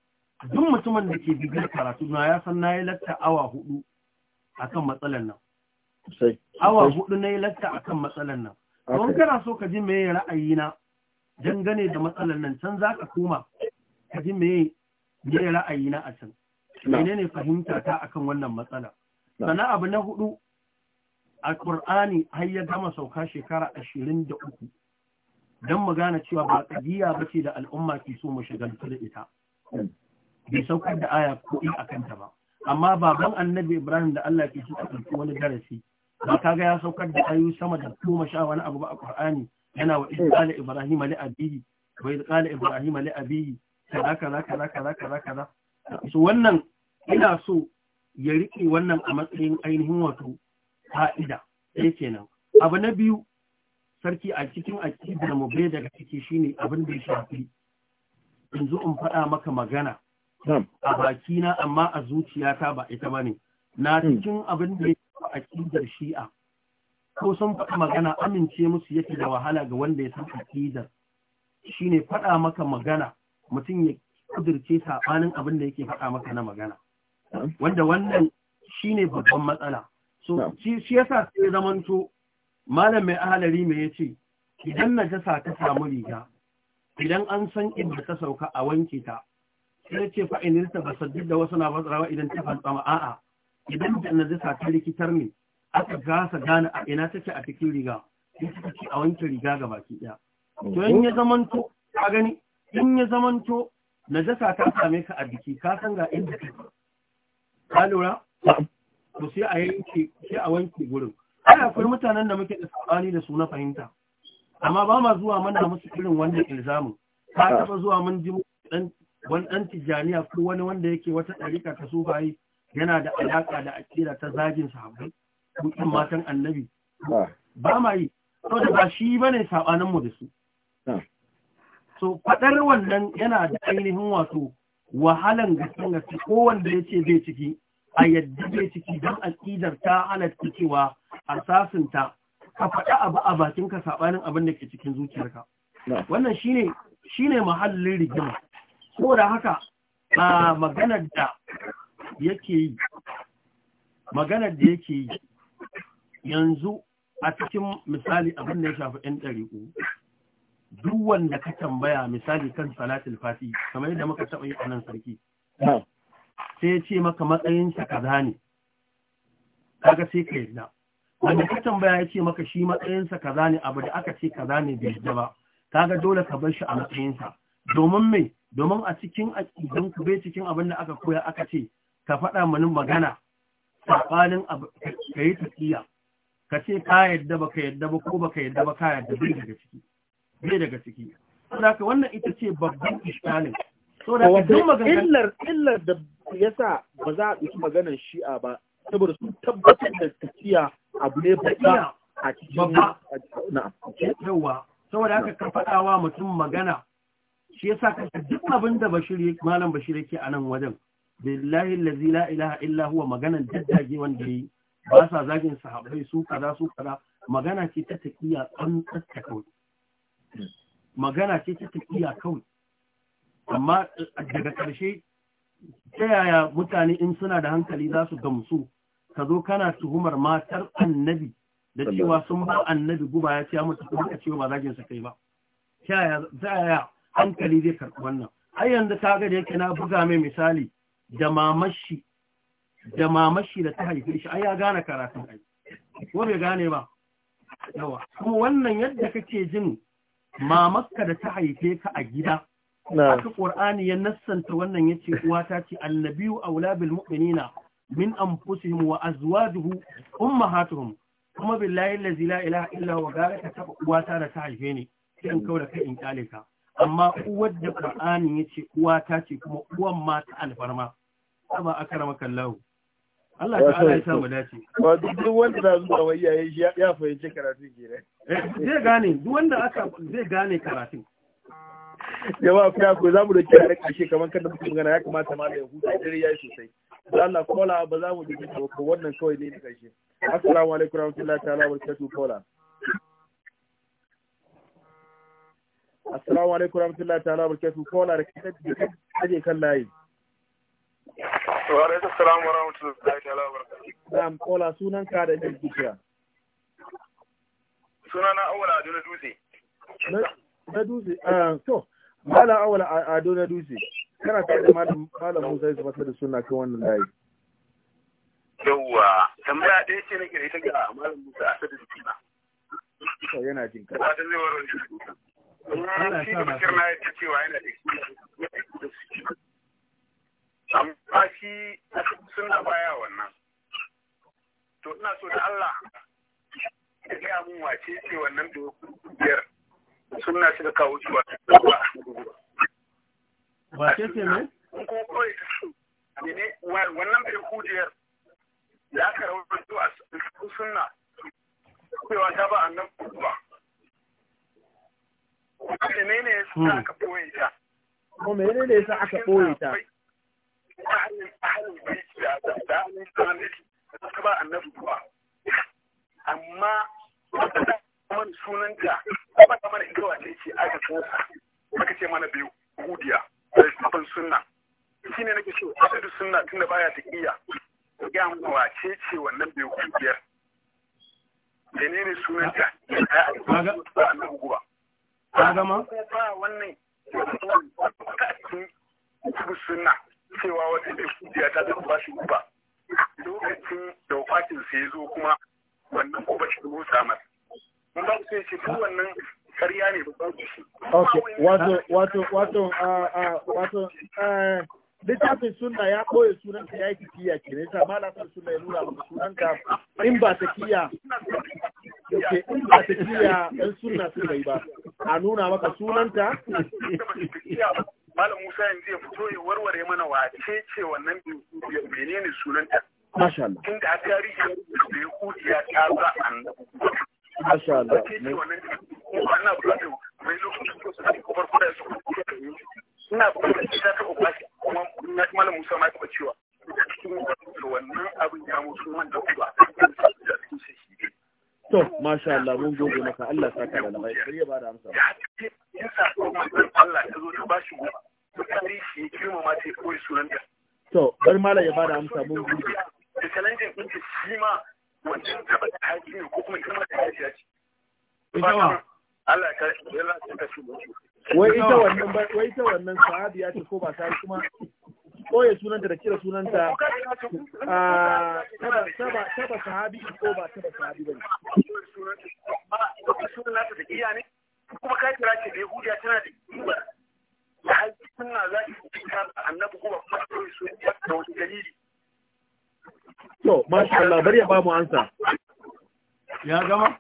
duk mutumin da ke bibiyar karatu na ya san na yi latta awa hudu akan matsalar nan awa hudu na yi latta akan matsalar nan don kana so ka ji me na dangane da matsalar nan can za ka koma ka ji me ra'ayina a can menene fahimta ta akan wannan matsala sana abu na hudu alqur'ani har ya gama sauka shekara 23 dan mu gane cewa ba kadiya bace da al'umma ke so mu shiga da ita hmm. bai saukar da aya kuɗi akan ta ba amma baban annabi ibrahim da Allah ke so a wani darasi ba ga ya saukar da ayoyi sama da kuma sha wani abu ba a qur'ani yana wa qala ibrahim li abihi wa qala ibrahim li abihi kaza kaza kaza kaza kaza so wannan ina so ya riƙe wannan a matsayin ainihin wato fa'ida ɗaya kenan abu na biyu sarki a cikin aƙidar mu bai daga ciki shine abin da ya shafi in zo in faɗa maka magana a bakina amma a zuciyata ba ita ba ne. na hmm. cikin abin da ya shafi aƙidar shi'a ko sun faɗa magana amince musu yake da wahala ga wanda ya san aƙidar shine faɗa maka magana mutum ya kudirce saɓanin abin da yake faɗa maka na magana wanda wannan shine babban matsala so shi sa sai zamanto malam mai ahalari mai ya ce, idan na jasa ta samu riga idan an san inda ta sauka a wanke ta sai ce fa in ta da wasu na batsarawa idan ta fantsama a'a idan da jasa ta rikitar ne aka gasa gane a ina take a cikin riga in ta ce a wanke riga ga baki ɗaya. to in ya zamanto ka gani in ya zamanto jasa ta same ka a jiki ka san ga inda ta ka lura sai a yanke sai a wanke gurin ai akwai mutanen da muke da sabani da su na fahimta amma ba ma zuwa mana musu irin wannan ilzamin ka taba zuwa mun ji dan wani dan tijaniya ko wani wanda yake wata ɗarika ta sufayi yana da alaka da akira ta zagin sahabbai mutum matan annabi ba ma yi da ba shi bane sabanin mu da su so fadar wannan yana da ainihin wato wahalan gaske ko wanda ya ce zai ciki a yadda zai ciki don aƙidar ta halatta cewa sasinta ka faɗa abu a bakinka saɓanin abin da ke cikin zuciyarka wannan shine shine mahallin rigima da haka a maganar da yake yi maganar da yake yi yanzu a cikin misali abin da ya shafi 'yan ɗari'u duk wanda ka tambaya misali kan salatul fati kamar yadda muka taɓa yi a nan sarki sai ya ce maka matsayin sa kaza ne kaga sai ka yadda wanda ka tambaya ya ce maka shi matsayin sa kaza ne abu da aka ce kaza ne bai yadda ba kaga dole ka bar shi a matsayin sa domin me domin a cikin aqidan ku bai cikin abin da aka koya aka ce ka faɗa mini magana sabanin abu ka yi tafiya ka ce ka yadda ba ka yadda ba ko ba ka yadda ba ka yadda bai daga ciki bai daga ciki saboda wannan ita ce babban iskalin saboda duk maganganun illar illar da yasa ba za a ɗauki maganar shi'a ba saboda sun tabbatar da tafiya abu ne babba a cikin na'am yawa saboda haka ka faɗa wa mutum magana shi ya yasa ka duk abin da bashir malam bashir yake a nan wajen billahi allazi la ilaha illa huwa maganan daddage wanda yi ba sa zagin sahabbai su kaza su kaza magana ce ta tafiya an tsaka kawai magana ce ta tafiya kawai amma eh, daga ƙarshe ta yaya mutane in suna da hankali za su gamsu ka zo kana tuhumar matar annabi da cewa sun ba annabi guba ya ce mutu kuma ka cewa ba za sa kai ba ta yaya hankali zai karɓi wannan ai yanzu ka ga da yake na buga mai misali da mamashi da mamashi da ta haife shi ai ya gane karatun ai ko bai gane ba yawa kuma wannan yadda kake jin mamakka da ta haife ka a gida haka ƙur'ani ya nassanta wannan yace uwa ta ce annabiyu aula bil mu'minina min anfusihim wa azwajuhu ummahatuhum kuma billahi allazi la ilaha illa huwa gara ka taba uwa ta da ta haife ni sai in da kai in kyale ka amma uwar da ƙur'ani yace uwa ta ce kuma uwan ma ta alfarma aba akramakallahu Allah ta ala ya samu dace. Wato duk wanda na zuwa wai yayin shi ya fahimci karatun kenan. Eh, zai gane duk wanda aka zai gane karatun. Yawa fiya ko za mu da kira da kamar kada muke magana ya kamata ma da ya huta dare yi sosai. Da Allah kola ba za mu ji ba ko wannan kawai ne da ƙarshe. Assalamu alaikum warahmatullahi ta'ala barakatuh kola. Assalamu alaikum warahmatullahi ta'ala barakatuh kola da kaje kan layi. Wa alaikum salam wa rahmatullahi wa barakatuh. Na'am, sunan ka da jin dukiya. Sunana Awala Ado na Dutse. Na Dutse, ah Malam Awala Ado na Dutse. Kana tare da Malam Malam Musa Yusuf Asadu suna kan wannan layi. Yawwa, tambaya ɗaya ce na da ita ga Malam Musa Asadu suna. yana jin ka. Wata zai warware. Shi da bakir na yadda cewa yana da amma shi suna baya wannan to ina so da Allah ya gaya mun wace ce wannan da biyar sunna shi da kawo shi wata wace ce ne? ko ko ne wannan bai kujiyar ya aka rawaito a suna cewa ta ba annan kuwa kuma ne ne ya sa hmm. aka ɓoye ta ko menene ya sa aka ɓoye ta ahalin ahalin baiti da da ahalin tsananci suka ba annabi du'a amma wata man sunanta ba ta mana ita wace ce aka tsosa aka ce mana biyu hudiya da littafin sunna shi ne nake so asadu sunna tunda baya ta iya ya mana wace ce wannan biyu menene sunanta ya annabi guba ka gama ba wannan sunna cewa wata mai kujiya ta zama ba shi guba lokacin da wafatin sai ya zo kuma wannan guba shi rusa masa mun ba sai ce duk wannan karya ne babban shi okay wato wato wato a wato littafin sunna ya koya sunanka ya yi tafiya ke nesa san sunna ya nuna sunan ka in ba tafiya ke in ba tafiya ɗan sunna suka yi ba a nuna maka sunanta malam Musa yanzu ya fito ya warware mana wace ce wannan menene sunanta Masha Allah. Tun da a tarihi da ya ta za a Masha Allah. Wannan mai lokacin da suka kofar kuda su ina bukatar ta ta uba kuma malam Musa ma ya cewa cikin wannan abin ya mutu a da kuwa. to masha Allah mun gode maka Allah sa ka da labai sai ya bada amsa Allah ya zo ta bashi goma mutane shi kirma ma sai koyi sunan da to bari mala ya bada amsa mun gode da challenge din ta shi ma wannan da ta haƙi ne ko kuma ta haƙi ce ita wa Allah ya kare ya wai ita wannan wai ita wannan ya ce ko ba sai kuma ɓoye sunanta da kira sunanta taba sahabi ko ba taba sahabi ba ne. Sunanta da iya ne, kuma kai kira ce da Yahudiya tana da kiba. Da halki suna za ki kuka annabi kuma kuma ɓoye sunanta da wasu dalili. To, masha Allah, bari ya ba mu ansa. Ya gama?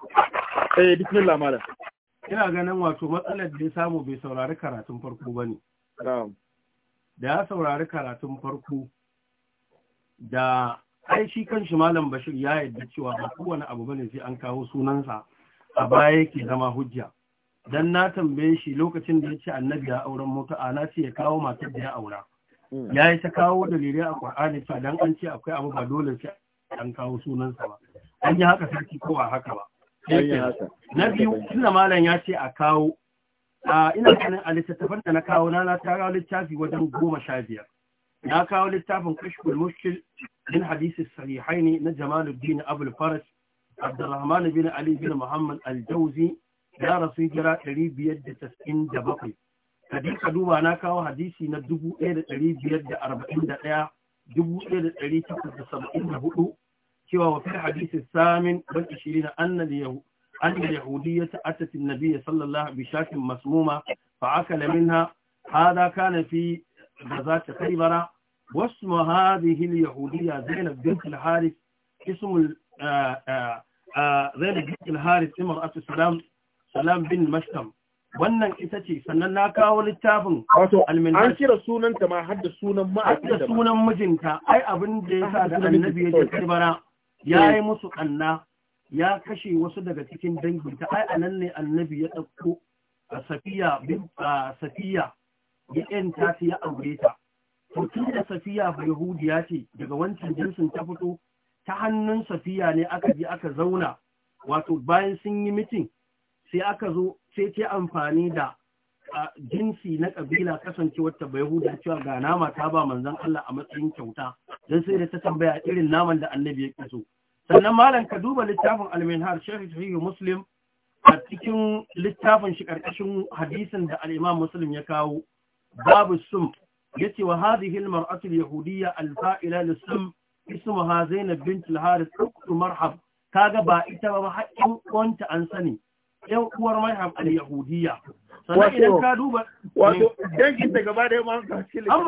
Eh, bismillah malam. Ina ganin wato matsalar da ya samu bai saurari karatun farko ba ne. Na'am. da ya saurari karatun farko da ai shi kanshi malam bashir ya yadda cewa ba kowane abu bane sai an kawo sunansa a baya yake zama hujja dan na tambaye shi lokacin da ya ce annabi ya auren mota na ce ya kawo matar da ya aura mm. ya yi ta kawo dalilai a qur'ani fa dan an ce akwai abu ba dole sai an kawo sunansa ba an yi haka sarki ko a haka ba na biyu tunda malam ya ce a kawo ina ganin a littattafan da na kawo na ta kawo littafi wajen goma sha biyar na kawo littafin kashful mushkil din hadisi sahihaini na jamaluddin abul faras abdurrahman bin ali bin muhammad aljauzi ya rasu jira ɗari biyar da tasa'in da bakwai ka duba na kawo hadisi na dubu ɗaya da ɗari biyar da arba'in da ɗaya dubu ɗaya da ɗari takwas da saba'in da hudu cewa wa fil hadisi samin wal ishirin annal yahud أن اليهودية أتت النبي صلى الله عليه بشاك مسمومة فأكل منها هذا كان في غزاة خيبرة واسم هذه اليهودية زينب بنت الحارث اسم زينب بنت الحارث امرأة السلام سلام بن مشتم wannan ita ce sannan na kawo littafin alminar an kira sunanta ma har sunan ma'aikata da sunan mijinta ai abin da ya sa da annabi ya ce karbara ya yi musu kanna ya kashe wasu daga cikin danginta ai a nan ne annabi ya ɗauko a safiya a safiya ya ƴanta ta ya aure ta to tun da safiya ba yahudiya ce daga wancan jinsin ta fito ta hannun safiya ne aka je aka zauna wato bayan sun yi mitin sai aka zo sai ta amfani da jinsi na kabila kasancewar ta yahuda cewa ga nama ta ba manzon Allah a matsayin kyauta don sai da ta tambaya irin naman da annabi ya so sannan malam ka duba littafin al-minhaj sharh sahih muslim a cikin littafin shi karkashin hadisin da al-imam muslim ya kawo babu sum yace wa hadhihi al-mar'atu al-yahudiyya da Sum. lis-sum zainab bint al-harith uktu marhab ga ba ita ba haƙƙin wanta an sani yan uwar marhab al-yahudiyya sannan idan ka duba wato dangin da gaba da yamma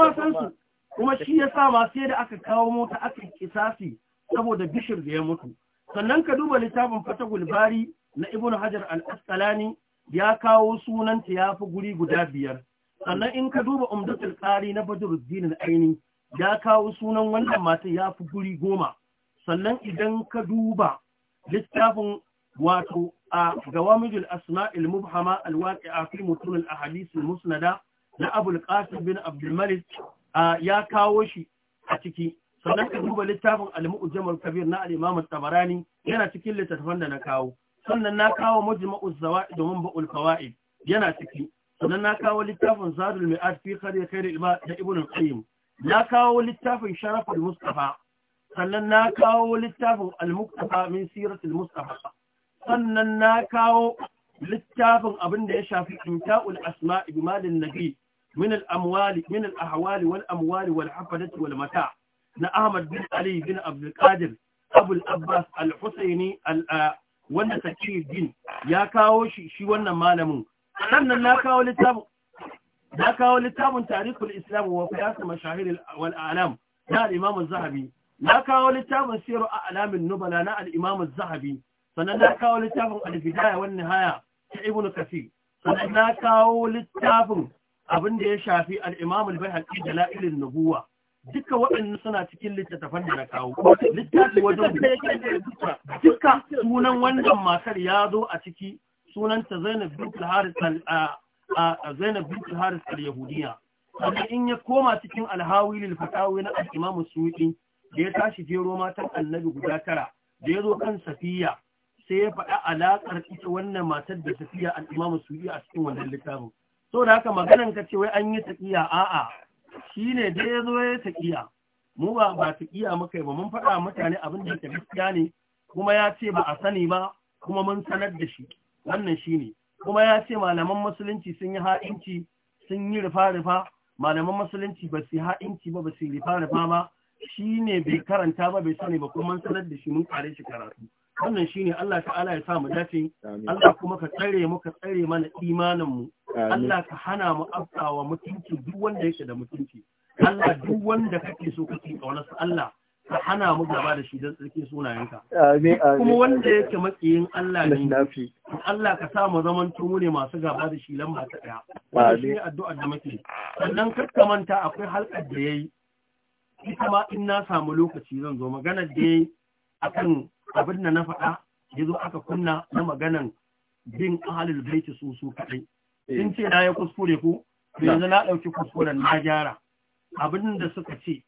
an san su kuma shi ya sa ma sai da aka kawo mota aka kisasi saboda bishir da ya mutu sannan ka duba littafin fatagul bari na ibn hajar al-asqalani ya kawo sunanta ya fi guri guda biyar sannan in ka duba umdatul qari na badruddin al-aini ya kawo sunan wannan mata ya fi guri goma sannan idan ka duba littafin wato a gawamijul asma'il mubhama al-waqi'a fi mutun al-ahadith al-musnada na abul qasim bin abdul malik ya kawo shi a ciki sannan ka duba littafin al Jamal kabir na al-imam tabarani yana cikin littattafan da na kawo sannan na kawo majma'u zawaid da munba'ul fawaid yana ciki sannan na kawo littafin zadul mi'ad fi khair khair al da ibn qayyim na kawo littafin sharaf al-mustafa sannan na kawo littafin al-muqtafa min sirat al-mustafa sannan na kawo littafin abin da ya shafi imta'ul asma'i bimalin nabi min al-amwali min al-ahwali wal amwali wal hafadati wal mata' na Ahmad bin Ali bin Abdul Qadir Abul Abbas Al-Husaini wanda Taqiyuddin ya kawo shi shi wannan malamin sannan na kawo littafin na kawo littafin Tarikhul Islam wa Qiyas Mashahir wal A'lam na Imam zahabi na kawo littafin Siru A'lamin Nubala na al-Imam zahabi sannan na kawo littafin Al-Bidaya wan Nihaya ta Ibn Kathir sannan na kawo littafin abin da ya shafi al-Imam Al-Baihaqi da La'ilin Nubuwa duka waɗannan suna cikin littattafan da na kawo littafi wajen duka sunan wannan matar ya zo a ciki sunanta Zainab bint Haris a Zainab bint Haris al-Yahudiya sannan in ya koma cikin alhawi lil fatawi na al-Imam da ya tashi jero matan Annabi guda tara da ya zo kan Safiya sai ya faɗa alaƙar ita wannan matar da Safiya al-Imam Suyuti a cikin wannan littafin so da haka maganan ka ce wai an yi taqiya a'a shi ne da ya zo ya taƙiya mu ba ba taƙiya muka yi ba mun faɗa mutane abin da ke gaskiya ne kuma ya ce ba a sani ba kuma mun sanar da shi wannan shi ne kuma ya ce malaman musulunci sun yi ha'inci sun yi rufa-rufa malaman musulunci ba su ha'inci ba ba su rufa-rufa ba shi ne bai karanta ba bai sani ba kuma mun sanar da shi mun kare shi karatu wannan shi ne Allah ta'ala ya sa mu dace Allah kuma ka tsare mu ka tsare mana imanin mu Allah ka hana mu afkawa mutunci duk wanda yake da mutunci Allah duk wanda kake so kake kaunarsa Allah ka hana mu gaba da shi don tsarki sunayenka. Kuma wanda yake matsayin Allah ne, Allah ka sa mu zaman tumu ne masu gaba da shi lamba ta ɗaya. Wanda shi ne addu'ar da muke. Sannan kakka manta akwai halkar da ya yi, ita ma in na samu lokaci zan zo maganar da ya yi a abin da na faɗa ya zo aka kunna na maganan bin ahalul baiti su su kaɗai eh. sun ce na ya kuskure ko yanzu na ɗauki kuskuren na gyara abin da suka ce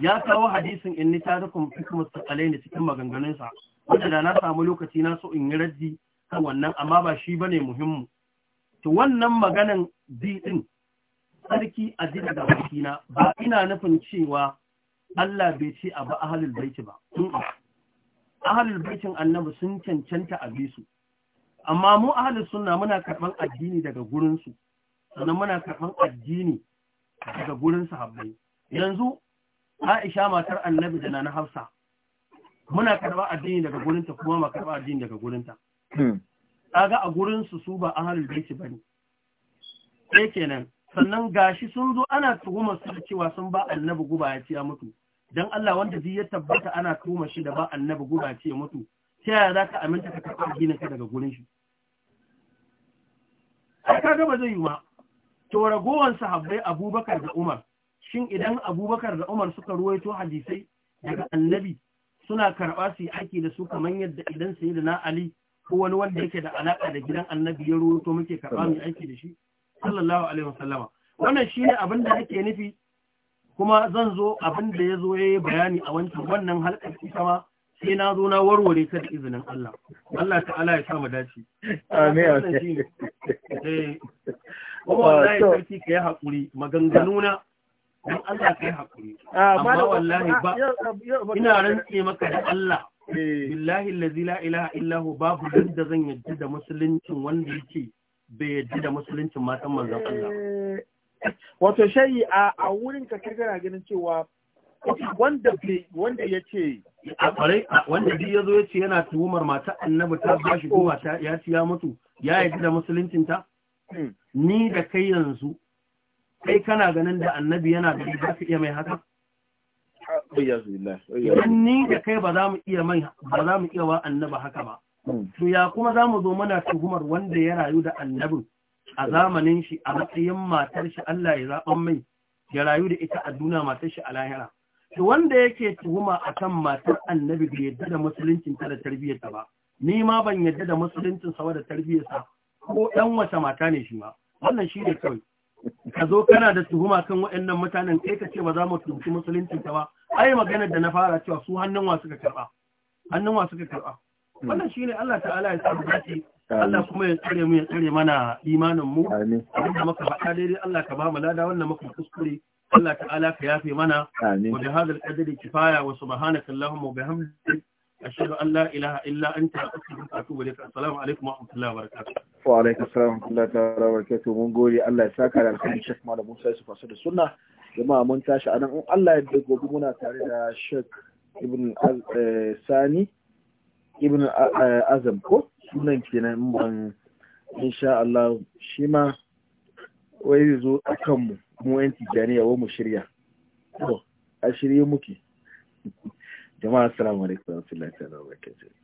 ya kawo hadisin in ni tarikum fikum mustaqalai ne cikin maganganunsa wanda da na samu lokaci na so in yi raddi kan wannan amma ba shi bane muhimmu to wannan maganan bi ɗin, sarki a jiɗa da wakina ba ina nufin cewa Allah bai ce a ba ahalul baiti ba ahalul baitin annabi sun cancanta a bisu amma mu ahalul sunna muna karban addini daga gurin su sannan muna karban addini daga gurin sahabbai yanzu Aisha matar annabi da Nana Hafsa muna karban addini daga gurinta kuma ma karban addini daga gurinta hmm. kaga a gurin su su ba ahalul baiti bane sai kenan sannan gashi sun zo ana tuhumar su cewa sun ba annabi guba ya ci ya mutu dan Allah wanda zai ya tabbata ana tuma shi da ba annabi guba ce ya mutu ta yaya za ka aminta ka karɓar ginin ka daga gurin shi ai ka ga ba zai yi ma to ragowan sahabbai Abubakar da Umar shin idan Abubakar da Umar suka ruwaito hadisai daga annabi suna karɓa su yi aiki da su kamar yadda idan sai da na Ali ko wani wanda yake da alaƙa da gidan annabi ya ruwaito muke karɓa mu aiki da shi sallallahu alaihi wasallama wannan shine abin da ake nufi kuma zan zo abin da ya zo ya yi bayani a wancan wannan halkar ita ma sai na zo na warware ta da izinin Allah Allah ta'ala ya sa mu dace amin eh, kuma oh, wallahi sarki ka yi hakuri maganganuna Don Allah ka yi hakuri ah, amma wallahi ba ah, ina rantse maka da Allah eh. billahi lazi la ilaha babu hu babu da zan yadda da musuluncin wanda yake bai yadda da musuluncin matan manzan Allah eh, wato shayi a wurin ka kai kana ganin cewa wanda wanda ya ce a kwarai wanda duk ya zo ya ce yana tuhumar mata annabi ta ba shi kuma oh. ta ya ci ya mutu ya yi da musuluncinta hmm. ni da kai yanzu kai kana ganin da annabi yana da ba ka iya mai haka idan ni da kai ba za mu iya mai ba za mu iya wa annabi haka ba hmm. to ya kuma za mu zo mana tuhumar wanda ya rayu da annabin a zamanin shi a matsayin matar shi Allah ya zaɓan mai ya rayu da ita a duna matar shi a lahira to wanda yake tuhuma kan matar annabi bai yadda da musuluncin ta da tarbiyyarta ba ni ma ban yadda da musuluncin sa da tarbiyyarsa ko ɗan wata mata ne shi ma wannan shi ne kawai ka zo kana da tuhuma kan waɗannan mutanen kai ka ce ba za mu tuhumci musuluncin ta ba ai maganar da na fara cewa su hannun wa suka karɓa? hannun wa suka karɓa? wannan shi ne Allah ta'ala ya sa mu dace Allah kuma ya tsare mu ya tsare mana imanin mu abinda muka faɗa daidai Allah ka ba mu lada wannan muka kuskure Allah ta'ala ka yafe mana wa bi hadal qadri kifaya wa subhanaka allahumma wa bihamdika ashhadu an la ilaha illa anta astaghfiruka wa atubu ilayk assalamu alaikum wa rahmatullahi wa barakatuh wa alaikum assalam wa rahmatullahi wa barakatuh mun gode Allah ya saka da alkhairi Sheikh Malam Musa Yusuf da sunna jama'a mun tashi anan in Allah ya yarda gobe muna tare da Sheikh Ibn eh, Sani Ibn eh, Azam ko sunan kenan ban insha Allah shi ma wai zo a kanmu mu yan tijjani wa mu shirya to a shirye muke jama'a assalamu alaikum wa rahmatullahi wa barakatuh